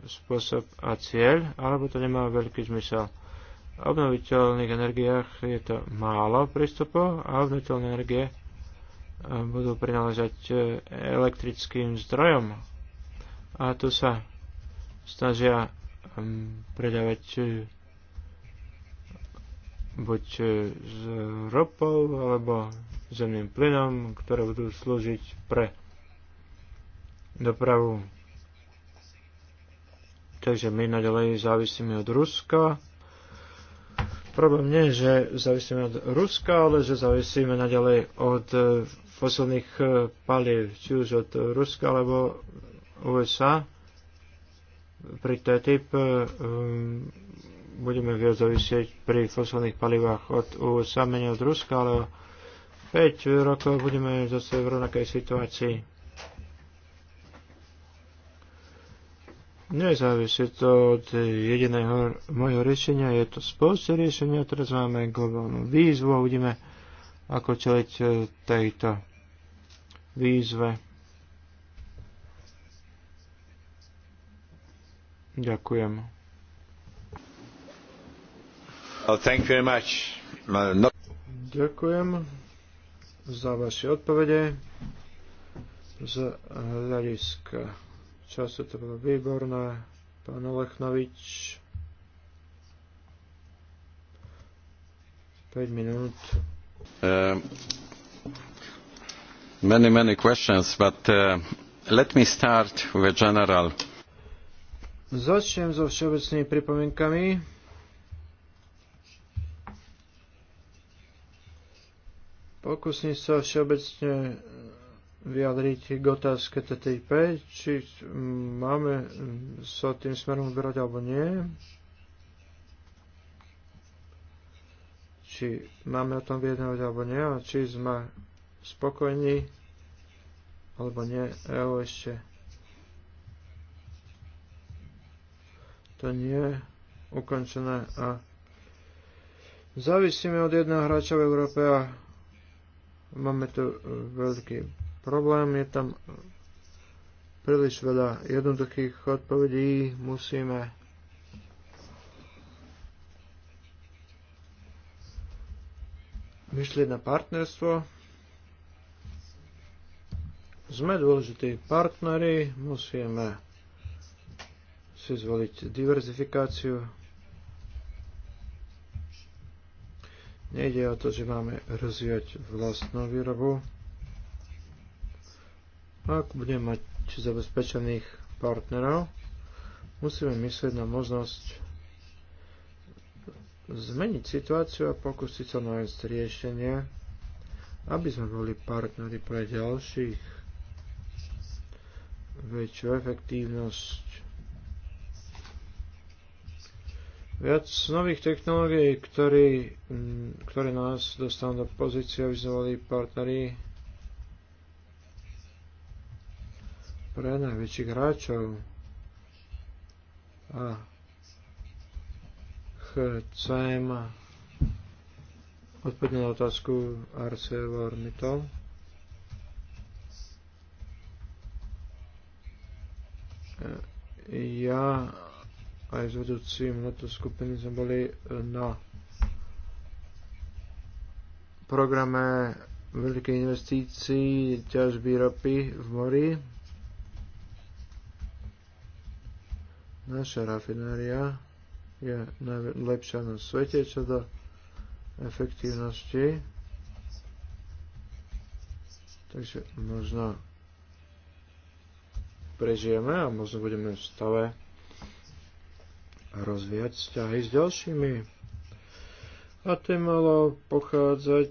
spôsob a cieľ, alebo to nemá veľký zmysel. V obnoviteľných energiách je to málo prístupov a obnoviteľné energie e, budú prináležať e, elektrickým zdrojom. A tu sa snažia predávať e, buď s ropou alebo zemným plynom, ktoré budú slúžiť pre dopravu. Takže my naďalej závisíme od Ruska. Problém nie je, že závisíme od Ruska, ale že závisíme naďalej od e, fosilných e, paliev, či už od Ruska alebo USA. Pri TTIP e, um, budeme viac závisieť pri fosilných palivách od USA, menej od Ruska, ale 5 rokov budeme zase v rovnakej situácii. Nezávisí to od jediného mojho riešenia, je to spôsob riešenia, teraz máme globálnu výzvu a uvidíme, ako čeliť e, tejto výzve. Ďakujem. Oh, thank you very much. No... Ďakujem za vaše odpovede z hľadiska času, to bolo výborné. Pán Olechnovič, 5 minút. Uh, many, many questions, but uh, let me start with general. Začnem so všeobecnými pripomienkami. Pokúsim sa všeobecne vyjadriť k otázke TTIP, či máme sa tým smerom uberať alebo nie. Či máme o tom vyjednávať alebo nie a či sme spokojní alebo nie. Evo ešte to nie je ukončené a závisíme od jedného hráča v Európe a máme tu e, veľký problém. Je tam príliš veľa jednoduchých odpovedí. Musíme myšlieť na partnerstvo. Sme dôležití partneri, musíme si zvoliť diverzifikáciu. Nejde o to, že máme rozvíjať vlastnú výrobu. Ak budeme mať zabezpečených partnerov, musíme myslieť na možnosť zmeniť situáciu a pokúsiť sa nájsť riešenie, aby sme boli partneri pre ďalších väčšiu efektívnosť viac nových technológií, ktoré nás dostanú do pozície, aby sme boli partneri pre najväčších hráčov. A chcem odpovedať na otázku ArcelorMittal. Ja aj s vedúcim letu skupiny sme boli na programe veľkých investícií ťažby ropy v mori Naša rafinária je najlepšia na svete čo do efektívnosti. Takže možno prežijeme a možno budeme v stave rozvíjať vzťahy s ďalšími. A to malo pochádzať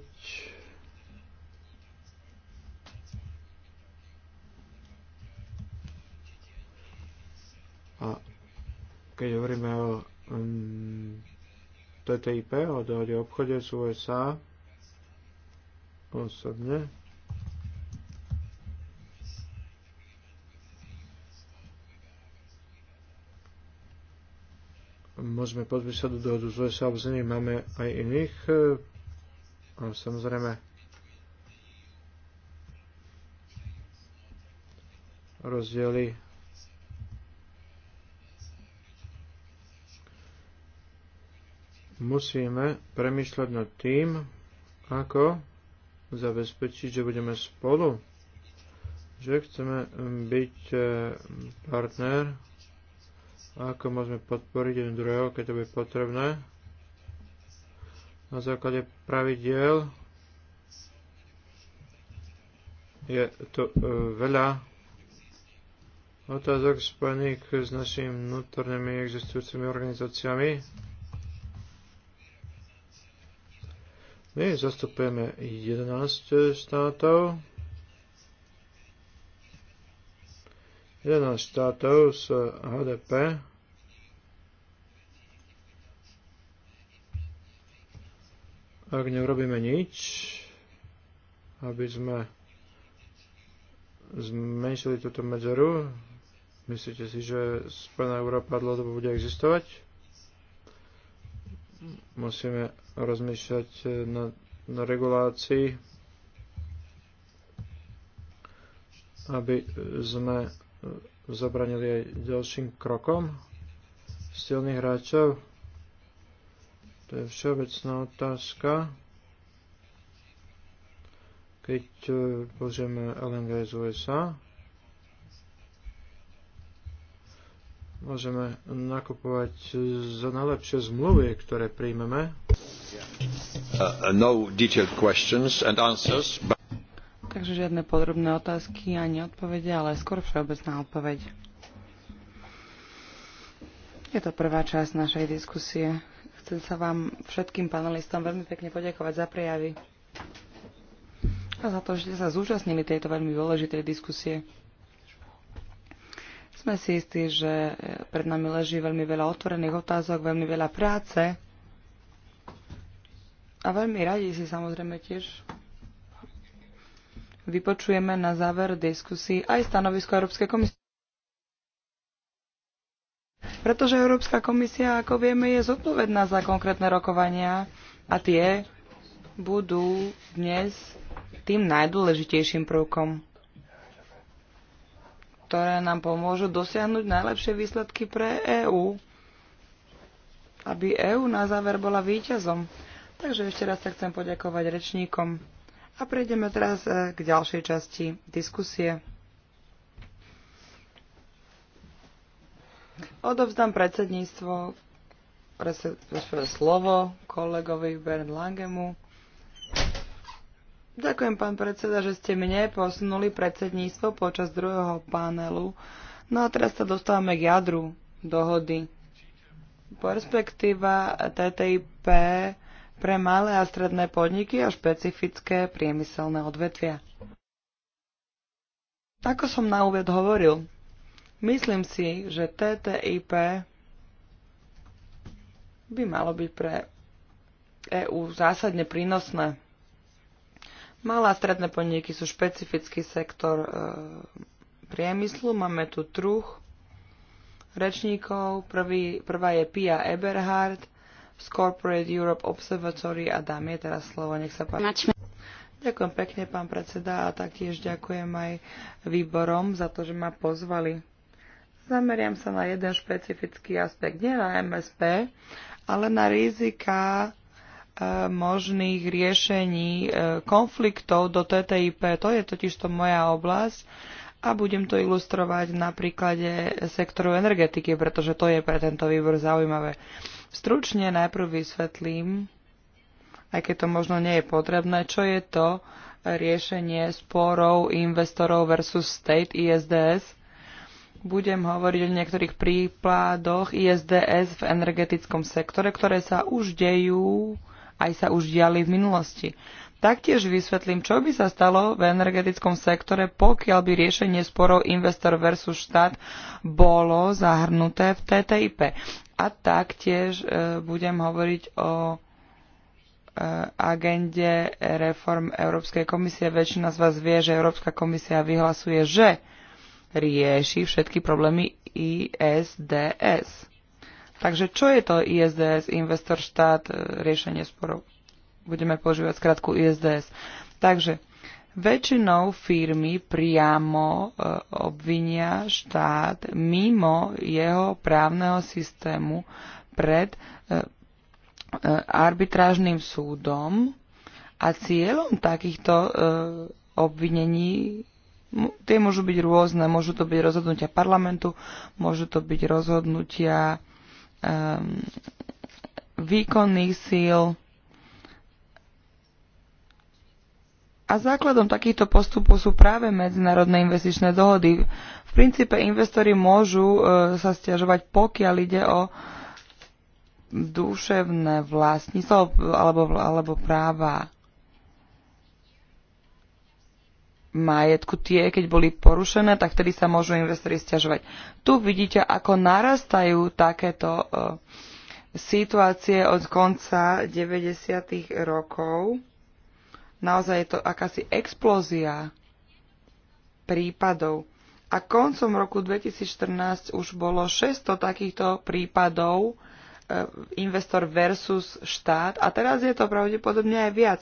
a keď hovoríme o um, mm, TTIP, o dohode o obchode s USA, osobne, môžeme podpísať dohodu z USA, obzrenie máme aj iných, ale samozrejme rozdiely musíme premyšľať nad tým, ako zabezpečiť, že budeme spolu, že chceme mm, byť e, partner, ako môžeme podporiť jeden druhého, keď to bude potrebné, na základe pravidiel. Je e, veľa otázok spojených s našimi vnútornými existujúcimi organizáciami. My zastupujeme 11 štátov. 11 štátov z HDP. Ak neurobíme nič, aby sme zmenšili túto medzeru, myslíte si, že Spojená Európa dlhodobo bude existovať? musíme rozmýšľať e, na, na regulácii, aby sme e, zabranili aj ďalším krokom silných hráčov. To je všeobecná otázka. Keď e, použijeme LNG z USA, môžeme nakupovať za najlepšie zmluvy, ktoré príjmeme. Uh, uh no and answers, but... Takže žiadne podrobné otázky ani odpovede, ale skôr všeobecná odpoveď. Je to prvá časť našej diskusie. Chcem sa vám všetkým panelistom veľmi pekne poďakovať za prejavy a za to, že ste sa zúčastnili tejto veľmi dôležitej diskusie. Sme si istí, že eh, pred nami leží veľmi veľa otvorených otázok, veľmi veľa práce. A veľmi radi si samozrejme tiež vypočujeme na záver diskusí aj stanovisko Európskej komisie. Pretože Európska komisia, ako vieme, je zodpovedná za konkrétne rokovania a tie budú dnes tým najdôležitejším prvkom ktoré nám pomôžu dosiahnuť najlepšie výsledky pre EÚ. Aby EÚ na záver bola víťazom. Takže ešte raz sa chcem poďakovať rečníkom. A prejdeme teraz e, k ďalšej časti diskusie. Odovzdám predsedníctvo, slovo kolegovi Bernd Langemu Ďakujem, pán predseda, že ste mne posunuli predsedníctvo počas druhého panelu. No a teraz sa dostávame k jadru dohody. Perspektíva TTIP pre malé a stredné podniky a špecifické priemyselné odvetvia. Ako som na úved hovoril, myslím si, že TTIP by malo byť pre EÚ zásadne prínosné Malé a stredné podniky sú špecifický sektor e, priemyslu. Máme tu truch rečníkov. Prvý, prvá je Pia Eberhard z Corporate Europe Observatory a dám je teraz slovo. Nech sa páči. Ďakujem pekne, pán predseda, a taktiež ďakujem aj výborom za to, že ma pozvali. Zameriam sa na jeden špecifický aspekt, nie na MSP, ale na rizika E, možných riešení e, konfliktov do TTIP. To je totiž to moja oblasť a budem to ilustrovať na príklade sektoru energetiky, pretože to je pre tento výbor zaujímavé. Stručne najprv vysvetlím, aj keď to možno nie je potrebné, čo je to riešenie sporov investorov versus state ISDS. Budem hovoriť o niektorých prípadoch ISDS v energetickom sektore, ktoré sa už dejú aj sa už diali v minulosti. Taktiež vysvetlím, čo by sa stalo v energetickom sektore, pokiaľ by riešenie sporov investor versus štát bolo zahrnuté v TTIP. A taktiež e, budem hovoriť o e, agende reform Európskej komisie. Väčšina z vás vie, že Európska komisia vyhlasuje, že rieši všetky problémy ISDS. Takže čo je to ISDS, investor štát, e, riešenie sporov? Budeme používať skratku ISDS. Takže väčšinou firmy priamo e, obvinia štát mimo jeho právneho systému pred e, arbitrážnym súdom a cieľom takýchto obvinení tie môžu byť rôzne. Môžu to byť rozhodnutia parlamentu, môžu to byť rozhodnutia Ehm, výkonných síl. A základom takýchto postupov sú práve medzinárodné investičné dohody. V princípe investori môžu e, sa stiažovať, pokiaľ ide o duševné vlastníctvo alebo, alebo práva majetku tie, keď boli porušené, tak vtedy sa môžu investori stiažovať. Tu vidíte, ako narastajú takéto e, situácie od konca 90. rokov. Naozaj je to akási explózia prípadov. A koncom roku 2014 už bolo 600 takýchto prípadov e, investor versus štát a teraz je to pravdepodobne aj viac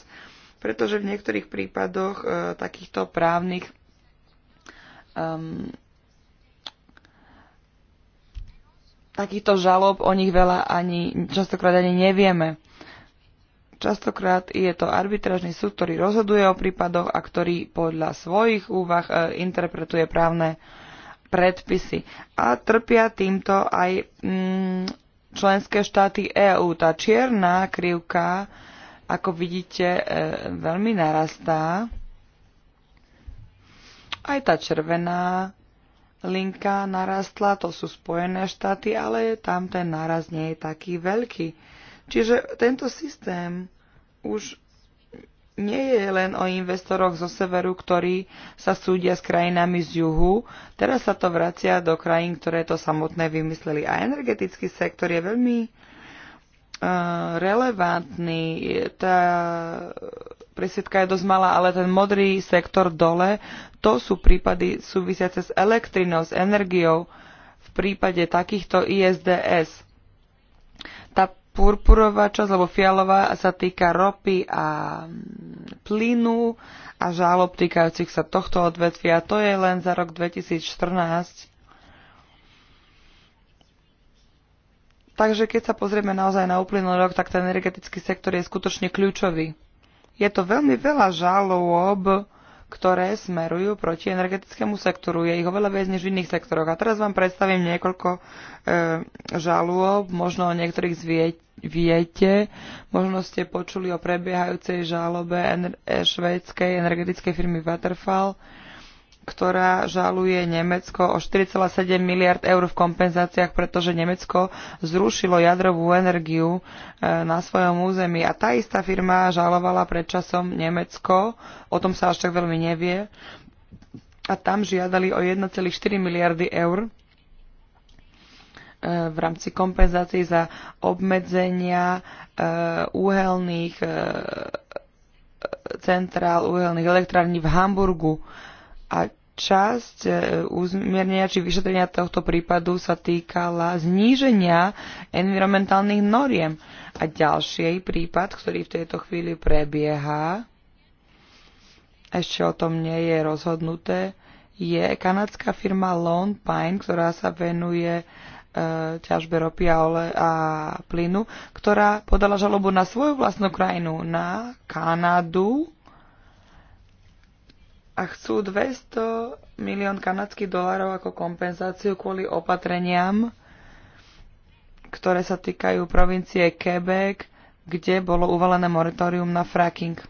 pretože v niektorých prípadoch e, takýchto právnych um, takýchto žalob o nich veľa ani častokrát ani nevieme. Častokrát je to arbitražný súd, ktorý rozhoduje o prípadoch a ktorý podľa svojich úvah e, interpretuje právne predpisy. A trpia týmto aj mm, členské štáty EÚ. Tá čierna krivka ako vidíte, e, veľmi narastá. Aj tá červená linka narastla, to sú Spojené štáty, ale tam ten náraz nie je taký veľký. Čiže tento systém už nie je len o investoroch zo severu, ktorí sa súdia s krajinami z juhu, teraz sa to vracia do krajín, ktoré to samotné vymysleli. A energetický sektor je veľmi Eh, relevantný. Tá presvedka je dosť malá, ale ten modrý sektor dole, to sú prípady súvisiace s elektrinou, s energiou v prípade takýchto ISDS. Tá purpurová časť, alebo fialová, sa týka ropy a mm, plynu a žálob týkajúcich sa tohto odvetvia. To je len za rok 2014 Takže keď sa pozrieme naozaj na uplynulý rok, tak ten energetický sektor je skutočne kľúčový. Je to veľmi veľa žalob, ktoré smerujú proti energetickému sektoru. Je ich oveľa viac než v iných sektoroch. A teraz vám predstavím niekoľko e, žalob. možno o niektorých zvie, viete, možno ste počuli o prebiehajúcej žalobe ener- švédskej energetickej firmy Waterfall. E, ktorá žaluje Nemecko o 4,7 miliard eur v kompenzáciách, pretože Nemecko zrušilo jadrovú energiu e, na svojom území. A tá istá firma žalovala predčasom Nemecko, o tom sa až tak veľmi nevie, a tam žiadali o 1,4 miliardy eur e, v rámci kompenzácií za obmedzenia e, uhelných centrál uhelných elektrární v Hamburgu a časť e, uzmiernenia či vyšetrenia tohto prípadu sa týkala zníženia environmentálnych noriem. A ďalší prípad, ktorý v tejto chvíli prebieha, ešte o tom nie je rozhodnuté, je kanadská firma Lone Pine, ktorá sa venuje e, ťažbe ropy a, ole, a plynu, ktorá podala žalobu na svoju vlastnú krajinu, na Kanadu, a chcú 200 milión kanadských dolarov ako kompenzáciu kvôli opatreniam, ktoré sa týkajú provincie Quebec, kde bolo uvalené moratórium na fracking.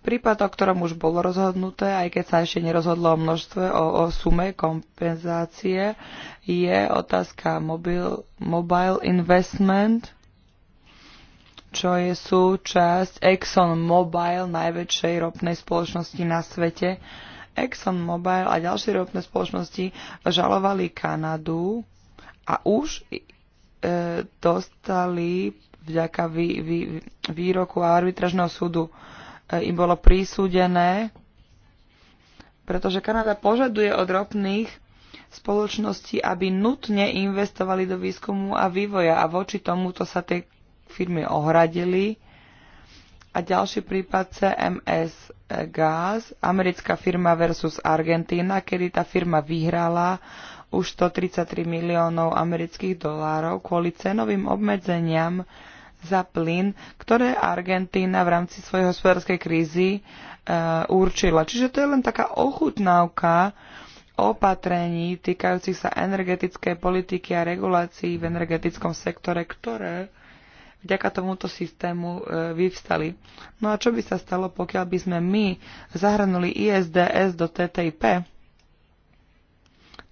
Prípad, o ktorom už bolo rozhodnuté, aj keď sa ešte nerozhodlo o množstve, o, o sume kompenzácie, je otázka mobile, mobile investment – čo je súčasť Exxon Mobil, najväčšej ropnej spoločnosti na svete. Exxon Mobil a ďalšie ropné spoločnosti žalovali Kanadu a už e, dostali vďaka vý, vý, výroku a arbitražného súdu e, im bolo prísúdené, pretože Kanada požaduje od ropných spoločností, aby nutne investovali do výskumu a vývoja a voči tomuto sa tie firmy ohradili. A ďalší prípad CMS Gas, americká firma versus Argentína, kedy tá firma vyhrala už 133 miliónov amerických dolárov kvôli cenovým obmedzeniam za plyn, ktoré Argentína v rámci svojej hospodárskej krízy e, určila. Čiže to je len taká ochutnávka opatrení týkajúcich sa energetickej politiky a regulácií v energetickom sektore, ktoré vďaka tomuto systému e, vyvstali. No a čo by sa stalo, pokiaľ by sme my zahrnuli ISDS do TTIP?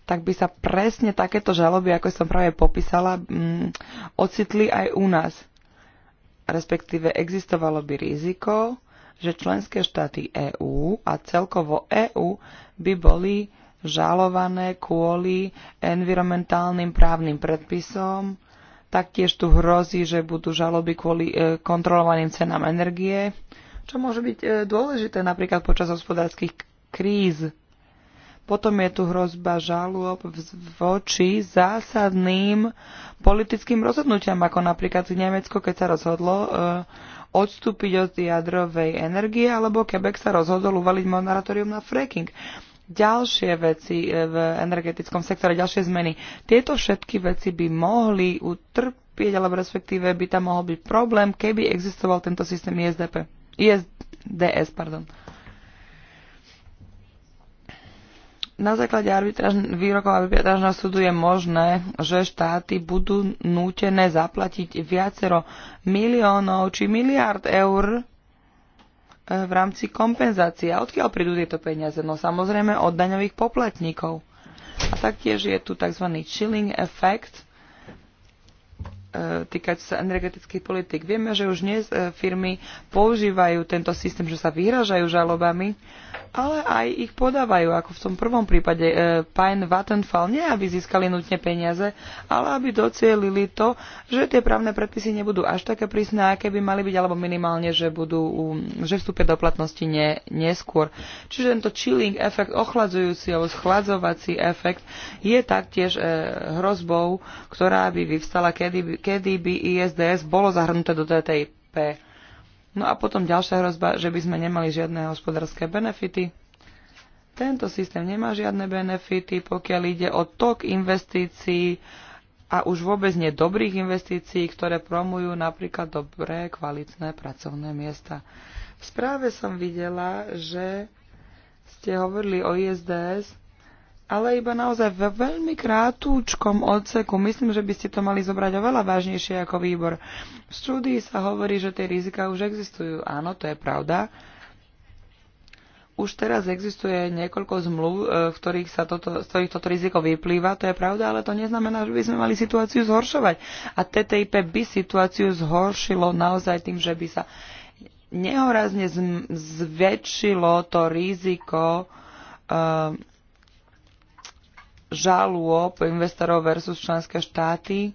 tak by sa presne takéto žaloby, ako som práve popísala, mm, ocitli aj u nás. Respektíve existovalo by riziko, že členské štáty EÚ a celkovo EÚ by boli žalované kvôli environmentálnym právnym predpisom, Taktiež tu hrozí, že budú žaloby kvôli e, kontrolovaným cenám energie, čo môže byť e, dôležité napríklad počas hospodárskych kríz. Potom je tu hrozba žalob voči zásadným politickým rozhodnutiam, ako napríklad Nemecko, keď sa rozhodlo e, odstúpiť od jadrovej energie, alebo Quebec sa rozhodol uvaliť moratórium na fracking ďalšie veci e, v energetickom sektore, ďalšie zmeny. Tieto všetky veci by mohli utrpieť, alebo respektíve by tam mohol byť problém, keby existoval tento systém ISDP. ISDS, pardon. na základe arbitrážne, výrokov arbitrážneho súdu je možné, že štáty budú nútené zaplatiť viacero miliónov či miliard eur v rámci kompenzácie. A odkiaľ prídu tieto peniaze? No samozrejme od daňových poplatníkov. A taktiež je tu tzv. chilling effect, týkať sa energetických politik. Vieme, že už dnes e, firmy používajú tento systém, že sa vyhražajú žalobami, ale aj ich podávajú, ako v tom prvom prípade e, Pine Vattenfall, nie aby získali nutne peniaze, ale aby docielili to, že tie právne predpisy nebudú až také prísne, aké by mali byť, alebo minimálne, že, budú, že vstúpia do platnosti nie, neskôr. Čiže tento chilling efekt, ochladzujúci alebo schladzovací efekt je taktiež e, hrozbou, ktorá by vyvstala, kedy by, kedy by ISDS bolo zahrnuté do TTIP. No a potom ďalšia hrozba, že by sme nemali žiadne hospodárske benefity. Tento systém nemá žiadne benefity, pokiaľ ide o tok investícií a už vôbec nie dobrých investícií, ktoré promujú napríklad dobré, kvalitné pracovné miesta. V správe som videla, že ste hovorili o ISDS ale iba naozaj ve veľmi krátúčkom odseku. Myslím, že by ste to mali zobrať oveľa vážnejšie ako výbor. V štúdii sa hovorí, že tie rizika už existujú. Áno, to je pravda. Už teraz existuje niekoľko zmluv, e, v ktorých sa toto, z ktorých toto riziko vyplýva, to je pravda, ale to neznamená, že by sme mali situáciu zhoršovať. A TTIP by situáciu zhoršilo naozaj tým, že by sa nehorazne zväčšilo to riziko uh, žalôb investorov versus členské štáty.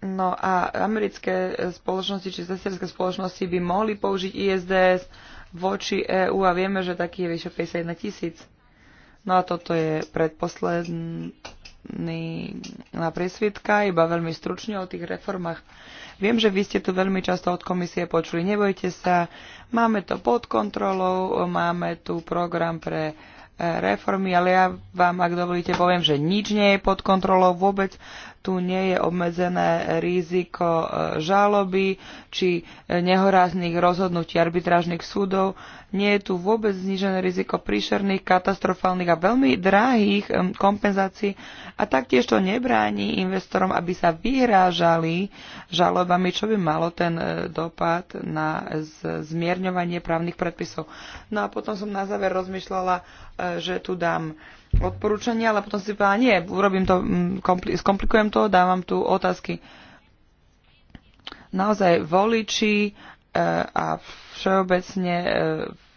No a americké spoločnosti či sesterské spoločnosti by mohli použiť ISDS voči EÚ a vieme, že takých je vyše 51 tisíc. No a toto je predposledný na presvitka, iba veľmi stručne o tých reformách. Viem, že vy ste tu veľmi často od komisie počuli, nebojte sa, máme to pod kontrolou, máme tu program pre e, reformy, ale ja vám, ak dovolíte, poviem, že nič nie je pod kontrolou vôbec tu nie je obmedzené riziko e, žaloby či e, nehorázných rozhodnutí arbitrážnych súdov, nie je tu vôbec znížené riziko príšerných, katastrofálnych a veľmi drahých kompenzácií a taktiež to nebráni investorom, aby sa vyhrážali žalobami, čo by malo ten e, dopad na zmierňovanie právnych predpisov. No a potom som na záver rozmýšľala, že tu dám odporúčania, ale potom si povedala, nie, urobím to, mm, skomplikujem to, dávam tu otázky. Naozaj voliči e, a všeobecne e,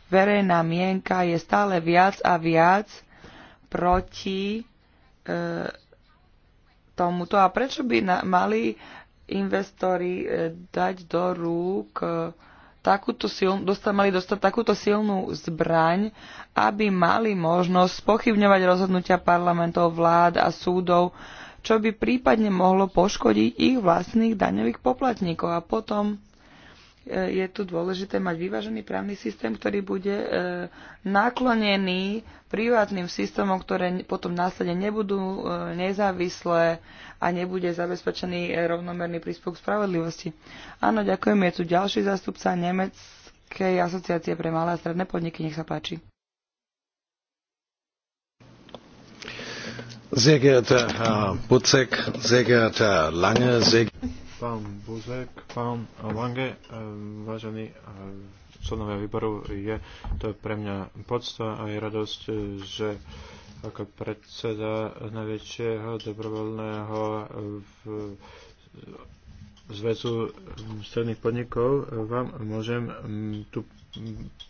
verejná mienka je stále viac a viac proti e, tomuto. A prečo by mali investori dať do rúk e, takúto siln- dostať, mali dostať takúto silnú zbraň, aby mali možnosť spochybňovať rozhodnutia parlamentov, vlád a súdov, čo by prípadne mohlo poškodiť ich vlastných daňových poplatníkov. A potom Eh, je tu dôležité mať vyvážený právny systém, ktorý bude eh, naklonený privátnym systémom, ktoré potom následne nebudú eh, nezávislé a nebude zabezpečený rovnomerný príspevok spravodlivosti. Áno, ďakujem. Je tu ďalší zástupca Nemeckej asociácie pre malé a stredné podniky. Nech sa páči. Sehr geehrter Herr Butzek, sehr geehrter Lange, sehr pán Buzek, pán Lange, eh, vážení eh, členovia výboru, je to pre mňa podsta a je radosť, eh, že ako predseda najväčšieho dobrovoľného v zväzu hm, stredných podnikov vám môžem hm, tu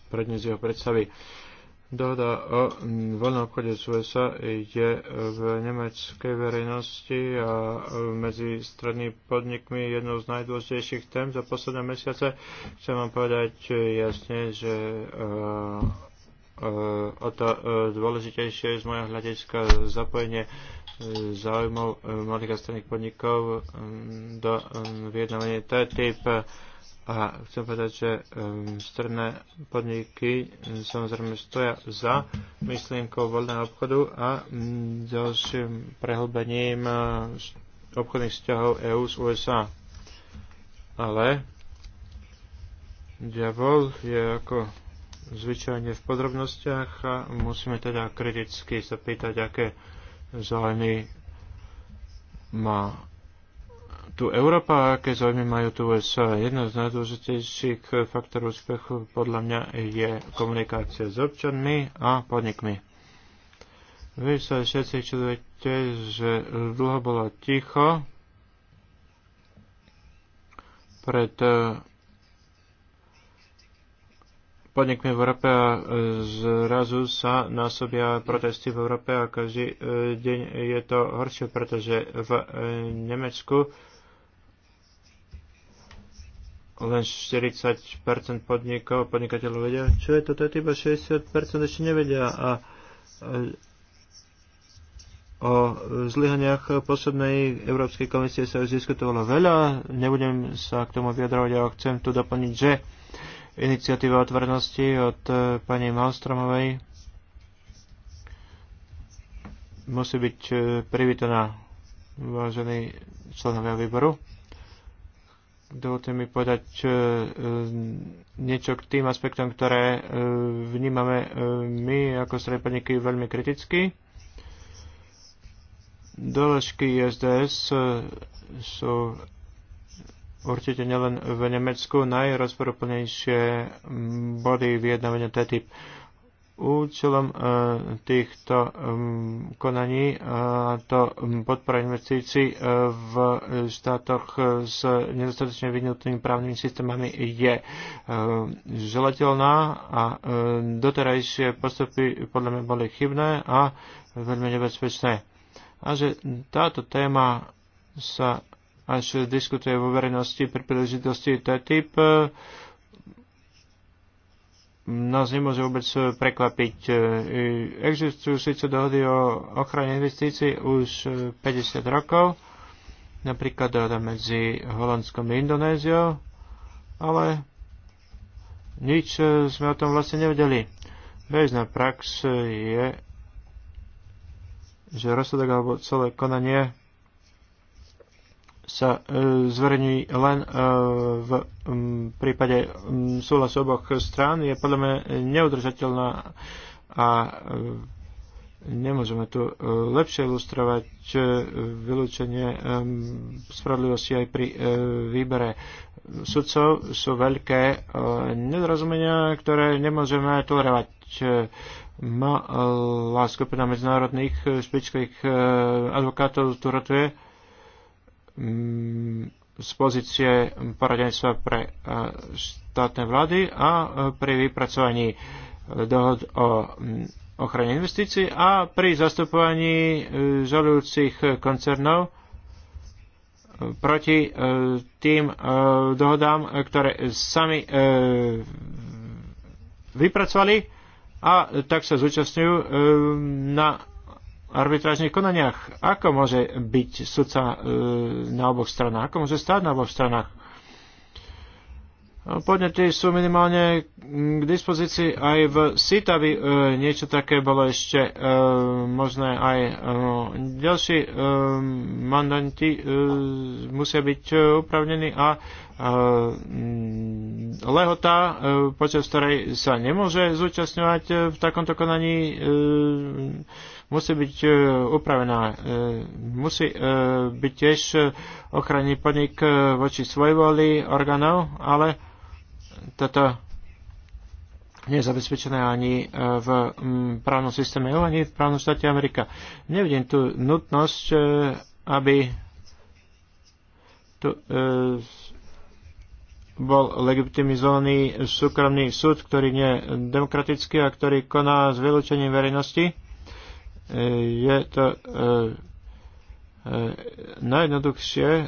predniesť jeho predstavy. Dohoda o voľnom obchode s USA je v nemeckej verejnosti a medzi strednými podnikmi jednou z najdôležitejších tém za posledné mesiace. Chcem vám povedať jasne, že eh, o to eh, dôležitejšie je z mojho hľadiska zapojenie eh, záujmov malých a stredných podnikov mm, do mm, vyjednávania TTIP a chcem povedať, že um, stredné podniky samozrejme stoja za myšlienkou voľného obchodu a um, ďalším prehlbením uh, obchodných vzťahov EÚ s USA. Ale diabol je ako zvyčajne v podrobnostiach a musíme teda kriticky sa pýtať, aké zájmy má tu Európa a aké záujmy majú tu USA. Jedno z najdôležitejších faktorov úspechu podľa mňa je komunikácia s občanmi a podnikmi. Vy sa všetci čudujete, že dlho bolo ticho pred e, podnikmi v Európe a zrazu sa násobia protesty v Európe a každý e, deň je to horšie, pretože v e, Nemecku len 40% podnikov podnikateľov vedia, čo je to, to je iba 60% ešte nevedia a o zlyhaniach poslednej Európskej komisie sa už diskutovalo veľa, nebudem sa k tomu vyjadrovať, ale chcem tu doplniť, že iniciatíva otvorenosti od e, pani Malstromovej musí byť e, privítaná vážení členovia výboru. Dovolte mi povedať e, e, niečo k tým aspektom, ktoré e, vnímame my ako stredpaniky veľmi kriticky. Doložky SDS sú určite nielen v Nemecku najrozporúplnejšie body vyjednávania TTIP. Účelom e, týchto konaní a e, to podpora investícií e, v štátoch s nedostatočne vyhnutými právnymi systémami je želateľná a doterajšie postupy podľa mňa boli chybné a veľmi nebezpečné. A že táto téma sa až diskutuje vo verejnosti pri príležitosti uh, nás nemôže vôbec e, prekvapiť. E, e, existujú síce dohody o ochrane investícií už 50 rokov, napríklad dohoda medzi Holandskom a Indonéziou, ale nič sme o tom vlastne nevedeli. Bežná prax je, že rozsudok alebo celé konanie sa e, zverejňujú len e, v prípade súhlasu oboch strán, je podľa mňa neudržateľná a e, nemôžeme tu lepšie ilustrovať vylúčenie spravodlivosti aj pri výbere sudcov. Sú veľké nedorozumenia, ktoré nemôžeme tolerovať malá skupina medzinárodných špičkových advokátov tu rotuje z pozície poradenstva pre e, štátne vlády a e, pri vypracovaní e, dohod o ochrane investícií a pri zastupovaní žalujúcich koncernov proti tým dohodám, ktoré sami vypracovali a tak sa zúčastňujú na arbitrážnych konaniach. Ako môže byť sudca e, na oboch stranách? Ako môže stáť na oboch stranách? No, podnety sú minimálne k dispozícii aj v SIT, aby e, niečo také bolo ešte e, možné aj e, ďalší e, mandanti e, musia byť e, upravnení a e, mm, lehota, e, počas ktorej sa nemôže zúčastňovať e, v takomto konaní e, musí byť e, upravená. E, musí e, byť tiež ochranný podnik voči svojej voli orgánov, ale toto nie je zabezpečené ani v právnom systéme EU, ani v právnom štáte Amerika. Nevidím tu nutnosť, aby tu bol legitimizovaný súkromný súd, ktorý nie je demokratický a ktorý koná s vylúčením verejnosti je to e, e, najjednoduchšie e,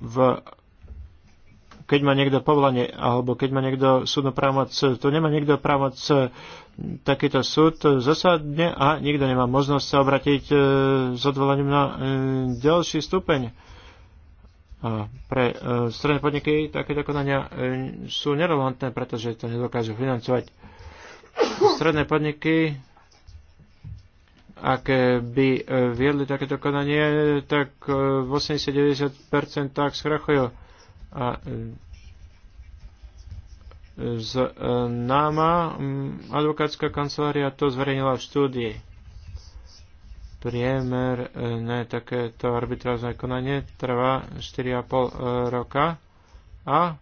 v keď má niekto povolanie, alebo keď má niekto súdnu právomoc, to nemá niekto právomoc takýto súd zasadne a nikto nemá možnosť sa obratiť s odvolaním na ďalší stupeň. A pre stredné podniky takéto konania sú nerelevantné, pretože to nedokážu financovať. Stredné podniky ak by e, viedli takéto konanie, tak e, v 80-90% tak schrachujú. A e, z náma advokátska kancelária to zverejnila v štúdii. Priemer na takéto arbitrážne konanie trvá 4,5 roka a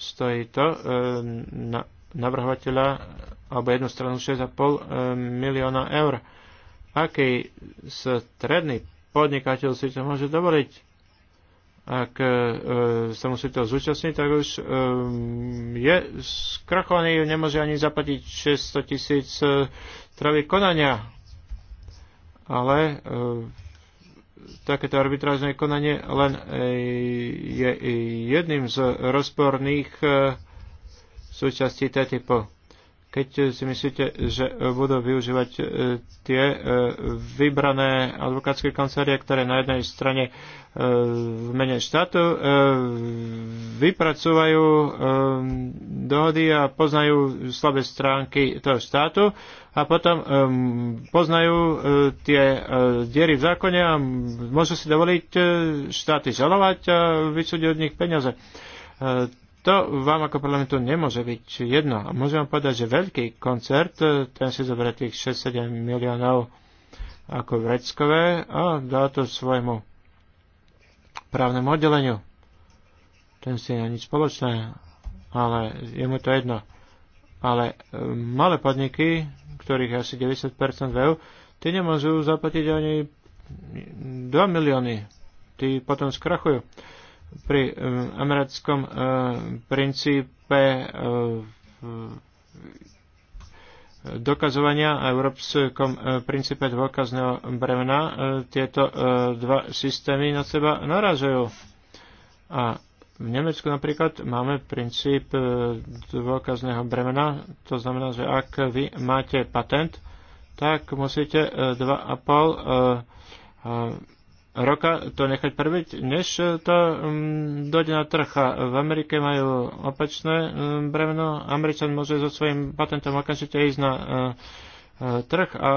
stojí to na, navrhovateľa alebo jednu stranu 6,5 milióna eur aký stredný podnikateľ si to môže dovoliť. Ak e, sa musí to zúčastniť, tak už e, je skrachovaný, nemôže ani zaplatiť 600 tisíc e, travy konania. Ale e, takéto arbitrážne konanie len e, je jedným z rozporných e, súčastí TTIP keď si myslíte, že budú využívať e, tie e, vybrané advokátske kancelárie, ktoré na jednej strane e, v mene štátu vypracúvajú dohody a poznajú slabé stránky toho štátu a potom poznajú tie diery v zákone a môžu si dovoliť štáty žalovať a vysúdiť od nich peniaze to vám ako parlamentu nemôže byť jedno. A môžem vám povedať, že veľký koncert, e, ten si zoberie tých 6-7 miliónov ako vreckové a dá to svojmu právnemu oddeleniu. Ten si nemá nič spoločné, ale je mu to jedno. Ale e, malé podniky, ktorých asi 90% veľ, tie nemôžu zaplatiť ani 2 milióny. Tí potom skrachujú pri eh, americkom eh, princípe eh, dokazovania a európskom princípe dôkazného bremena tieto dva systémy na seba narazujú. A v Nemecku napríklad máme princíp dôkazného bremena, to znamená, že ak vy máte patent, tak musíte 2,5 roka to nechať prviť, než to um, dojde na trh. v Amerike majú opačné um, bremeno. Američan môže so svojím patentom okamžite ísť na uh, trh a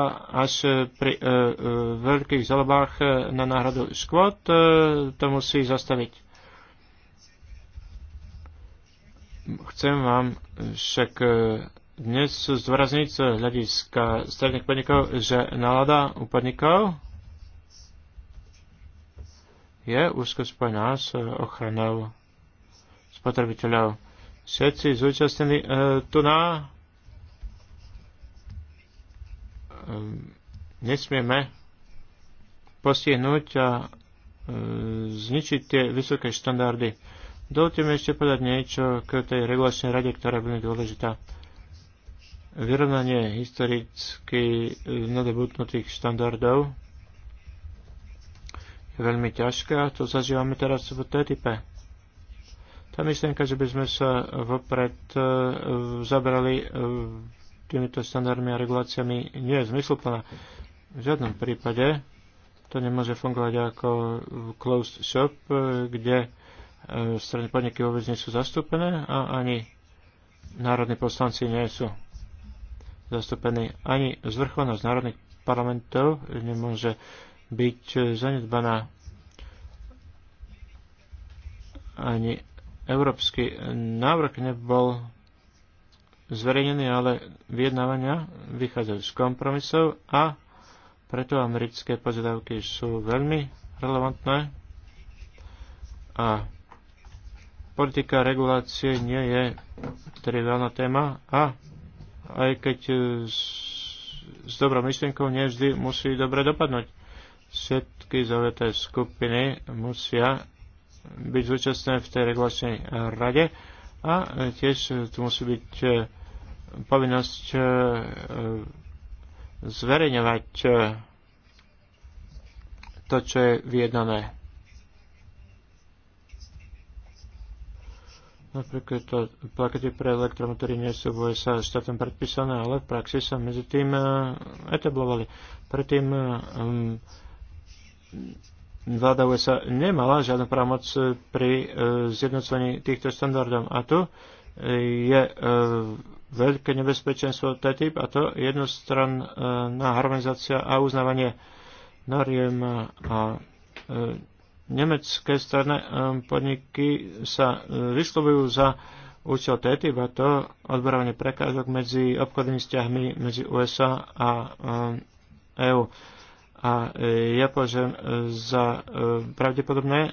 až pri e, veľkých zalobách na náhradu škôd to musí zastaviť. Chcem vám však dnes zdôrazniť z hľadiska stredných podnikov, že nálada u podnikov je úzko spojená s eh, ochranou spotrebiteľov. Všetci zúčastnení e, tu na e, nesmieme postihnúť a e, zničiť tie vysoké štandardy. Dovolte mi ešte povedať niečo k tej regulačnej rade, ktorá bude dôležitá. Vyrovnanie historicky nadobudnutých štandardov veľmi ťažké a to zažívame teraz v TTIP. Tá myšlienka, že by sme sa vopred e, zabrali e, týmito standardmi a reguláciami, nie je zmysluplná. V žiadnom prípade to nemôže fungovať ako closed shop, e, kde strany podniky vôbec nie sú zastúpené a ani národní poslanci nie sú zastúpení. Ani zvrchovanosť národných parlamentov nemôže byť zanedbaná. Ani európsky návrh nebol zverejnený, ale vyjednávania vychádzajú z kompromisov a preto americké požiadavky sú veľmi relevantné a politika regulácie nie je triviálna téma a aj keď s, s dobrou myšlienkou nie vždy musí dobre dopadnúť všetky zaujaté skupiny musia byť zúčastné v tej regulačnej rade a tiež tu musí byť e, povinnosť e, e, zverejňovať to, čo je vyjednané. Napríklad to plakety pre elektromotory nie sú v USA štátom predpísané, ale v praxi sa medzi tým etablovali. Predtým um, vláda USA nemala žiadnu právomoc pri e, zjednocovaní týchto štandardov. A tu e, je e, veľké nebezpečenstvo TTIP a to jednostranná harmonizácia a uznávanie noriem a nemecké strany podniky sa vyslovujú za účel TTIP a to odborovanie prekážok medzi obchodnými vzťahmi medzi USA a EU. A e, ja považujem e, za e, pravdepodobné,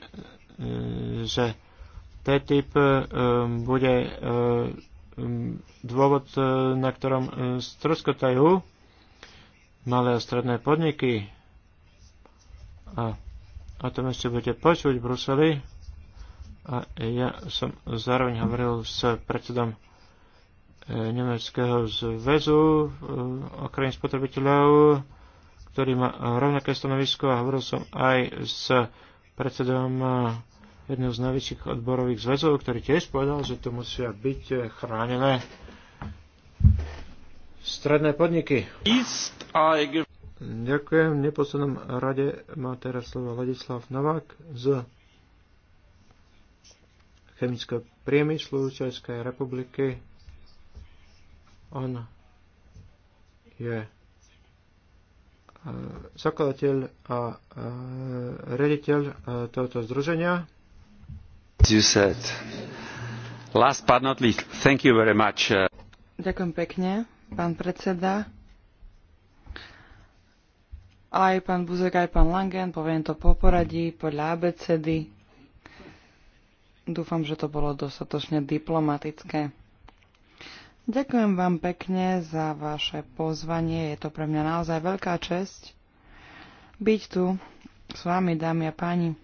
že TTIP bude dôvod, na ktorom stroskotajú malé a stredné podniky. A o tom ešte budete počuť v Bruseli. A ja som zároveň hovoril s predsedom Nemeckého zväzu okrem spotrebiteľov ktorý má rovnaké stanovisko a hovoril som aj s predsedom eh, jedného z najväčších odborových zväzov, ktorý tiež povedal, že to musia byť chránené stredné podniky. Ďakujem. V neposlednom rade má teraz slovo Ladislav Novák z chemického priemyslu Českej republiky. On je E, zakladateľ a e, rediteľ e, tohoto združenia. Ďakujem pekne, pán predseda. Aj pán Buzek, aj pán Langen, poviem to po poradí, podľa abecedy. Dúfam, že to bolo dostatočne diplomatické. Ďakujem vám pekne za vaše pozvanie. Je to pre mňa naozaj veľká česť byť tu s vami, dámy a páni.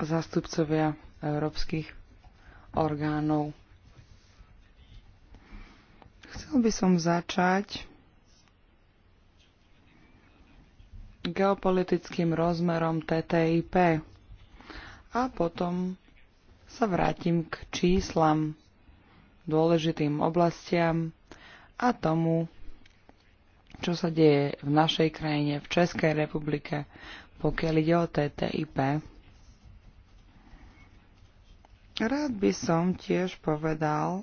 Zastupcovia európskych orgánov. Chcel by som začať geopolitickým rozmerom TTIP a potom sa vrátim k číslam, dôležitým oblastiam a tomu, čo sa deje v našej krajine, v Českej republike, pokiaľ ide o TTIP. Rád by som tiež povedal,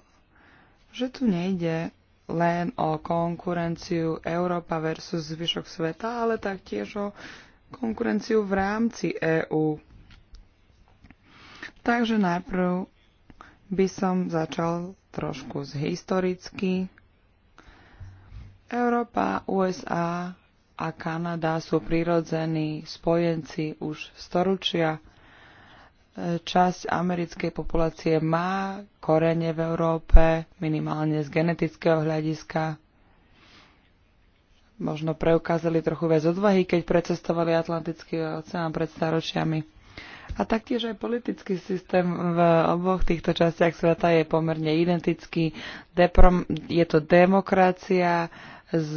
že tu nejde len o konkurenciu Európa versus zvyšok sveta, ale taktiež o konkurenciu v rámci EÚ. Takže najprv by som začal trošku z historicky. Európa, USA a Kanada sú prirodzení spojenci už storočia. Časť americkej populácie má korene v Európe, minimálne z genetického hľadiska. Možno preukázali trochu viac odvahy, keď precestovali Atlantický oceán pred staročiami. A taktiež aj politický systém v oboch týchto častiach sveta je pomerne identický. Deprom, je to demokracia s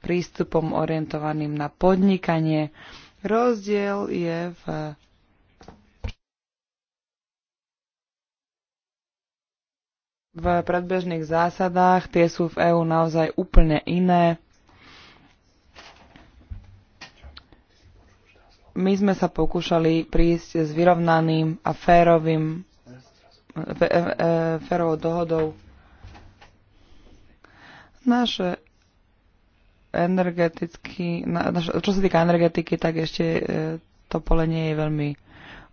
prístupom orientovaným na podnikanie. Rozdiel je v v predbežných zásadách, tie sú v EÚ naozaj úplne iné. My sme sa pokúšali prísť s vyrovnaným a férovým, e, e, férovou dohodou. Naše na, čo sa týka energetiky, tak ešte e, to pole nie je veľmi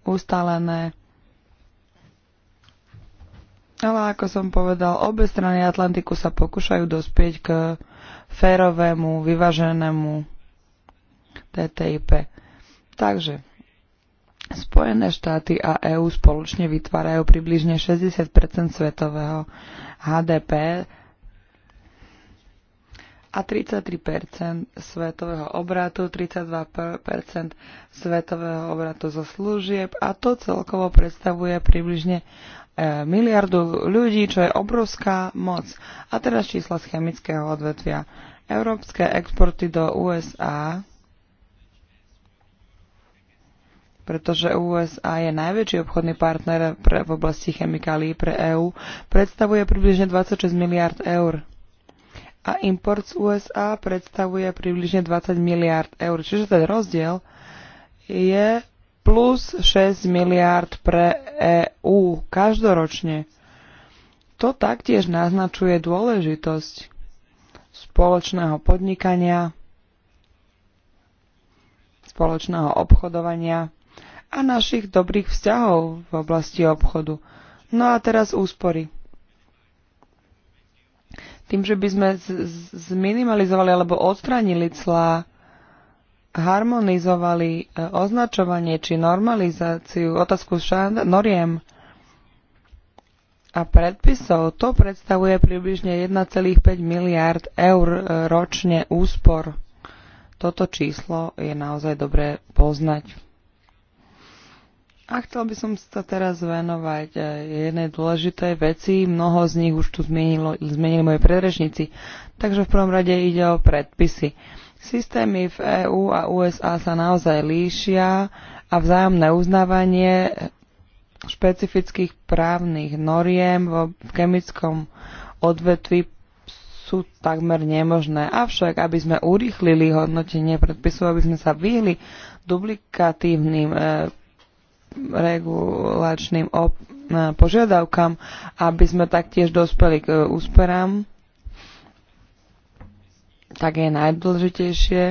ustálené. Ale ako som povedal, obe strany Atlantiku sa pokúšajú dospieť k férovému, vyváženému TTIP. Takže Spojené štáty a EÚ spoločne vytvárajú približne 60 svetového HDP a 33 svetového obratu, 32 svetového obratu zo služieb a to celkovo predstavuje približne e, miliardu ľudí, čo je obrovská moc. A teraz čísla z chemického odvetvia. Európske exporty do USA pretože USA je najväčší obchodný partner pre, v oblasti chemikálií pre EÚ, predstavuje približne 26 miliard eur. A import z USA predstavuje približne 20 miliard eur. Čiže ten rozdiel je plus 6 miliard pre EÚ každoročne. To taktiež naznačuje dôležitosť spoločného podnikania, spoločného obchodovania a našich dobrých vzťahov v oblasti obchodu. No a teraz úspory. Tým, že by sme zminimalizovali alebo odstranili clá, harmonizovali e, označovanie či normalizáciu, otázku noriem a predpisov, to predstavuje približne 1,5 miliard eur e, ročne úspor. Toto číslo je naozaj dobre poznať. A chcel by som sa teraz venovať e, jednej dôležitej veci. Mnoho z nich už tu zmienilo, zmienili moje predrežníci. Takže v prvom rade ide o predpisy. Systémy v EÚ a USA sa naozaj líšia a vzájomné uznávanie špecifických právnych noriem v chemickom odvetví sú takmer nemožné. Avšak, aby sme urýchlili hodnotenie predpisov, aby sme sa vyhli duplikatívnym e, regulačným požiadavkám, aby sme taktiež dospeli k e, úsperám, tak je najdôležitejšie,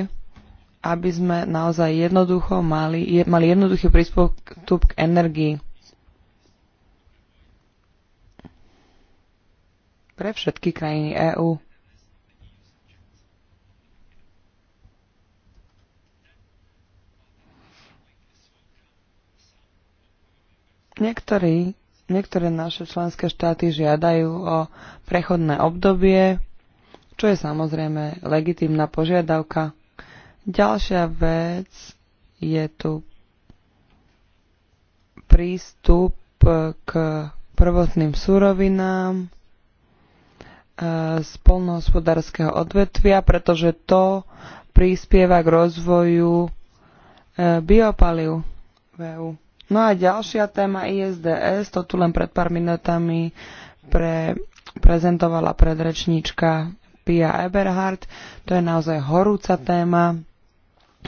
aby sme naozaj jednoducho mali, mali jednoduchý prístup k energii. Pre všetky krajiny EÚ. Niektorí, niektoré naše členské štáty žiadajú o prechodné obdobie, čo je samozrejme legitímna požiadavka. Ďalšia vec je tu prístup k prvotným surovinám e, z polnohospodárskeho odvetvia, pretože to prispieva k rozvoju e, biopaliv v EU. No a ďalšia téma ISDS, to tu len pred pár minutami pre, prezentovala predrečníčka Pia Eberhardt. To je naozaj horúca téma,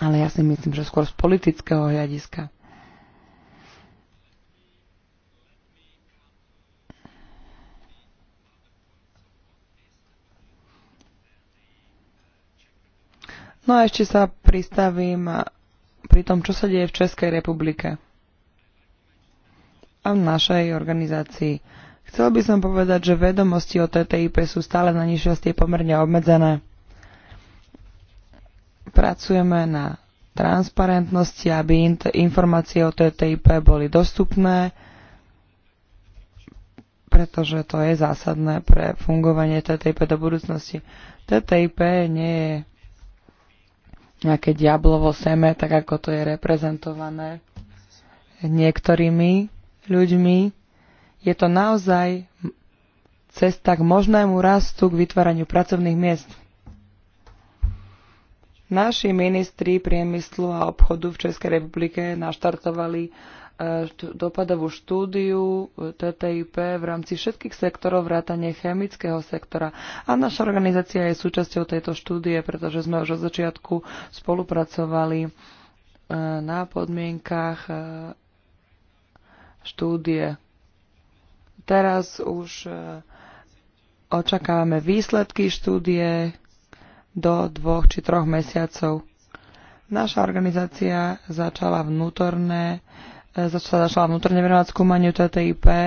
ale ja si myslím, že skôr z politického hľadiska. No a ešte sa pristavím pri tom, čo sa deje v Českej republike a v našej organizácii. Chcel by som povedať, že vedomosti o TTIP sú stále na nižšie pomerne obmedzené. Pracujeme na transparentnosti, aby informácie o TTIP boli dostupné, pretože to je zásadné pre fungovanie TTIP do budúcnosti. TTIP nie je nejaké diablovo seme, tak ako to je reprezentované niektorými ľuďmi, je to naozaj cesta k možnému rastu k vytváraniu pracovných miest. Naši ministri priemyslu a obchodu v Českej republike naštartovali e, dopadovú štúdiu e, TTIP v rámci všetkých sektorov vrátane chemického sektora. A naša organizácia je súčasťou tejto štúdie, pretože sme už od začiatku spolupracovali e, na podmienkach štúdie. Teraz už e, očakávame výsledky štúdie do dvoch či troch mesiacov. Naša organizácia začala vnútorné e, začala, začala vnútorne venovať skúmaniu TTIP. E,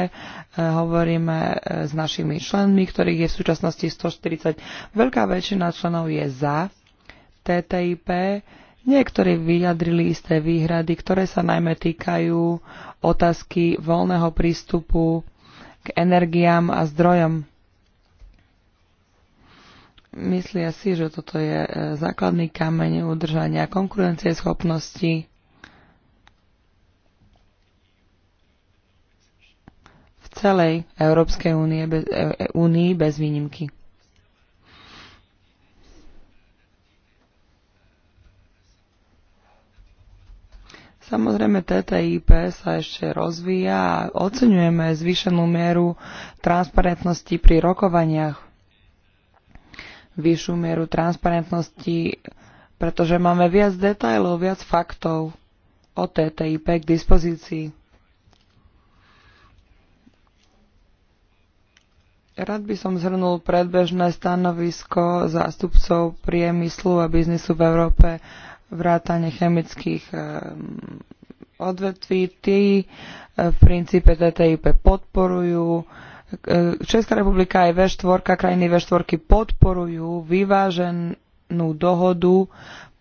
hovoríme s našimi členmi, ktorých je v súčasnosti 140. Veľká väčšina členov je za TTIP. Niektorí vyjadrili isté výhrady, ktoré sa najmä týkajú otázky voľného prístupu k energiám a zdrojom. Myslia si, že toto je e, základný kameň udržania konkurencieschopnosti v celej Európskej únie, e, únii bez výnimky. Samozrejme, TTIP sa ešte rozvíja a oceňujeme zvýšenú mieru transparentnosti pri rokovaniach. Vyššiu mieru transparentnosti, pretože máme viac detajlov, viac faktov o TTIP k dispozícii. Rád by som zhrnul predbežné stanovisko zástupcov priemyslu a biznisu v Európe vrátane chemických eh, mm, odvetví. Tí eh, v princípe TTIP podporujú. Eh, Česká republika aj V4, krajiny V4 podporujú vyváženú dohodu,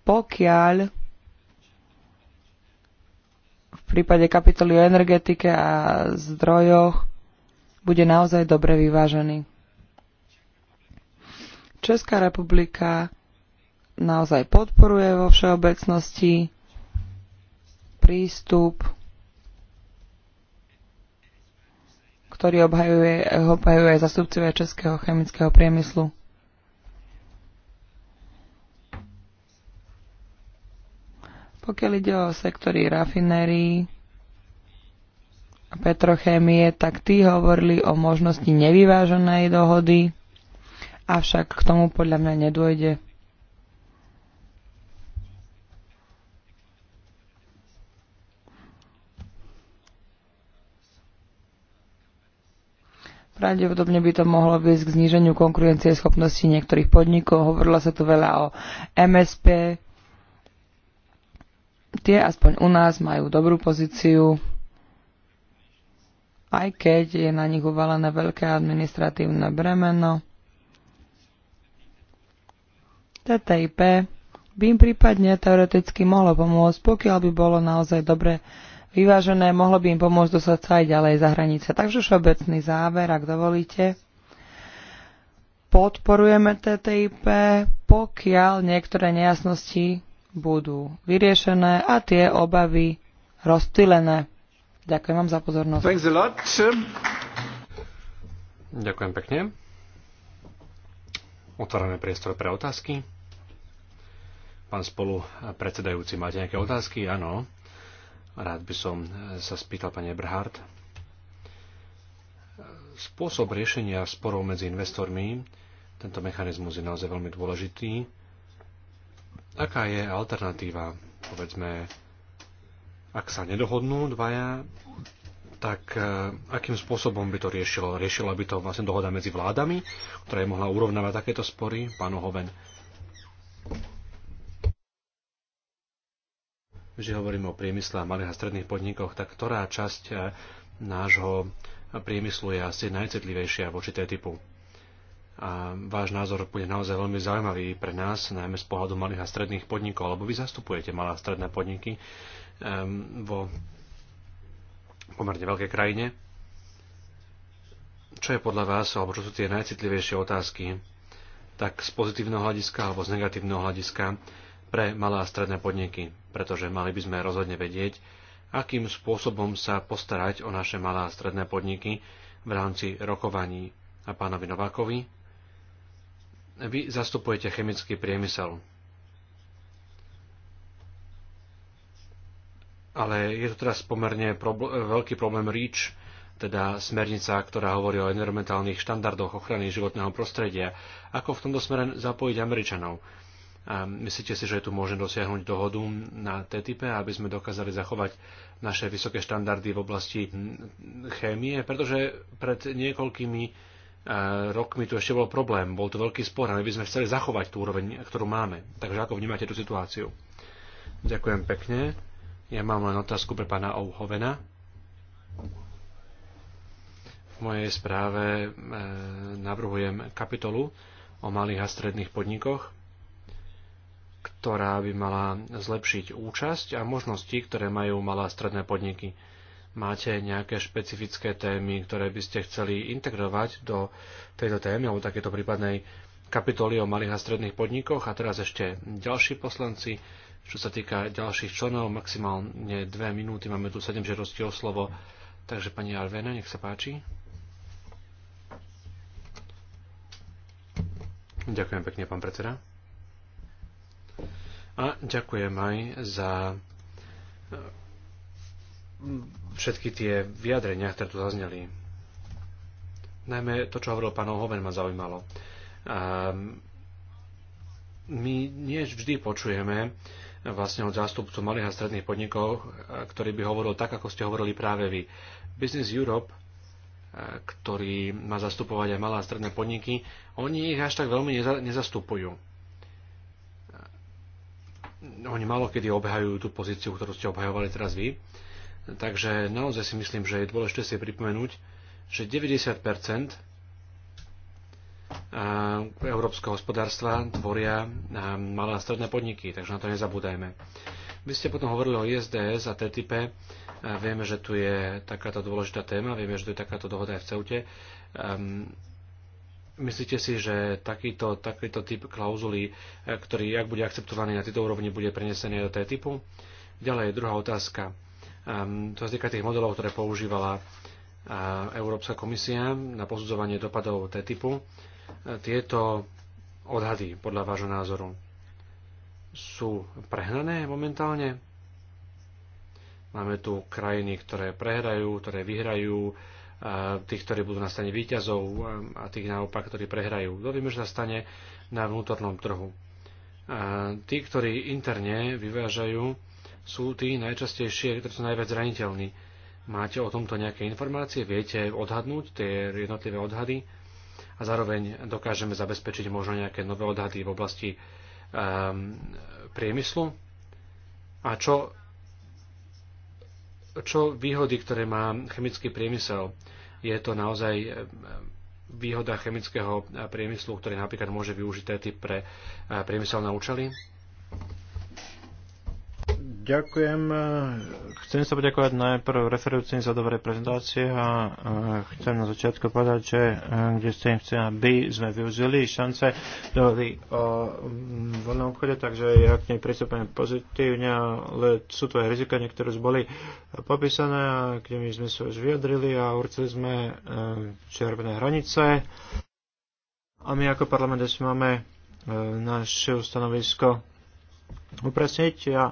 pokiaľ v prípade kapitoly o energetike a zdrojoch bude naozaj dobre vyvážený. Česká republika naozaj podporuje vo všeobecnosti prístup, ktorý obhajuje, obhajuje zastupcovia českého chemického priemyslu. Pokiaľ ide o sektory rafinérií a petrochémie, tak tí hovorili o možnosti nevyváženej dohody, avšak k tomu podľa mňa nedôjde. Pravdepodobne by to mohlo viesť k zníženiu konkurencie schopnosti niektorých podnikov. Hovorilo sa tu veľa o MSP. Tie aspoň u nás majú dobrú pozíciu, aj keď je na nich uvalené veľké administratívne bremeno. TTIP by im prípadne teoreticky mohlo pomôcť, pokiaľ by bolo naozaj dobre vyvážené, mohlo by im pomôcť dostať sa aj ďalej za hranice. Takže všeobecný záver, ak dovolíte. Podporujeme TTIP, pokiaľ niektoré nejasnosti budú vyriešené a tie obavy rozptýlené. Ďakujem vám za pozornosť. Ďakujem pekne. Otvárame priestor pre otázky. Pán spolu eh, predsedajúci, máte nejaké otázky? Áno. Rád by som e, sa spýtal pani Eberhardt. Spôsob riešenia sporov medzi investormi, tento mechanizmus je naozaj veľmi dôležitý. Aká je alternatíva? Povedzme, ak sa nedohodnú dvaja, tak e, akým spôsobom by to riešilo? Riešila by to vlastne dohoda medzi vládami, ktorá je mohla urovnávať takéto spory? Pán Hoven že hovoríme o priemysle a malých a stredných podnikoch, tak ktorá časť eh, nášho priemyslu je asi najcitlivejšia voči tej typu. A váš názor bude naozaj veľmi zaujímavý pre nás, najmä z pohľadu malých a stredných podnikov, lebo vy zastupujete malé a stredné podniky um, vo pomerne veľkej krajine. Čo je podľa vás, alebo čo sú tie najcitlivejšie otázky, tak z pozitívneho hľadiska alebo z negatívneho hľadiska, pre malé a stredné podniky, pretože mali by sme rozhodne vedieť, akým spôsobom sa postarať o naše malé a stredné podniky v rámci rokovaní. A pánovi Novákovi, vy zastupujete chemický priemysel. Ale je to teraz pomerne probl- veľký problém REACH, teda smernica, ktorá hovorí o environmentálnych štandardoch ochrany životného prostredia. Ako v tomto smere zapojiť Američanov? A myslíte si, že je tu možné dosiahnuť dohodu na TTIP, aby sme dokázali zachovať naše vysoké štandardy v oblasti chémie? Pretože pred niekoľkými e, rokmi tu ešte bol problém, bol to veľký spor a my by sme chceli zachovať tú úroveň, ktorú máme. Takže ako vnímate tú situáciu? Ďakujem pekne. Ja mám len otázku pre pána Ouhovena. V mojej správe e, navrhujem kapitolu o malých a stredných podnikoch ktorá by mala zlepšiť účasť a možnosti, ktoré majú malé a stredné podniky. Máte nejaké špecifické témy, ktoré by ste chceli integrovať do tejto témy alebo takéto prípadnej kapitoly o malých a stredných podnikoch? A teraz ešte ďalší poslanci. Čo sa týka ďalších členov, maximálne dve minúty. Máme tu sedem žiadostí o slovo. Takže pani Alvena, nech sa páči. Ďakujem pekne, pán predseda. A ďakujem aj za mm, všetky tie vyjadrenia, ktoré tu zazneli. Najmä to, čo hovoril pán Hoven, ma zaujímalo. Mm, my nie vždy počujeme vlastne od zástupcu malých a stredných podnikov, ktorý by hovoril tak, ako ste hovorili práve vy. Business Europe ktorý má zastupovať aj malé a stredné podniky, oni ich až tak veľmi nezastupujú oni malo kedy obhajujú tú pozíciu, ktorú ste obhajovali teraz vy. Takže naozaj si myslím, že je dôležité si pripomenúť, že 90% európskeho hospodárstva tvoria malé a stredné podniky, takže na to nezabúdajme. Vy ste potom hovorili o ISDS a TTIP. Vieme, že tu je takáto dôležitá téma, vieme, že tu je takáto dohoda aj v CEUTE. Ehm, Myslíte si, že takýto, takýto typ klauzuly, e, ktorý ak bude akceptovaný na tejto úrovni, bude prenesený do T-typu? Ďalej, druhá otázka. Um, to sa týka tých modelov, ktoré používala e, Európska komisia na posudzovanie dopadov T-typu. E, tieto odhady, podľa vášho názoru, sú prehnané momentálne? Máme tu krajiny, ktoré prehrajú, ktoré vyhrajú, tých, ktorí budú na strane výťazov a tých naopak, ktorí prehrajú. To no, vieme, že sa stane na vnútornom trhu. A tí, ktorí interne vyvážajú, sú tí najčastejšie, ktorí sú najviac zraniteľní. Máte o tomto nejaké informácie? Viete odhadnúť tie jednotlivé odhady? A zároveň dokážeme zabezpečiť možno nejaké nové odhady v oblasti um, priemyslu? A čo čo výhody, ktoré má chemický priemysel? Je to naozaj eh, výhoda chemického eh, priemyslu, ktorý napríklad môže využiť tie pre eh, priemyselné účely? Ďakujem. Chcem sa poďakovať najprv referujúcim za dobré prezentácie a chcem na začiatku povedať, že kde ste chceli, aby sme využili šance dohody o voľnom obchode, takže ja k nej pristupujem pozitívne, ale sú to aj rizika, niektoré už boli popísané a k nimi sme sa už vyjadrili a určili sme e, červené hranice. A my ako parlament máme e, naše stanovisko upresniť. Ja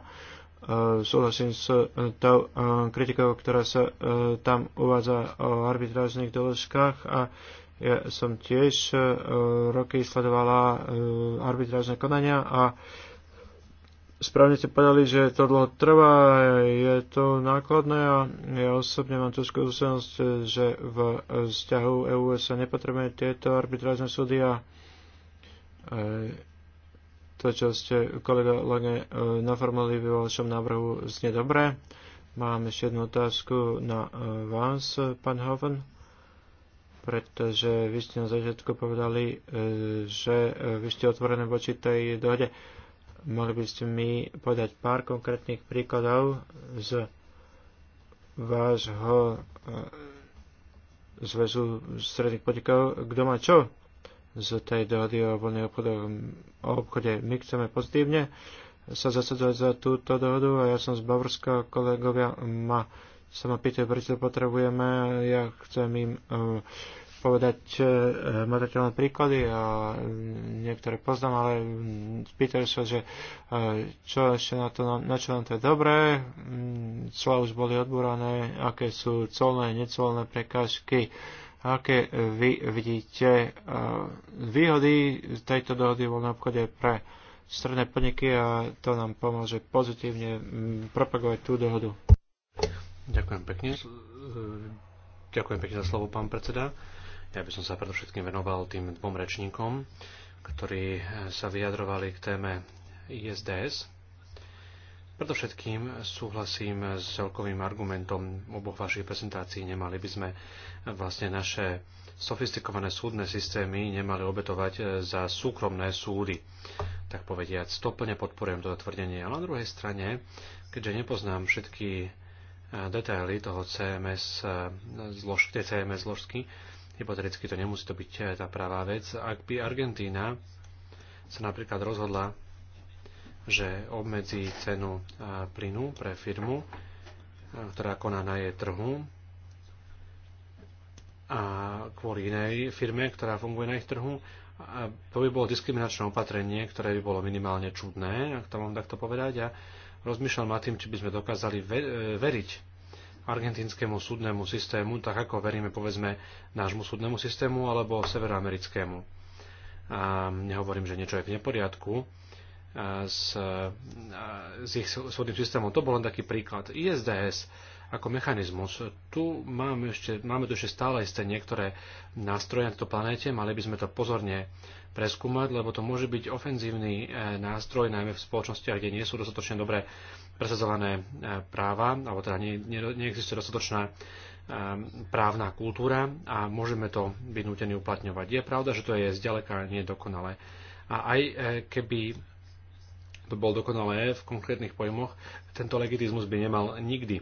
E, súhlasím s e, tou e, kritikou, ktorá sa tam uvádza o arbitrážnych doložkách a ja som tiež roky sledovala arbitrážne konania a správne ste povedali, že to dlho trvá, je to nákladné a ja osobne mám tú skúsenosť, že v vzťahu EU sa nepotrebujú tieto arbitrážne súdy a to, čo ste, kolega Lange, naformali vo vašom návrhu, znie dobre. Mám ešte jednu otázku na e, vás, pán Hoven pretože vy ste na začiatku povedali, e, že e, vy ste otvorené voči tej dohode. Mohli by ste mi povedať pár konkrétnych príkladov z vášho zväzu stredných podnikov, kto má čo z tej dohody o voľnej obchode. My chceme pozitívne sa zasadzovať za túto dohodu a ja som z Bavorska, kolegovia ma sa ma pýtajú, prečo potrebujeme. Ja chcem im uh, povedať uh, e, materiálne príklady a niektoré poznám, ale spýtajú sa, že uh, čo ešte na, to, na čo nám to je dobré, čo už boli odborané, aké sú colné, necolné prekážky, uh, aké vy vidíte e, výhody tejto dohody o voľnom obchode pre stredné podniky a to nám pomôže pozitívne propagovať tú dohodu. Ďakujem pekne. E, ďakujem pekne za slovo, pán predseda. Ja by som sa predovšetkým venoval tým dvom rečníkom, ktorí e, sa vyjadrovali k téme ISDS. Predovšetkým súhlasím s celkovým argumentom oboch vašich prezentácií. Nemali by sme vlastne naše sofistikované súdne systémy nemali obetovať e, za súkromné súdy. Tak povediať, stoplne podporujem toto tvrdenie. Ale na druhej strane, keďže nepoznám všetky e, detaily toho CMS e, zložky, tej CMS zložky, hypoteticky to nemusí to byť tá pravá vec, ak by Argentína sa napríklad rozhodla že obmedzí cenu plynu pre firmu, ktorá koná na jej trhu a kvôli inej firme, ktorá funguje na ich trhu. A to by bolo diskriminačné opatrenie, ktoré by bolo minimálne čudné, ak to mám takto povedať. A rozmýšľam ma tým, či by sme dokázali e, veriť argentinskému súdnemu systému, tak ako veríme povedzme nášmu súdnemu systému alebo severoamerickému. A nehovorím, že niečo je v neporiadku, s, s ich svojím systémom. To bol len taký príklad. ISDS ako mechanizmus. Tu máme, ešte, máme tu ešte stále isté niektoré nástroje na tejto planéte, mali by sme to pozorne preskúmať, lebo to môže byť ofenzívny e, nástroj, najmä v spoločnostiach, kde nie sú dostatočne dobre presadzované e, práva, alebo teda nie, nie, neexistuje dostatočná e, právna kultúra a môžeme to byť nutení uplatňovať. Je pravda, že to je zďaleka nedokonalé. A aj keby to bol dokonalé v konkrétnych pojmoch, tento legitizmus by nemal nikdy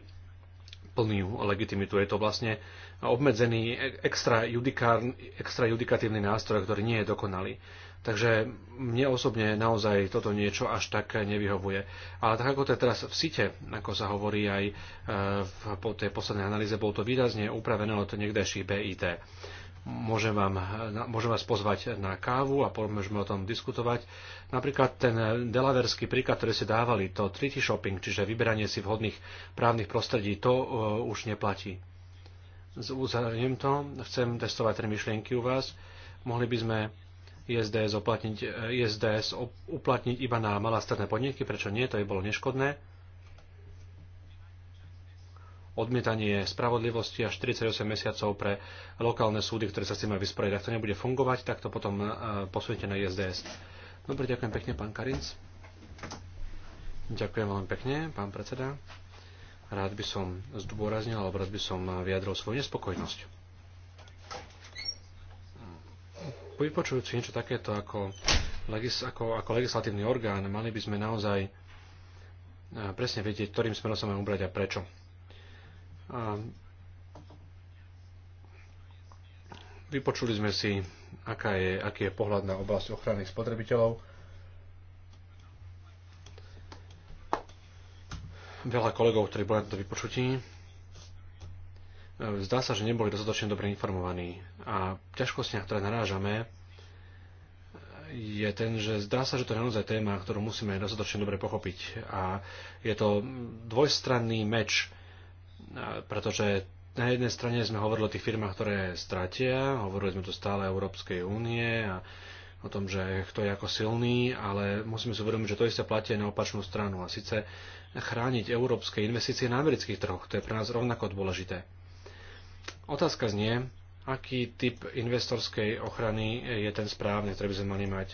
plnú legitimitu. Je to vlastne obmedzený extra, judikár, extra judikatívny nástroj, ktorý nie je dokonalý. Takže mne osobne naozaj toto niečo až tak nevyhovuje. Ale tak ako to je teraz v site, ako sa hovorí aj e, v po tej poslednej analýze, bolo to výrazne upravené od niekdejších BIT. Môžem, vám, môžem vás pozvať na kávu a môžeme o tom diskutovať. Napríklad ten delaverský príklad, ktorý ste dávali, to treaty shopping, čiže vyberanie si vhodných právnych prostredí, to e, už neplatí. Uzavriem to, chcem testovať tri myšlienky u vás. Mohli by sme ISDS, uplatniť, ISDS e uplatniť iba na malé stredné podniky, prečo nie, to by bolo neškodné odmietanie spravodlivosti a 48 mesiacov pre lokálne súdy, ktoré sa s tým majú vysporiť. Ak to nebude fungovať, tak to potom e, posunete na ISDS. Dobre, ďakujem pekne, pán Karinc. Ďakujem veľmi pekne, pán predseda. Rád by som zdôraznil, alebo rád by som vyjadril svoju nespokojnosť. Vypočujúci niečo takéto ako, legis, ako, ako legislatívny orgán, mali by sme naozaj e, presne vedieť, ktorým smerom sa máme ubrať a prečo. Vypočuli sme si, aká je, aký je pohľad na oblasť ochrany spotrebiteľov. Veľa kolegov, ktorí boli na tomto vypočutí, e, zdá sa, že neboli dostatočne dobre informovaní. A v ťažkostiach, ktoré narážame, je ten, že zdá sa, že to je naozaj téma, ktorú musíme dostatočne dobre pochopiť. A je to dvojstranný meč pretože na jednej strane sme hovorili o tých firmách, ktoré stratia, hovorili sme tu stále Európskej únie a o tom, že kto je ako silný, ale musíme si uvedomiť, že to isté platí na opačnú stranu a síce chrániť európske investície na amerických trhoch, to je pre nás rovnako dôležité. Otázka znie, aký typ investorskej ochrany je ten správny, ktorý by sme mali mať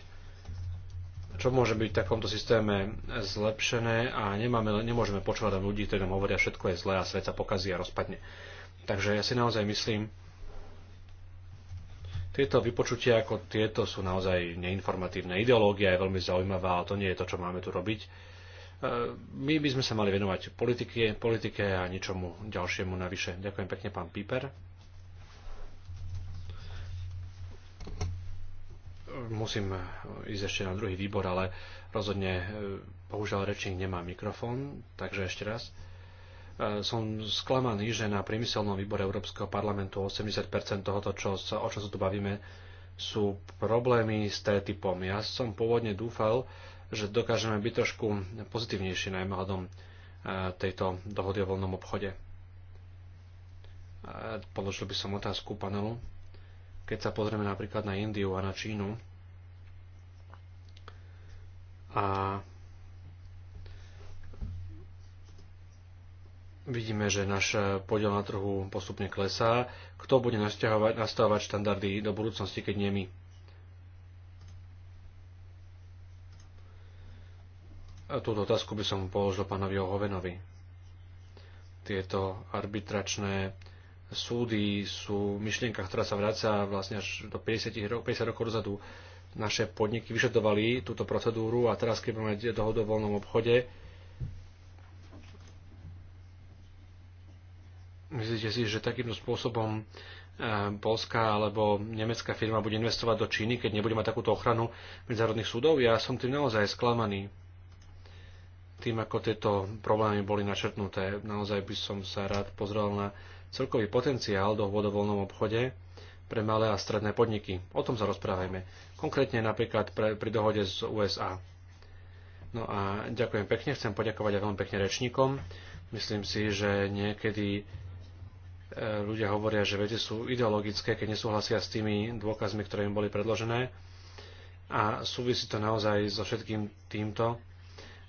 čo môže byť v takomto systéme zlepšené a nemáme, nemôžeme počúvať ľudí, ktorí nám hovoria, všetko je zlé a svet sa pokazí a rozpadne. Takže ja si naozaj myslím, tieto vypočutia ako tieto sú naozaj neinformatívne. Ideológia je veľmi zaujímavá, ale to nie je to, čo máme tu robiť. E, my by sme sa mali venovať politike, politike a ničomu ďalšiemu navyše. Ďakujem pekne, pán Piper. musím e, ísť ešte na druhý výbor, ale rozhodne e, bohužiaľ rečník nemá mikrofón, takže ešte raz. E, som sklamaný, že na priemyselnom výbore Európskeho parlamentu 80% tohoto, čo, o čo sa tu bavíme, sú problémy s T-typom. Ja som pôvodne dúfal, že dokážeme byť trošku pozitívnejší najmä hľadom tejto dohody o voľnom obchode. Položil by som otázku panelu. Keď sa pozrieme napríklad na Indiu a na Čínu, a vidíme, že náš podiel na trhu postupne klesá. Kto bude nastavovať štandardy do budúcnosti, keď nie my? A túto otázku by som položil pánovi Ohovenovi. Tieto arbitračné súdy sú myšlienka, ktorá sa vráca vlastne až do 50, rokov, 50 rokov dozadu naše podniky vyžadovali túto procedúru a teraz, keď mať dohodu o voľnom obchode, myslíte si, že takýmto spôsobom e, polská alebo nemecká firma bude investovať do Číny, keď nebude mať takúto ochranu medzárodných súdov? Ja som tým naozaj sklamaný tým, ako tieto problémy boli načrtnuté. Naozaj by som sa rád pozrel na celkový potenciál do voľnom obchode pre malé a stredné podniky. O tom sa rozprávajme. Konkrétne napríklad pre, pri dohode z USA. No a ďakujem pekne, chcem poďakovať aj veľmi pekne rečníkom. Myslím si, že niekedy e, ľudia hovoria, že veci sú ideologické, keď nesúhlasia s tými dôkazmi, ktoré im boli predložené. A súvisí to naozaj so všetkým týmto.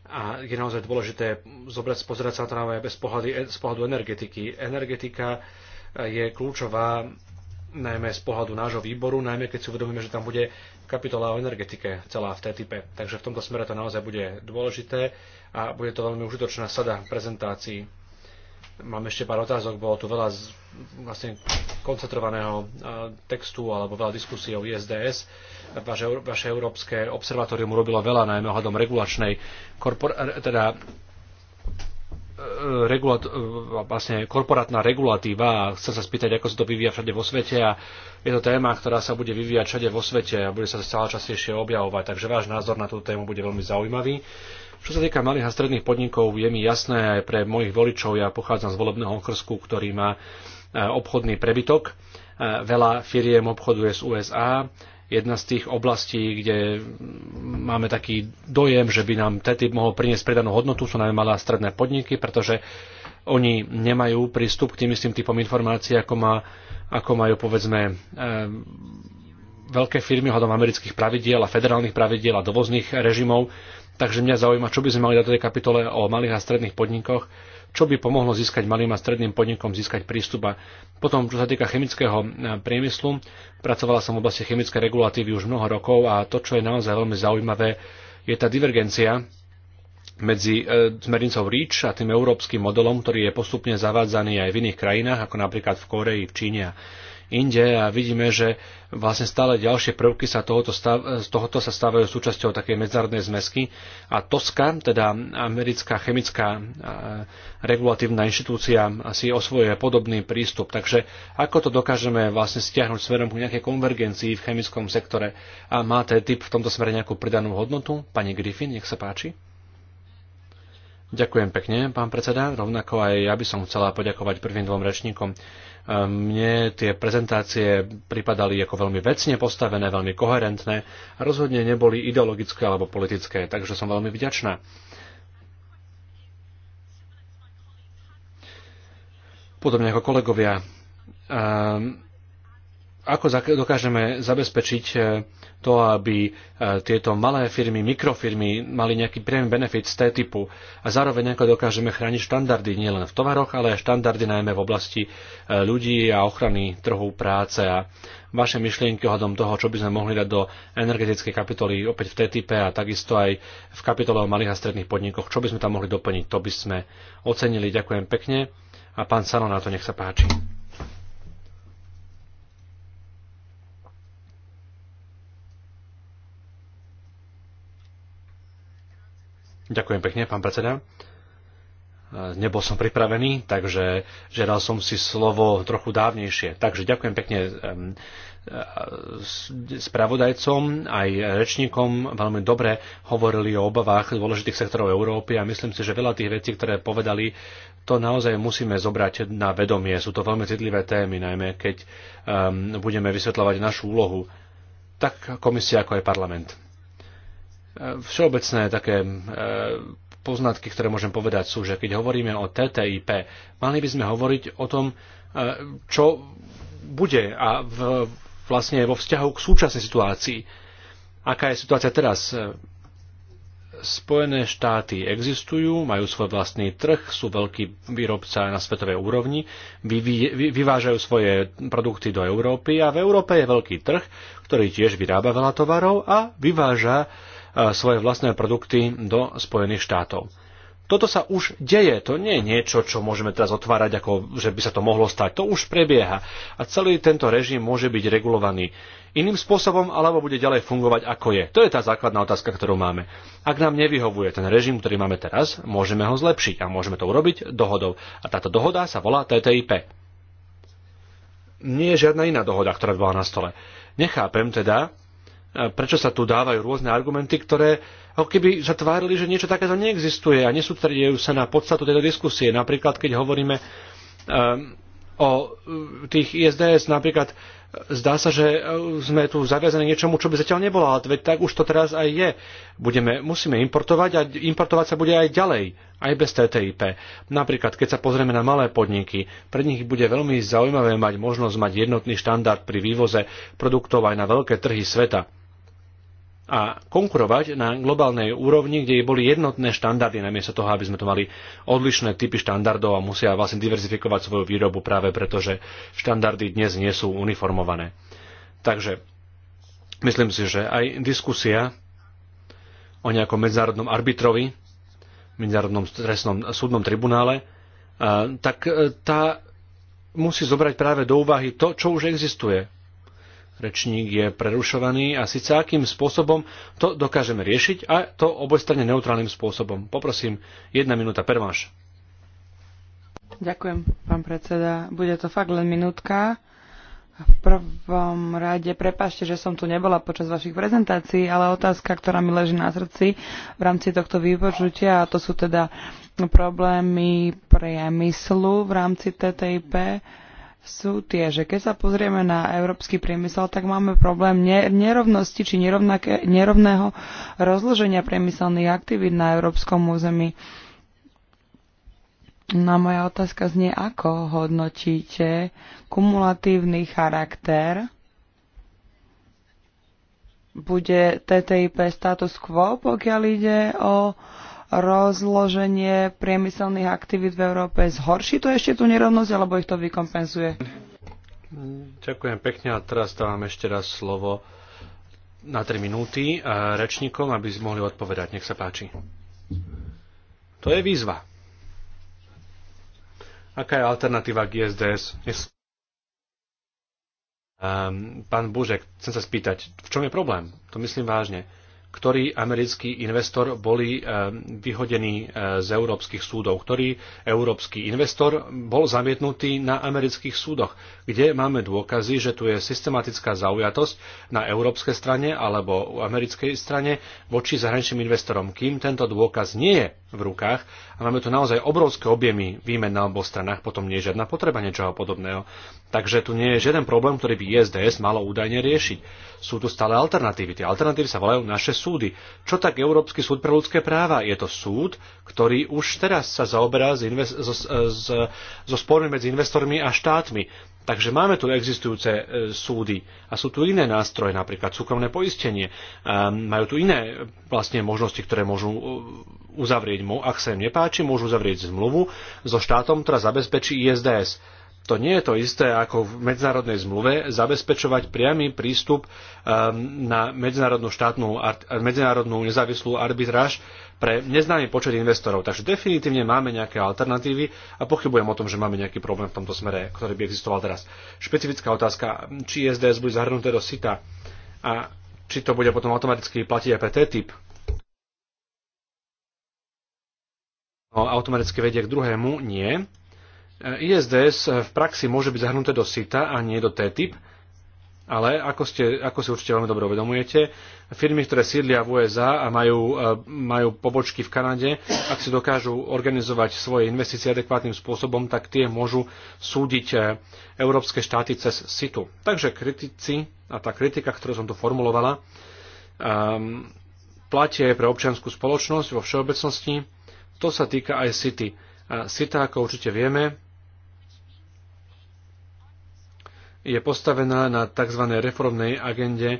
A je naozaj dôležité zobrať, pozerať sa na to aj bez pohľadu, e, z pohľadu energetiky. Energetika je kľúčová najmä z pohľadu nášho výboru, najmä keď si uvedomíme, že tam bude kapitola o energetike celá v TTIP. Takže v tomto smere to naozaj bude dôležité a bude to veľmi užitočná sada prezentácií. Mám ešte pár otázok, bolo tu veľa z, vlastne koncentrovaného e, textu alebo veľa diskusí o ISDS. Vaše, vaše európske observatórium urobilo veľa, najmä ohľadom regulačnej korpor- e, teda E, regulat, e, vlastne korporátna regulatíva a chcem sa spýtať, ako sa to vyvíja všade vo svete a je to téma, ktorá sa bude vyvíjať všade vo svete a bude sa stále častejšie objavovať, takže váš názor na túto tému bude veľmi zaujímavý. Čo sa týka malých a stredných podnikov, je mi jasné aj pre mojich voličov, ja pochádzam z volebného okrsku, ktorý má e, obchodný prebytok, veľa firiem obchoduje z USA jedna z tých oblastí, kde máme taký dojem, že by nám TTIP mohol priniesť predanú hodnotu, sú najmä malé a stredné podniky, pretože oni nemajú prístup k tým istým typom informácií, ako, má, ako majú povedzme eh, veľké firmy hľadom amerických pravidiel a federálnych pravidiel a dovozných režimov. Takže mňa zaujíma, čo by sme mali na tej kapitole o malých a stredných podnikoch, čo by pomohlo získať malým a stredným podnikom získať prístup. A potom, čo sa týka chemického e, priemyslu, pracovala som v oblasti chemickej regulatívy už mnoho rokov a to, čo je naozaj veľmi zaujímavé, je tá divergencia medzi e, smernicou REACH a tým európskym modelom, ktorý je postupne zavádzaný aj v iných krajinách, ako napríklad v Koreji, v Číne a inde a vidíme, že vlastne stále ďalšie prvky sa tohoto stav, z tohoto sa stávajú súčasťou takej medzárodnej zmesky a Toska, teda americká chemická e, regulatívna inštitúcia, si osvojuje podobný prístup. Takže ako to dokážeme vlastne stiahnuť smerom k nejakej konvergencii v chemickom sektore a má ten typ v tomto smere nejakú pridanú hodnotu? Pani Griffin, nech sa páči. Ďakujem pekne, pán predseda. Rovnako aj ja by som chcela poďakovať prvým dvom rečníkom. Mne tie prezentácie pripadali ako veľmi vecne postavené, veľmi koherentné a rozhodne neboli ideologické alebo politické, takže som veľmi vďačná. Podobne ako kolegovia, um, ako dokážeme zabezpečiť eh, to, aby eh, tieto malé firmy, mikrofirmy mali nejaký priamy benefit z T-typu a zároveň ako dokážeme chrániť štandardy nielen v tovaroch, ale aj štandardy najmä v oblasti eh, ľudí a ochrany trhu práce a vaše myšlienky ohľadom toho, čo by sme mohli dať do energetickej kapitoly opäť v TTIP a takisto aj v kapitole o malých a stredných podnikoch, čo by sme tam mohli doplniť, to by sme ocenili. Ďakujem pekne a pán Sano na to nech sa páči. Ďakujem pekne, pán predseda. E, nebol som pripravený, takže žiadal som si slovo trochu dávnejšie. Takže ďakujem pekne e, e, spravodajcom aj rečníkom veľmi dobre hovorili o obavách dôležitých sektorov Európy a myslím si, že veľa tých vecí, ktoré povedali, to naozaj musíme zobrať na vedomie. Sú to veľmi citlivé témy, najmä keď um, budeme vysvetľovať našu úlohu, tak komisia ako aj parlament. E, všeobecné také e, poznatky, ktoré môžem povedať, sú, že keď hovoríme o TTIP, mali by sme hovoriť o tom, e, čo bude a v, vlastne vo vzťahu k súčasnej situácii. Aká je situácia teraz? Spojené štáty existujú, majú svoj vlastný trh, sú veľký výrobca na svetovej úrovni, vy, vy, vyvážajú svoje produkty do Európy a v Európe je veľký trh, ktorý tiež vyrába veľa tovarov a vyváža uh, svoje vlastné produkty do Spojených štátov. Toto sa už deje, to nie je niečo, čo môžeme teraz otvárať, ako že by sa to mohlo stať. To už prebieha a celý tento režim môže byť regulovaný iným spôsobom, alebo bude ďalej fungovať ako je. To je tá základná otázka, ktorú máme. Ak nám nevyhovuje ten režim, ktorý máme teraz, môžeme ho zlepšiť a môžeme to urobiť dohodou. A táto dohoda sa volá TTIP. Nie je žiadna iná dohoda, ktorá by bola na stole. Nechápem teda, prečo sa tu dávajú rôzne argumenty, ktoré ako keby sa tvárili, že niečo takéto neexistuje a nesústredujú sa na podstatu tejto diskusie. Napríklad, keď hovoríme ehm, o e, tých ISDS, napríklad zdá sa, že e, sme tu zaviazaní niečomu, čo by zatiaľ nebolo, ale veď tak už to teraz aj je. Budeme, musíme importovať a importovať sa bude aj ďalej, aj bez TTIP. Napríklad, keď sa pozrieme na malé podniky, pre nich bude veľmi zaujímavé mať možnosť mať jednotný štandard pri vývoze produktov aj na veľké trhy sveta a konkurovať na globálnej úrovni, kde boli jednotné štandardy, namiesto toho, aby sme tu mali odlišné typy štandardov a musia vlastne diverzifikovať svoju výrobu práve preto, že štandardy dnes nie sú uniformované. Takže myslím si, že aj diskusia o nejakom medzinárodnom arbitrovi, medzinárodnom trestnom súdnom tribunále, tak e, tá musí zobrať práve do úvahy to, čo už existuje rečník je prerušovaný a síce akým spôsobom to dokážeme riešiť a to obojstranne neutrálnym spôsobom. Poprosím, jedna minúta per Ďakujem, pán predseda. Bude to fakt len minútka. V prvom rade, prepašte, že som tu nebola počas vašich prezentácií, ale otázka, ktorá mi leží na srdci v rámci tohto vypočutia, a to sú teda problémy priemyslu v rámci TTIP sú tie, že keď sa pozrieme na európsky priemysel, tak máme problém nerovnosti či nerovného rozloženia priemyselných aktivít na európskom území. No moja otázka znie, ako hodnotíte kumulatívny charakter bude TTIP status quo, pokiaľ ide o rozloženie priemyselných aktivít v Európe zhorší to ešte tú nerovnosť, alebo ich to vykompenzuje? Ďakujem pekne a teraz dávam ešte raz slovo na 3 minúty eh, rečníkom, aby si mohli odpovedať. Nech sa páči. To je výzva. Aká je alternatíva k ISDS? Ehm, pán Bužek, chcem sa spýtať, v čom je problém? To myslím vážne ktorý americký investor boli eh, vyhodení eh, z európskych súdov, ktorý európsky investor bol zamietnutý na amerických súdoch, kde máme dôkazy, že tu je systematická zaujatosť na európskej strane alebo americkej strane voči zahraničným investorom. Kým tento dôkaz nie je v rukách Máme tu naozaj obrovské objemy výmen na oboch stranách, potom nie je žiadna potreba niečoho podobného. Takže tu nie je žiaden problém, ktorý by ISDS malo údajne riešiť. Sú tu stále alternatívy. Tie alternatívy sa volajú naše súdy. Čo tak Európsky súd pre ľudské práva? Je to súd, ktorý už teraz sa zaoberá so, so, e, so spormi medzi investormi a štátmi. Takže máme tu existujúce e, súdy a sú tu iné nástroje, napríklad súkromné poistenie. Majú tu iné e, vlastne možnosti, ktoré môžu e, uzavrieť, ak sa im nepáči, môžu uzavrieť zmluvu so štátom, ktorá zabezpečí ISDS. To nie je to isté ako v medzinárodnej zmluve zabezpečovať priamy prístup na medzinárodnú, štátnu, medzinárodnú nezávislú arbitráž, pre neznámy počet investorov. Takže definitívne máme nejaké alternatívy a pochybujem o tom, že máme nejaký problém v tomto smere, ktorý by existoval teraz. Špecifická otázka, či SDS bude zahrnuté do SITA a či to bude potom automaticky platiť aj pre TTIP. No, automaticky vedie k druhému? Nie. E, ISDS v praxi môže byť zahrnuté do SITA a nie do TTIP ale ako, ste, ako si určite veľmi dobre uvedomujete, firmy, ktoré sídlia v USA a majú, e, majú pobočky v Kanade, ak si dokážu organizovať svoje investície adekvátnym spôsobom, tak tie môžu súdiť e, európske štáty cez situ. Takže kritici a tá kritika, ktorú som tu formulovala, um, ehm, platie pre občianskú spoločnosť vo všeobecnosti. To sa týka aj City. A ako určite vieme, je postavená na tzv. reformnej agende e,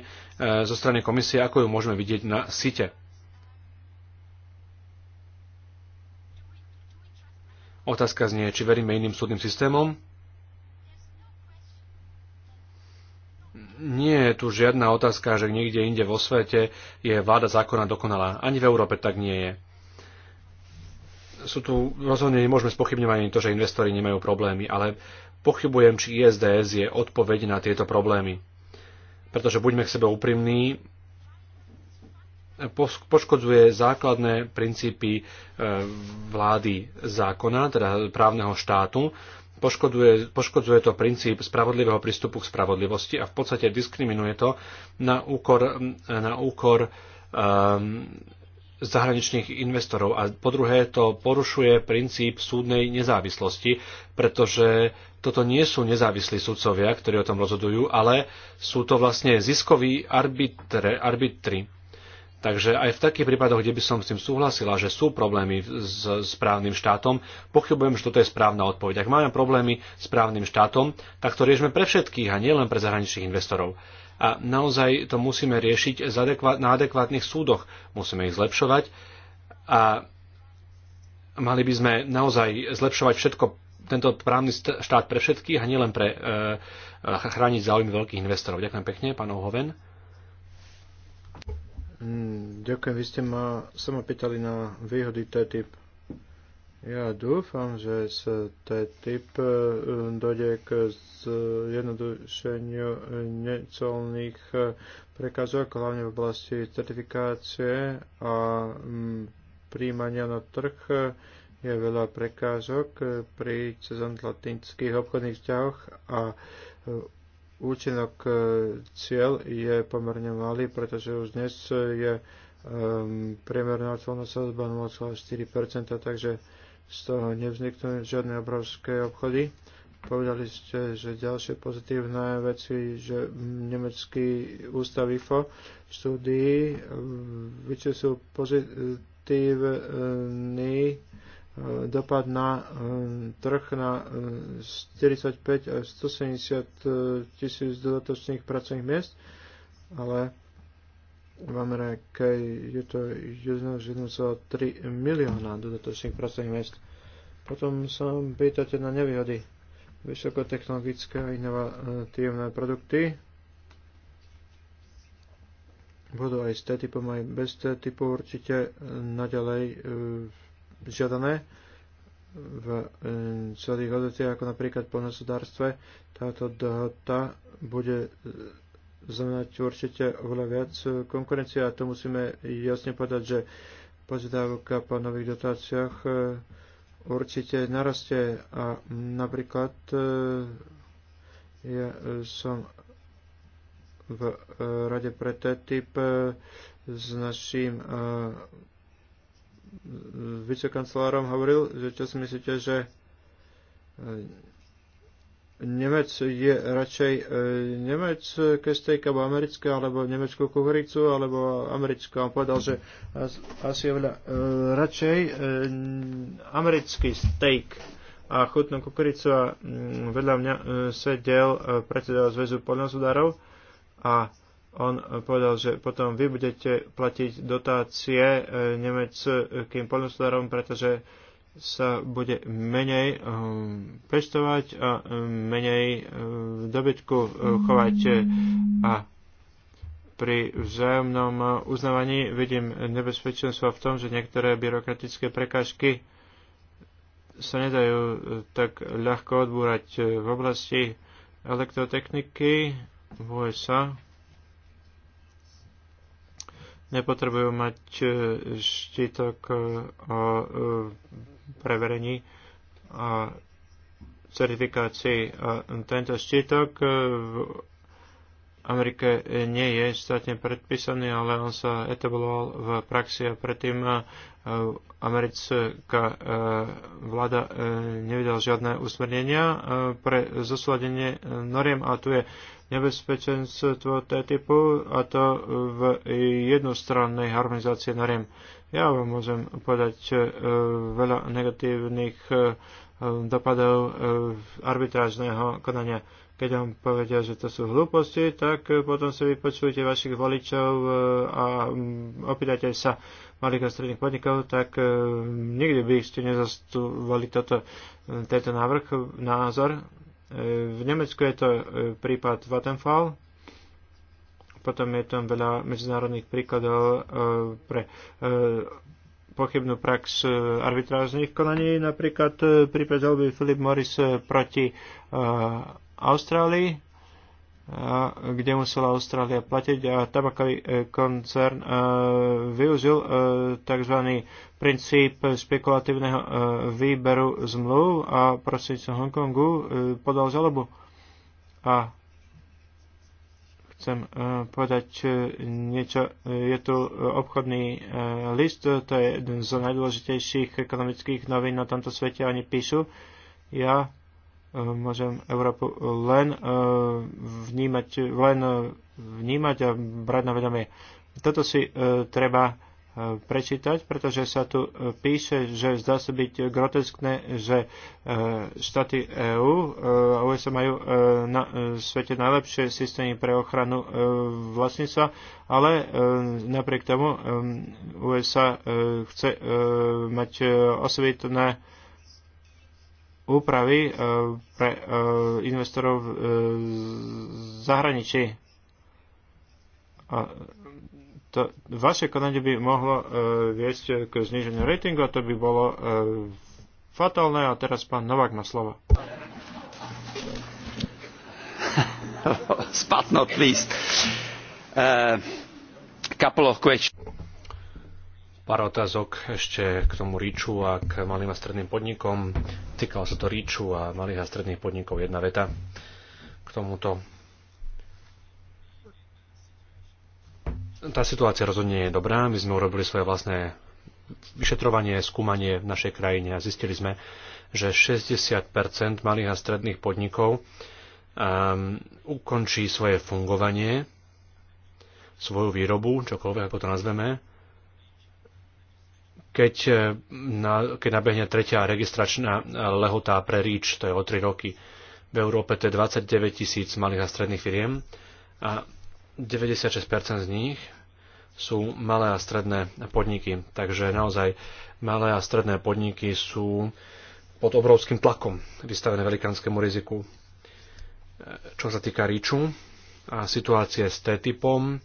zo strany komisie, ako ju môžeme vidieť na site. Otázka znie, či veríme iným súdnym systémom? Nie je tu žiadna otázka, že niekde inde vo svete je vláda zákona dokonalá. Ani v Európe tak nie je sú tu, rozhodne nemôžeme spochybňovať ani to, že investori nemajú problémy, ale Pochybujem, či ISDS je odpoveď na tieto problémy. Pretože buďme k sebe úprimní, poškodzuje základné princípy e, vlády zákona, teda právneho štátu, poškoduje, poškodzuje to princíp spravodlivého prístupu k spravodlivosti a v podstate diskriminuje to na úkor, na úkor um, zahraničných investorov. A po druhé to porušuje princíp súdnej nezávislosti, pretože toto nie sú nezávislí sudcovia, ktorí o tom rozhodujú, ale sú to vlastne ziskoví arbitre, arbitri. Takže aj v takých prípadoch, kde by som s tým súhlasila, že sú problémy s, s právnym štátom, pochybujem, že toto je správna odpoveď. Ak máme problémy s právnym štátom, tak to riešme pre všetkých a nielen pre zahraničných investorov. A naozaj to musíme riešiť na adekvátnych súdoch. Musíme ich zlepšovať a mali by sme naozaj zlepšovať všetko tento právny štát pre všetkých a nielen pre e, e, chrániť záujmy veľkých investorov. Ďakujem pekne, pán Ohoven. Mm, ďakujem, vy ste ma sama pýtali na výhody TTIP. Ja dúfam, že z TTIP e, dojde k zjednodušeniu necelných e, prekazov, hlavne v oblasti certifikácie a mm, príjmania na trh je veľa prekážok e, pri cezantlantických obchodných vzťahoch a e, účinok e, cieľ je pomerne malý, pretože už dnes je um, priemerná celná sadzba 0,4%, takže z toho nevzniknú žiadne obrovské obchody. Povedali ste, že ďalšie pozitívne veci, že nemecký ústav IFO v štúdii vyčísil pozitívny E, dopad na e, trh na 45 až 170 tisíc dodatočných pracovných miest, ale v Amerike je to 1,3 milióna dodatočných pracovných miest. Potom sa pýtate na nevýhody. Vysokotechnologické a inovatívne produkty budú aj z T-typom, aj bez T-typu určite naďalej v e, žiadané v e, celých odvetiach, ako napríklad poľnohospodárstve. Táto dohoda bude e, znamenať určite oveľa viac e, konkurencie a to musíme jasne povedať, že požiadavka po nových dotáciách určite narastie a napríklad ja som v rade pre TTIP s naším vicekancelárom hovoril, že čo si myslíte, že e, Nemec je radšej e, Nemec kestejk alebo americká, alebo nemeckú kuchuricu, alebo americkú. On povedal, že asi je veľa e, radšej americký steak a chutnú kukuricu a mm, vedľa mňa sedel predseda zväzu poľnohospodárov a on povedal, že potom vy budete platiť dotácie e, nemeckým poľnospodárom, pretože sa bude menej e, pestovať a e, menej dobytku chovať. A pri vzájomnom uznávaní vidím nebezpečenstvo v tom, že niektoré byrokratické prekážky sa nedajú tak ľahko odbúrať v oblasti elektrotechniky v USA nepotrebujú mať e, štítok e, o e, preverení a certifikácii. A tento štítok v Amerike nie je štátne predpísaný, ale on sa etabloval v praxi a predtým americká vláda nevydala žiadne usmernenia pre zosladenie noriem a tu je nebezpečenstvo T-typu a to v jednostrannej harmonizácie noriem. Ja vám môžem povedať e, veľa negatívnych e, dopadov e, arbitrážneho konania. Keď vám povedia, že to sú hlúposti, tak potom si vypočujte vašich voličov a opýtajte sa malých a stredných podnikov, tak nikdy by ste nezastúvali toto, tento návrh, názor, v Nemecku je to e, prípad Vattenfall, potom je tam veľa medzinárodných príkladov e, pre e, pochybnú prax arbitrážnych konaní, napríklad prípad žalby Philip Morris proti Austrálii, a kde musela Austrália platiť a tabakový e, koncern e, využil e, tzv. princíp spekulatívneho výberu zmluv a prostredníctvom Hongkongu podal žalobu. A chcem povedať niečo. Je tu obchodný list, to je jeden z najdôležitejších ekonomických novín na tomto svete, oni píšu. Ja môžem Európu len e, vnímať, len e, vnímať a brať na vedomie. Toto si e, treba prečítať, pretože sa tu píše, že zdá sa byť groteskné, že štáty EÚ a USA majú na svete najlepšie systémy pre ochranu vlastníctva, ale napriek tomu USA chce mať osobitné úpravy e, pre e, investorov v e, zahraničí. A to, vaše konanie by mohlo viesť k zniženiu ratingu a to by bolo fatálne. A teraz pán Novák má slovo. (laughs) Spatno, please. Uh, couple of questions. Pár otázok ešte k tomu ríču a k malým a stredným podnikom. Týkalo sa to ríču a malých a stredných podnikov jedna veta k tomuto. Tá situácia rozhodne je dobrá. My sme urobili svoje vlastné vyšetrovanie, skúmanie v našej krajine a zistili sme, že 60 malých a stredných podnikov um, ukončí svoje fungovanie, svoju výrobu, čokoľvek ako to nazveme, keď, eh, na, keď nabehne tretia registračná eh, lehotá pre REACH, to je o 3 roky. V Európe to je 29 tisíc malých a stredných firiem a 96% z nich sú malé a stredné podniky. Takže naozaj malé a stredné podniky sú pod obrovským tlakom vystavené velikánskému riziku. Eh, čo sa týka ríču a situácie s T-typom,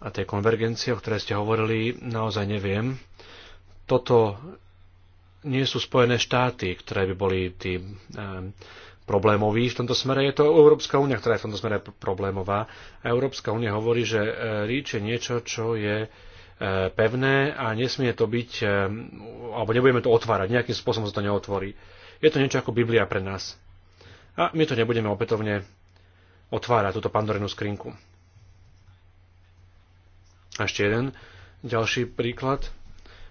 a tej konvergencie, o ktorej ste hovorili, naozaj neviem. Toto nie sú Spojené štáty, ktoré by boli tí e, problémoví v tomto smere. Je to Európska únia, ktorá je v tomto smere problémová. A Európska únia hovorí, že eh, ríč je niečo, čo je eh, pevné a nesmie to byť, alebo nebudeme to otvárať, nejakým spôsobom sa to neotvorí. Je to niečo ako Biblia pre nás. A my to nebudeme opätovne otvárať, túto pandorinu skrinku. A ešte jeden ďalší príklad.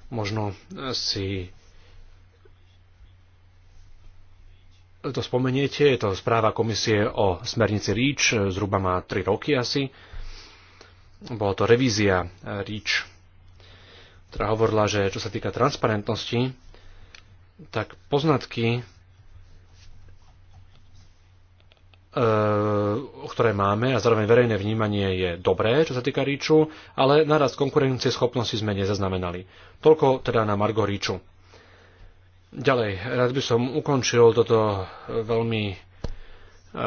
Možno eh, si to spomeniete, je to správa komisie o smernici REACH, eh, zhruba má 3 roky asi. Bola to revízia eh, REACH, ktorá hovorila, že čo sa týka transparentnosti, tak poznatky E, ktoré máme a zároveň verejné vnímanie je dobré, čo sa týka ríču, ale naraz konkurencie schopnosti sme nezaznamenali. Toľko teda na Margo ríču. Ďalej, rád by som ukončil toto veľmi E,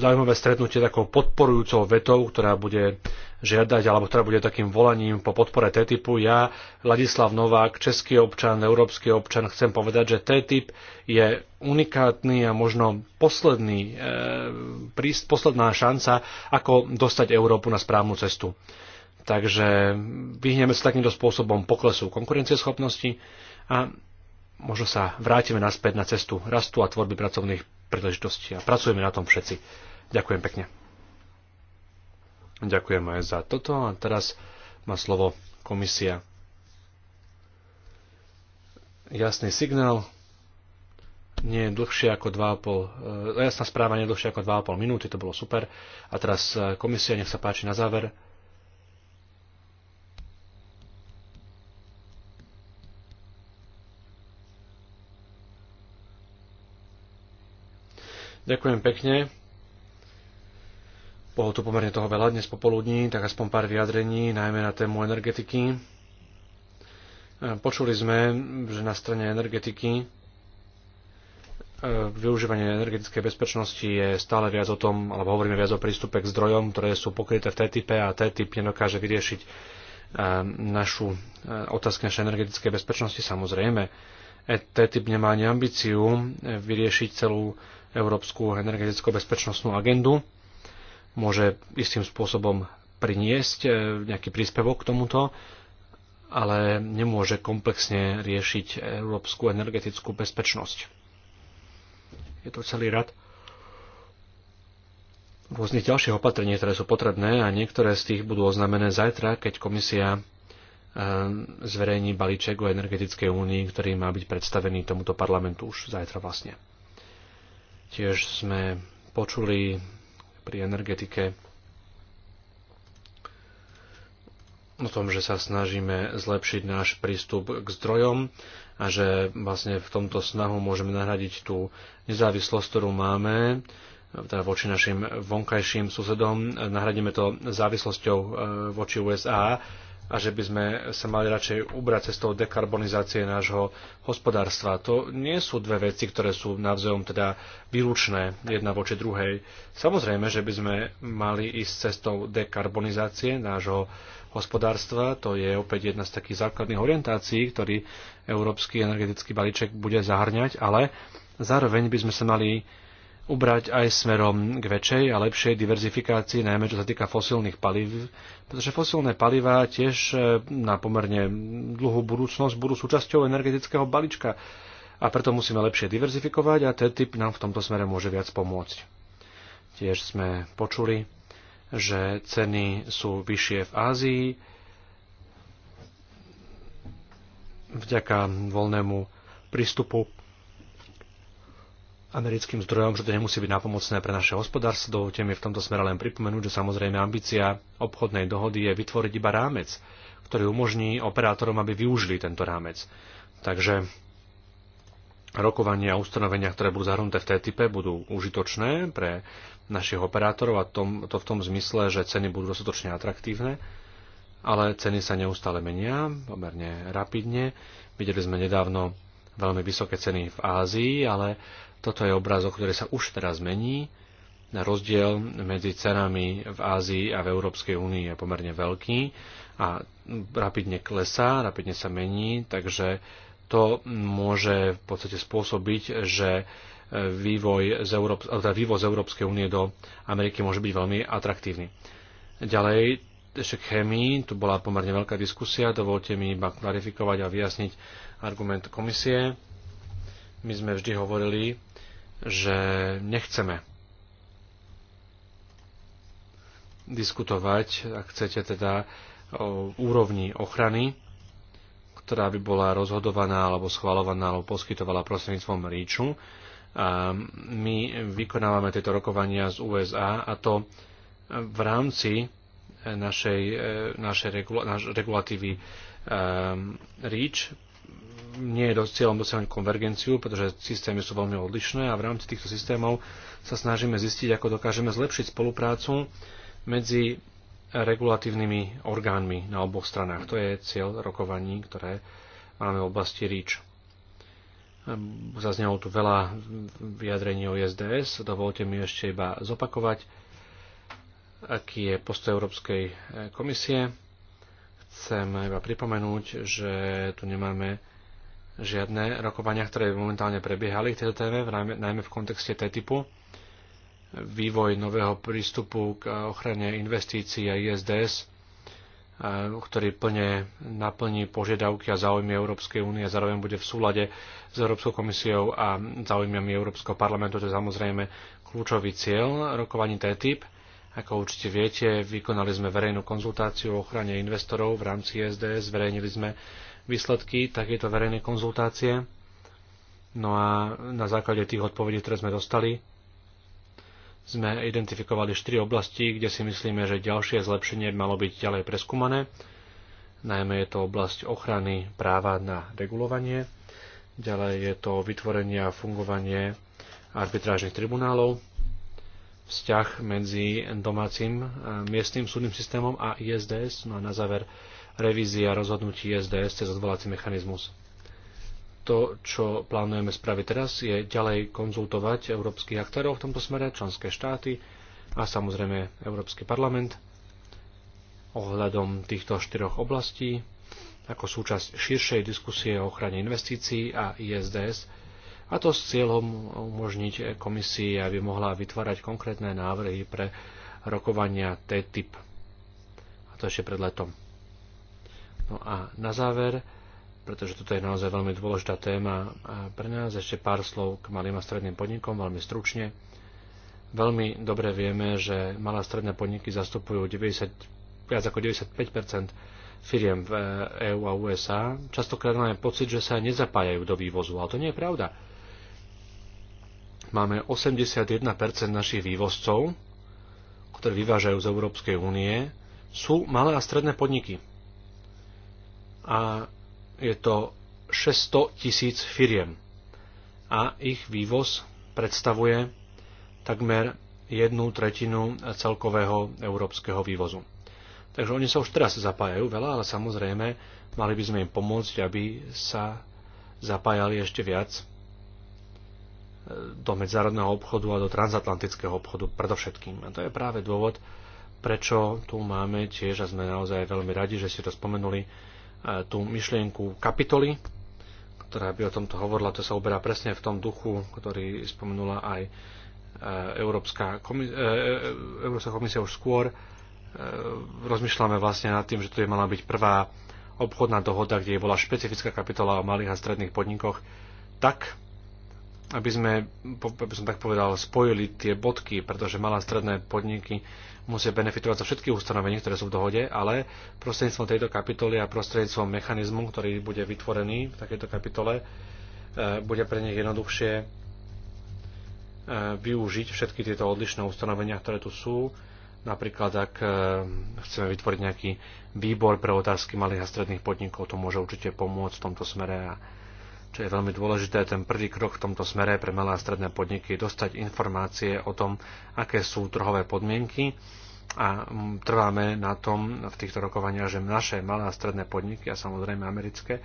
zaujímavé stretnutie takou podporujúcou vetou, ktorá bude žiadať, alebo ktorá bude takým volaním po podpore TTIPu. Ja, Ladislav Novák, český občan, európsky občan, chcem povedať, že TTIP je unikátny a možno posledný, e, posledná šanca, ako dostať Európu na správnu cestu. Takže vyhneme sa takýmto spôsobom poklesu konkurencieschopnosti a možno sa vrátime naspäť na cestu rastu a tvorby pracovných príležitosti a pracujeme na tom všetci. Ďakujem pekne. Ďakujem aj za toto a teraz má slovo komisia. Jasný signál nie je dlhšie ako 2,5, e, jasná správa nie je dlhšie ako 2,5 minúty, to bolo super. A teraz e, komisia, nech sa páči na záver. Ďakujem pekne. Bolo tu pomerne toho veľa dnes popoludní, tak aspoň pár vyjadrení, najmä na tému energetiky. E, počuli sme, že na strane energetiky e, využívanie energetickej bezpečnosti je stále viac o tom, alebo hovoríme viac o prístupe k zdrojom, ktoré sú pokryté v TTIP a TTIP nedokáže vyriešiť e, našu otázku našej energetickej bezpečnosti samozrejme. TTIP nemá ani ambíciu vyriešiť celú Európsku energetickú bezpečnostnú agendu. Môže istým spôsobom priniesť e, nejaký príspevok k tomuto, ale nemôže komplexne riešiť európsku energetickú bezpečnosť. Je to celý rad rôznych ďalších opatrení, ktoré sú potrebné a niektoré z tých budú oznamené zajtra, keď komisia e, zverejní balíček o energetickej únii, ktorý má byť predstavený tomuto parlamentu už zajtra vlastne. Tiež sme počuli pri energetike o tom, že sa snažíme zlepšiť náš prístup k zdrojom a že vlastne v tomto snahu môžeme nahradiť tú nezávislosť, ktorú máme teda voči našim vonkajším susedom, nahradíme to závislosťou eh, voči USA a že by sme sa mali radšej ubrať cestou dekarbonizácie nášho hospodárstva. To nie sú dve veci, ktoré sú navzájom teda výlučné jedna voči druhej. Samozrejme, že by sme mali ísť cestou dekarbonizácie nášho hospodárstva. To je opäť jedna z takých základných orientácií, ktorý Európsky energetický balíček bude zahrňať, ale zároveň by sme sa mali ubrať aj smerom k väčšej a lepšej diverzifikácii, najmä čo sa týka fosílnych palív, pretože fosílne palivá tiež e, na pomerne dlhú budúcnosť budú súčasťou energetického balíčka a preto musíme lepšie diverzifikovať a TTIP nám v tomto smere môže viac pomôcť. Tiež sme počuli, že ceny sú vyššie v Ázii vďaka voľnému prístupu americkým zdrojom, že to nemusí byť napomocné pre naše hospodárstvo. Dovolte mi v tomto smere len pripomenúť, že samozrejme ambícia obchodnej dohody je vytvoriť iba rámec, ktorý umožní operátorom, aby využili tento rámec. Takže rokovania a ustanovenia, ktoré budú zahrnuté v TTIP, budú užitočné pre našich operátorov a tom, to v tom zmysle, že ceny budú dostatočne atraktívne, ale ceny sa neustále menia, pomerne rapidne. Videli sme nedávno veľmi vysoké ceny v Ázii, ale toto je obrázok, ktorý sa už teraz mení. Rozdiel medzi cenami v Ázii a v Európskej únii je pomerne veľký a rapidne klesá, rapidne sa mení, takže to môže v podstate spôsobiť, že vývoj z Európs- teda vývoz z Európskej únie do Ameriky môže byť veľmi atraktívny. Ďalej, ešte k chemii, tu bola pomerne veľká diskusia, dovolte mi iba klarifikovať a vyjasniť argument komisie. My sme vždy hovorili, že nechceme diskutovať, ak chcete teda, o úrovni ochrany, ktorá by bola rozhodovaná alebo schvalovaná alebo poskytovala prostredníctvom ríču. A my vykonávame tieto rokovania z USA a to v rámci e, našej, e, našej regula, naš, regulatívy um, e, REACH nie je dosť cieľom dosiahnuť konvergenciu, pretože systémy sú veľmi odlišné a v rámci týchto systémov sa snažíme zistiť, ako dokážeme zlepšiť spoluprácu medzi regulatívnymi orgánmi na oboch stranách. To je cieľ rokovaní, ktoré máme v oblasti REACH. Zaznelo tu veľa vyjadrení o SDS, dovolte mi ešte iba zopakovať, aký je postoj Európskej komisie. Chcem iba pripomenúť, že tu nemáme žiadne rokovania, ktoré momentálne prebiehali k tejto téme, najmä v kontexte T-typu. Vývoj nového prístupu k ochrane investícií a ISDS, ktorý plne naplní požiadavky a záujmy Európskej únie a zároveň bude v súlade s Európskou komisiou a záujmami Európskeho parlamentu. To je samozrejme kľúčový cieľ rokovaní TTIP. Ako určite viete, vykonali sme verejnú konzultáciu o ochrane investorov v rámci SDS, zverejnili sme výsledky takéto verejnej konzultácie. No a na základe tých odpovedí, ktoré sme dostali, sme identifikovali štyri oblasti, kde si myslíme, že ďalšie zlepšenie malo byť ďalej preskúmané. Najmä je to oblasť ochrany práva na regulovanie, ďalej je to vytvorenie a fungovanie arbitrážnych tribunálov, vzťah medzi domácim miestnym súdnym systémom a ISDS, no a na záver revízia rozhodnutí SDS cez odvolací mechanizmus. To, čo plánujeme spraviť teraz, je ďalej konzultovať európskych aktérov v tomto smere, členské štáty a samozrejme Európsky parlament ohľadom týchto štyroch oblastí ako súčasť širšej diskusie o ochrane investícií a ISDS, a to s cieľom umožniť komisii, aby mohla vytvárať konkrétne návrhy pre rokovania T typ. A to ešte pred letom. No a na záver, pretože toto je naozaj veľmi dôležitá téma pre nás, ešte pár slov k malým a stredným podnikom, veľmi stručne. Veľmi dobre vieme, že malé a stredné podniky zastupujú 90, viac ako 95 firiem v EÚ e a USA. Častokrát máme pocit, že sa nezapájajú do vývozu, ale to nie je pravda. Máme 81 našich vývozcov, ktoré vyvážajú z Európskej únie, sú malé a stredné podniky a je to 600 tisíc firiem a ich vývoz predstavuje takmer jednu tretinu celkového európskeho vývozu. Takže oni sa už teraz zapájajú veľa, ale samozrejme mali by sme im pomôcť, aby sa zapájali ešte viac e, do medzárodného obchodu a do transatlantického obchodu predovšetkým. A to je práve dôvod, prečo tu máme tiež, a sme naozaj veľmi radi, že ste to spomenuli, tú myšlienku kapitoly, ktorá by o tomto hovorila. To sa uberá presne v tom duchu, ktorý spomenula aj e, Európska komisia, e, e, Európska komisia už skôr. Rozmýšľame vlastne nad tým, že tu je mala byť prvá obchodná dohoda, kde bola špecifická kapitola o malých a stredných podnikoch, tak, aby sme, aby som tak povedal, spojili tie bodky, pretože malé a stredné podniky musia benefitovať zo všetkých ustanovení, ktoré sú v dohode, ale prostredníctvom tejto kapitoly a prostredníctvom mechanizmu, ktorý bude vytvorený v takejto kapitole, e, bude pre nich jednoduchšie e, využiť všetky tieto odlišné ustanovenia, ktoré tu sú. Napríklad, ak e, chceme vytvoriť nejaký výbor pre otázky malých a stredných podnikov, to môže určite pomôcť v tomto smere čo je veľmi dôležité, ten prvý krok v tomto smere pre malé a stredné podniky je dostať informácie o tom, aké sú trhové podmienky a mm, trváme na tom v týchto rokovaniach, že naše malé a stredné podniky a samozrejme americké e,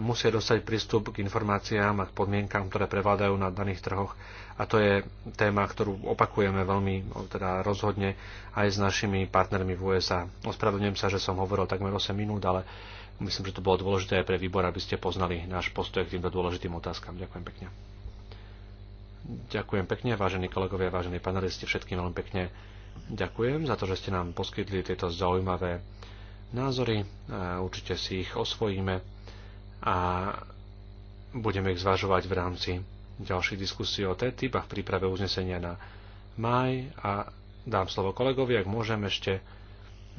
musia dostať prístup k informáciám a k podmienkám, ktoré prevádajú na daných trhoch. A to je téma, ktorú opakujeme veľmi teda rozhodne aj s našimi partnermi v USA. Ospravedlňujem sa, že som hovoril takmer 8 minút, ale uh, Myslím, že to bolo dôležité aj pre výbor, aby ste poznali náš postoj k týmto dôležitým otázkam. Ďakujem pekne. Ďakujem pekne, vážení kolegovia, vážení panelisti, všetkým veľmi pekne ďakujem za to, že ste nám poskytli tieto zaujímavé názory. E, určite si ich osvojíme a budeme ich zvažovať v rámci ďalších diskusí o TTIP a v príprave uznesenia na maj a dám slovo kolegovi, ak môžem ešte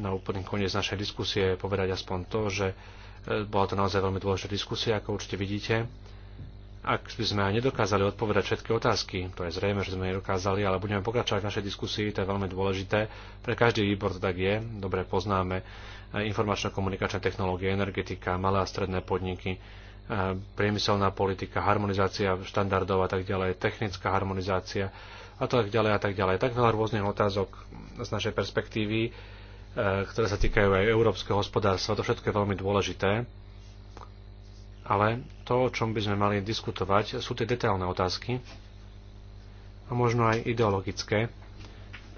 na úplný koniec našej diskusie povedať aspoň to, že e, bola to naozaj veľmi dôležitá diskusia, ako určite vidíte. Ak by sme aj nedokázali odpovedať všetky otázky, to je zrejme, že sme nedokázali, ale budeme pokračovať v našej diskusii, to je veľmi dôležité. Pre každý výbor to tak je, dobre poznáme e, informačno-komunikačné technológie, energetika, malé a stredné podniky, e, priemyselná politika, harmonizácia štandardov a tak ďalej, technická harmonizácia a tak ďalej a tak ďalej. Tak veľa rôznych otázok z našej perspektívy Eh, ktoré sa týkajú aj európskeho hospodárstva. To všetko je veľmi dôležité. Ale to, o čom by sme mali diskutovať, sú tie detailné otázky a možno aj ideologické,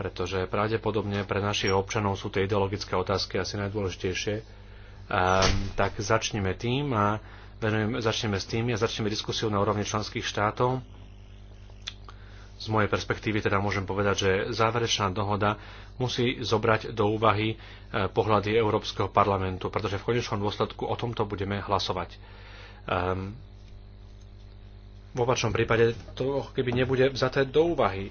pretože pravdepodobne pre našich občanov sú tie ideologické otázky asi najdôležitejšie. Um, tak začneme tým a venujem, začneme s tým a začneme diskusiu na úrovni členských štátov z mojej perspektívy teda môžem povedať, že záverečná dohoda musí zobrať do úvahy e, pohľady Európskeho parlamentu, pretože v konečnom dôsledku o tomto budeme hlasovať. Um, v opačnom prípade to keby nebude vzaté do úvahy.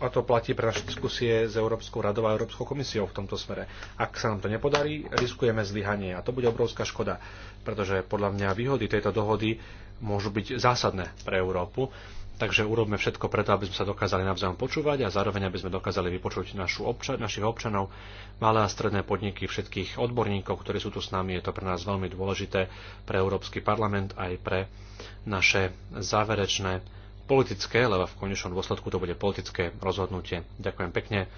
A to platí pre naše diskusie s Európskou radou a Európskou komisiou v tomto smere. Ak sa nám to nepodarí, riskujeme zlyhanie a to bude obrovská škoda, pretože podľa mňa výhody tejto dohody môžu byť zásadné pre Európu Takže urobme všetko preto, aby sme sa dokázali navzájom počúvať a zároveň, aby sme dokázali vypočuť našu obča- našich občanov, malé a stredné podniky, všetkých odborníkov, ktorí sú tu s nami. Je to pre nás veľmi dôležité, pre Európsky parlament aj pre naše záverečné politické, lebo v konečnom dôsledku to bude politické rozhodnutie. Ďakujem pekne.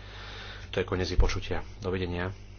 To je koniec vypočutia. Dovidenia.